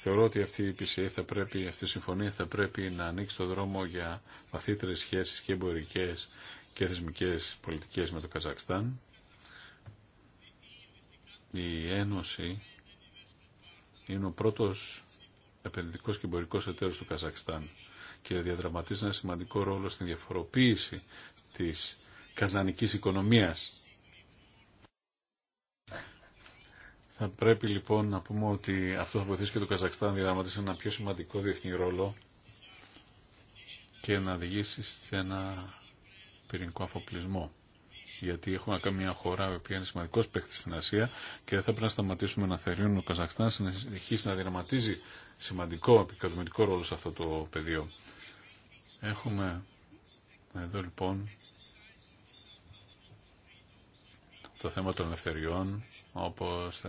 Θεωρώ ότι αυτή η PCA πρέπει, αυτή η συμφωνία θα πρέπει να ανοίξει το δρόμο για βαθύτερε σχέσεις και εμπορικές και θεσμικές πολιτικές με το Καζακστάν, η Ένωση είναι ο πρώτος επενδυτικός και εμπορικός εταίρος του Καζακστάν και διαδραματίζει ένα σημαντικό ρόλο στην διαφοροποίηση της καζανικής οικονομίας. Θα πρέπει λοιπόν να πούμε ότι αυτό θα βοηθήσει και το Καζακστάν να διαδραματίσει ένα πιο σημαντικό διεθνή ρόλο και να οδηγήσει σε ένα πυρηνικό αφοπλισμό. Γιατί έχουμε ακόμα μια χώρα η οποία είναι σημαντικό παίκτη στην Ασία και δεν θα πρέπει να σταματήσουμε να θερύνουμε ο Καζακστάν συνεχίσει να δραματίζει σημαντικό επικοδομητικό ρόλο σε αυτό το πεδίο. Έχουμε εδώ λοιπόν το θέμα των ελευθεριών όπως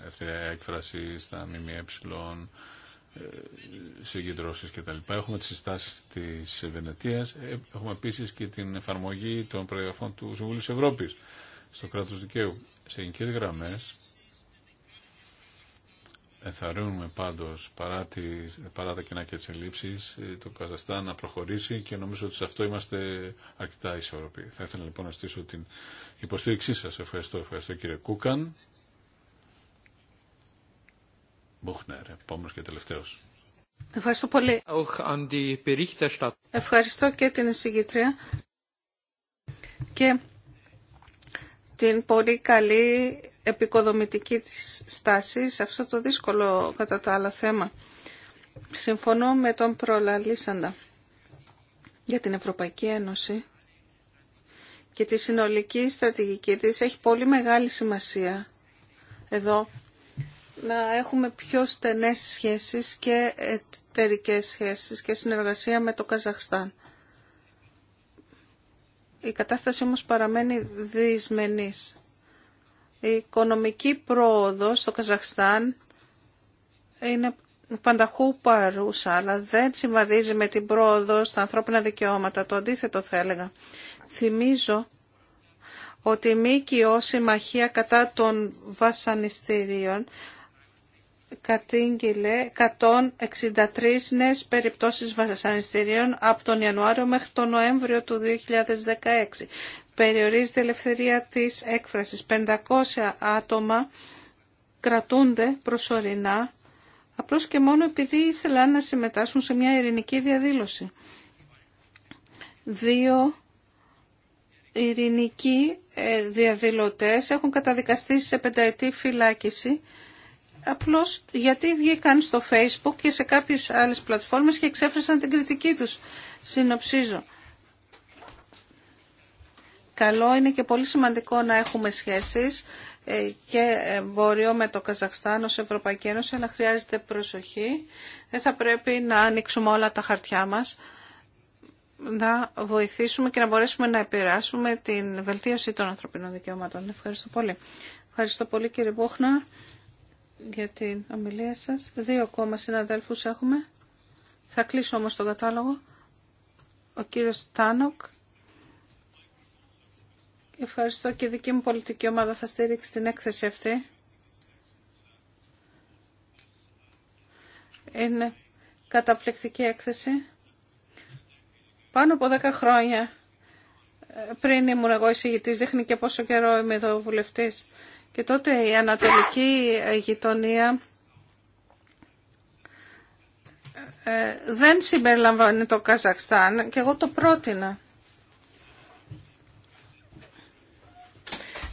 ελευθερία έκφραση στα ΜΜΕ, συγκεντρώσεις λοιπά Έχουμε τις συστάσεις της Βενετίας, ε, έχουμε επίσης και την εφαρμογή των προεγραφών του Συμβουλίου της Ευρώπης στο κράτος δικαίου. Σε γενικές γραμμές ενθαρρύνουμε πάντως παρά, τις, παρά τα κοινά και τις ελλείψεις ε, το Καζαστά να προχωρήσει και νομίζω ότι σε αυτό είμαστε αρκετά ισορροπη Θα ήθελα λοιπόν να στήσω την υποστήριξή σας. Ευχαριστώ, ευχαριστώ κύριε Κούκαν. Ευχαριστώ πολύ. Ευχαριστώ και την εισηγήτρια και την πολύ καλή επικοδομητική της στάση σε αυτό το δύσκολο κατά τα άλλα θέμα. Συμφωνώ με τον προλαλήσαντα για την Ευρωπαϊκή Ένωση και τη συνολική στρατηγική της έχει πολύ μεγάλη σημασία εδώ να έχουμε πιο στενές σχέσεις και εταιρικέ σχέσεις και συνεργασία με το Καζαχστάν. Η κατάσταση όμως παραμένει δυσμενής. Η οικονομική πρόοδος στο Καζαχστάν είναι πανταχού παρούσα, αλλά δεν συμβαδίζει με την πρόοδο στα ανθρώπινα δικαιώματα. Το αντίθετο θα έλεγα. Θυμίζω ότι η ΜΚΟ Συμμαχία κατά των Βασανιστήριων κατήγγειλε 163 νέες περιπτώσεις βασανιστήριων από τον Ιανουάριο μέχρι τον Νοέμβριο του 2016. Περιορίζεται η ελευθερία της έκφρασης. 500 άτομα κρατούνται προσωρινά απλώς και μόνο επειδή ήθελαν να συμμετάσχουν σε μια ειρηνική διαδήλωση. Δύο ειρηνικοί ε, διαδηλωτές έχουν καταδικαστεί σε πενταετή φυλάκιση απλώς γιατί βγήκαν στο facebook και σε κάποιες άλλες πλατφόρμες και εξέφρασαν την κριτική τους. Συνοψίζω. Καλό είναι και πολύ σημαντικό να έχουμε σχέσεις ε, και ε, βορείο με το Καζαχστάν ως Ευρωπαϊκή Ένωση, αλλά χρειάζεται προσοχή. Δεν θα πρέπει να ανοίξουμε όλα τα χαρτιά μας, να βοηθήσουμε και να μπορέσουμε να επηρεάσουμε την βελτίωση των ανθρωπίνων δικαιωμάτων. Ευχαριστώ πολύ. Ευχαριστώ πολύ κύριε Μπόχνα για την ομιλία σας. Δύο ακόμα συναδέλφους έχουμε. Θα κλείσω όμως τον κατάλογο. Ο κύριος Τάνοκ. Ευχαριστώ και η δική μου πολιτική ομάδα θα στηρίξει την έκθεση αυτή. Είναι καταπληκτική έκθεση. Πάνω από 10 χρόνια ε, πριν ήμουν εγώ εισηγητής, δείχνει και πόσο καιρό είμαι εδώ βουλευτής. Και τότε η ανατολική γειτονία ε, δεν συμπεριλαμβάνει το Καζακστάν και εγώ το πρότεινα.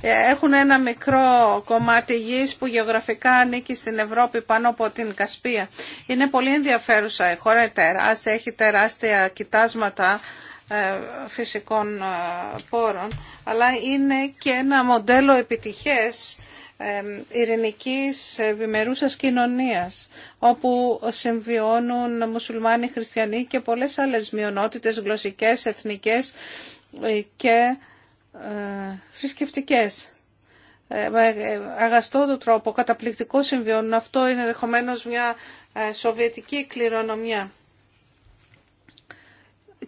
Ε, έχουν ένα μικρό κομμάτι γης που γεωγραφικά ανήκει στην Ευρώπη πάνω από την Κασπία. Είναι πολύ ενδιαφέρουσα η χώρα, τεράστια, έχει τεράστια κοιτάσματα ε, φυσικών ε, πόρων, αλλά είναι και ένα μοντέλο επιτυχές ε, ειρηνικής ευημερούσας κοινωνίας, όπου συμβιώνουν μουσουλμάνοι, χριστιανοί και πολλές άλλες μειονότητες γλωσσικές, εθνικές και θρησκευτικές. Με αγαστό τρόπο, καταπληκτικό συμβιώνουν. Αυτό είναι ενδεχομένω μια σοβιετική κληρονομιά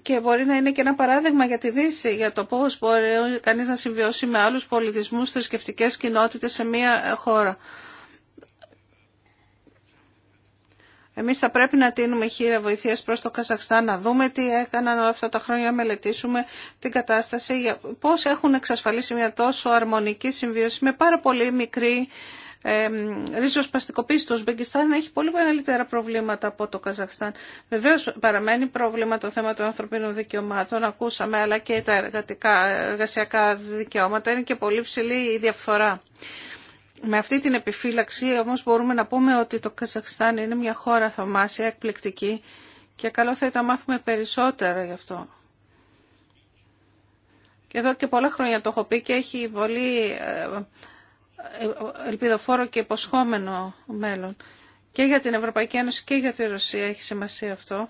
και μπορεί να είναι και ένα παράδειγμα για τη Δύση, για το πώ μπορεί κανείς να συμβιώσει με άλλους πολιτισμούς, θρησκευτικέ κοινότητες σε μία χώρα. Εμείς θα πρέπει να τίνουμε χείρα βοηθείας προς το Καζακστάν, να δούμε τι έκαναν όλα αυτά τα χρόνια, να μελετήσουμε την κατάσταση, για πώς έχουν εξασφαλίσει μια τόσο αρμονική συμβίωση με πάρα πολύ μικρή ε, ριζοσπαστικοποίηση του Ουσμπεκιστάν έχει πολύ μεγαλύτερα προβλήματα από το Καζακστάν. Βεβαίω παραμένει πρόβλημα το θέμα των ανθρωπίνων δικαιωμάτων, ακούσαμε, αλλά και τα εργατικά, εργασιακά δικαιώματα. Είναι και πολύ ψηλή η διαφθορά. Με αυτή την επιφύλαξη όμως μπορούμε να πούμε ότι το Καζακστάν είναι μια χώρα θαυμάσια, εκπληκτική και καλό θα ήταν να μάθουμε περισσότερα γι' αυτό. Και εδώ και πολλά χρόνια το έχω πει και έχει πολύ ε, ε, ελπιδοφόρο και υποσχόμενο μέλλον. Και για την Ευρωπαϊκή Ένωση και για τη Ρωσία έχει σημασία αυτό.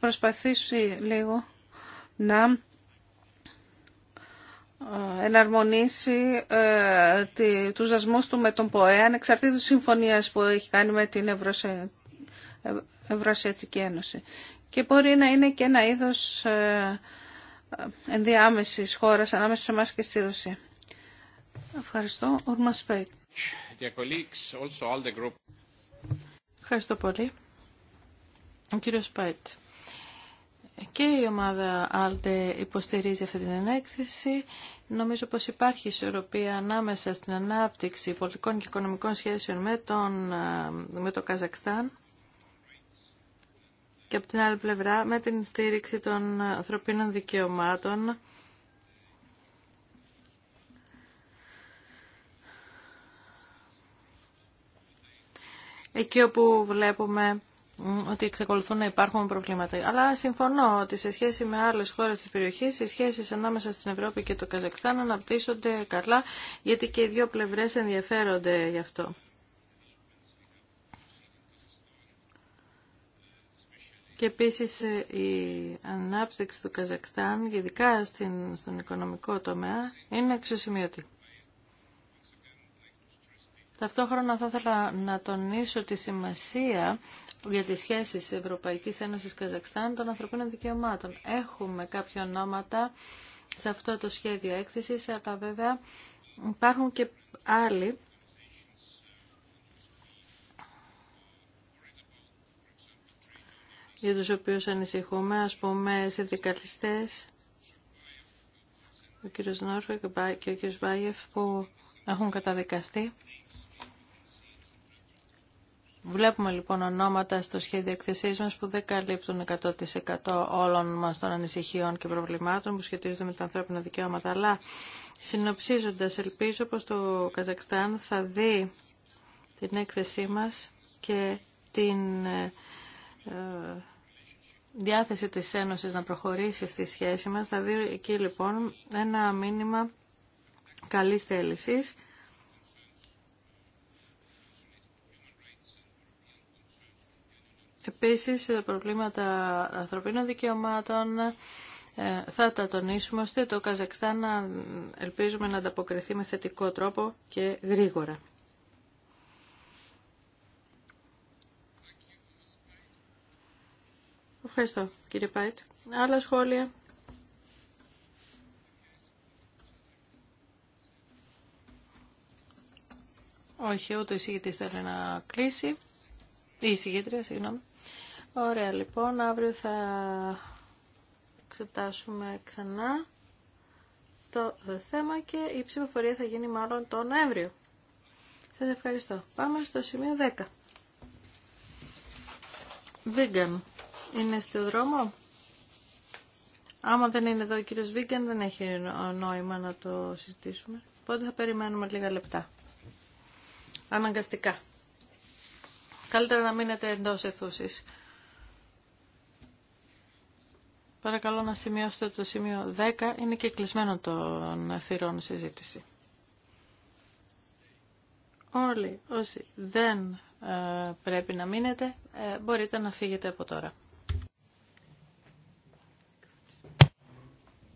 Προσπαθήσει λίγο να ε, εναρμονίσει ε, τη, τους δασμούς του με τον ΠΟΕ ανεξαρτήτως συμφωνίας που έχει κάνει με την Ευρωσια... Ε, Ευρωσιατική Ένωση. Και μπορεί να είναι και ένα είδος ε, ενδιάμεσης χώρας ανάμεσα σε εμάς και στη Ρωσία. Ευχαριστώ. Ευχαριστώ πολύ. Ο κύριο Σπέιτ. Και η ομάδα ALDE υποστηρίζει αυτή την ενέκθεση. Νομίζω πως υπάρχει ισορροπία ανάμεσα στην ανάπτυξη πολιτικών και οικονομικών σχέσεων με, τον, ε, με το Καζακστάν και από την άλλη πλευρά με την στήριξη των ανθρωπίνων δικαιωμάτων εκεί όπου βλέπουμε ότι εξακολουθούν να υπάρχουν προβλήματα. Αλλά συμφωνώ ότι σε σχέση με άλλες χώρες της περιοχής, οι σχέσεις ανάμεσα στην Ευρώπη και το Καζακστάν αναπτύσσονται καλά, γιατί και οι δύο πλευρές ενδιαφέρονται γι' αυτό. Και επίσης ε, η ανάπτυξη του Καζακστάν, ειδικά στον οικονομικό τομέα, είναι εξωσημείωτη. Ταυτόχρονα θα ήθελα να τονίσω τη σημασία για τις σχέσεις Ευρωπαϊκής Ένωσης Καζακστάν των ανθρωπίνων δικαιωμάτων. Έχουμε κάποια ονόματα σε αυτό το σχέδιο έκθεσης, αλλά βέβαια υπάρχουν και άλλοι για τους οποίους ανησυχούμε, ας πούμε, συνδικαλιστές, ο κύριος Νόρφεκ και ο κύριος Βάγεφ που έχουν καταδικαστεί. Βλέπουμε λοιπόν ονόματα στο σχέδιο εκθεσή μα που δεν καλύπτουν 100% όλων μας των ανησυχιών και προβλημάτων που σχετίζονται με τα ανθρώπινα δικαιώματα, αλλά συνοψίζοντα ελπίζω πως το Καζακστάν θα δει την έκθεσή μας και την ε, ε, διάθεση της Ένωσης να προχωρήσει στη σχέση μας. Θα δει εκεί λοιπόν ένα μήνυμα καλής θέληση. Επίσης, τα προβλήματα ανθρωπίνων δικαιωμάτων ε, θα τα τονίσουμε ώστε το Καζακστάν να ελπίζουμε να ανταποκριθεί με θετικό τρόπο και γρήγορα. Ευχαριστώ, κύριε Πάιτ. Άλλα σχόλια. Όχι, ούτε η συγκεκριτή θέλει να κλείσει. Η συγκεκριτή, συγγνώμη. Ωραία λοιπόν, αύριο θα εξετάσουμε ξανά το θέμα και η ψηφοφορία θα γίνει μάλλον τον Νοέμβριο. Σας ευχαριστώ. Πάμε στο σημείο 10. Βίγκαν. Είναι στο δρόμο. Άμα δεν είναι εδώ ο κύριος Βίγκαν δεν έχει νόημα να το συζητήσουμε. Οπότε θα περιμένουμε λίγα λεπτά. Αναγκαστικά. Καλύτερα να μείνετε εντός αιθούσης. Παρακαλώ να σημειώσετε το σημείο 10, είναι και κλεισμένο των θυρών συζήτηση. Όλοι όσοι δεν ε, πρέπει να μείνετε ε, μπορείτε να φύγετε από τώρα.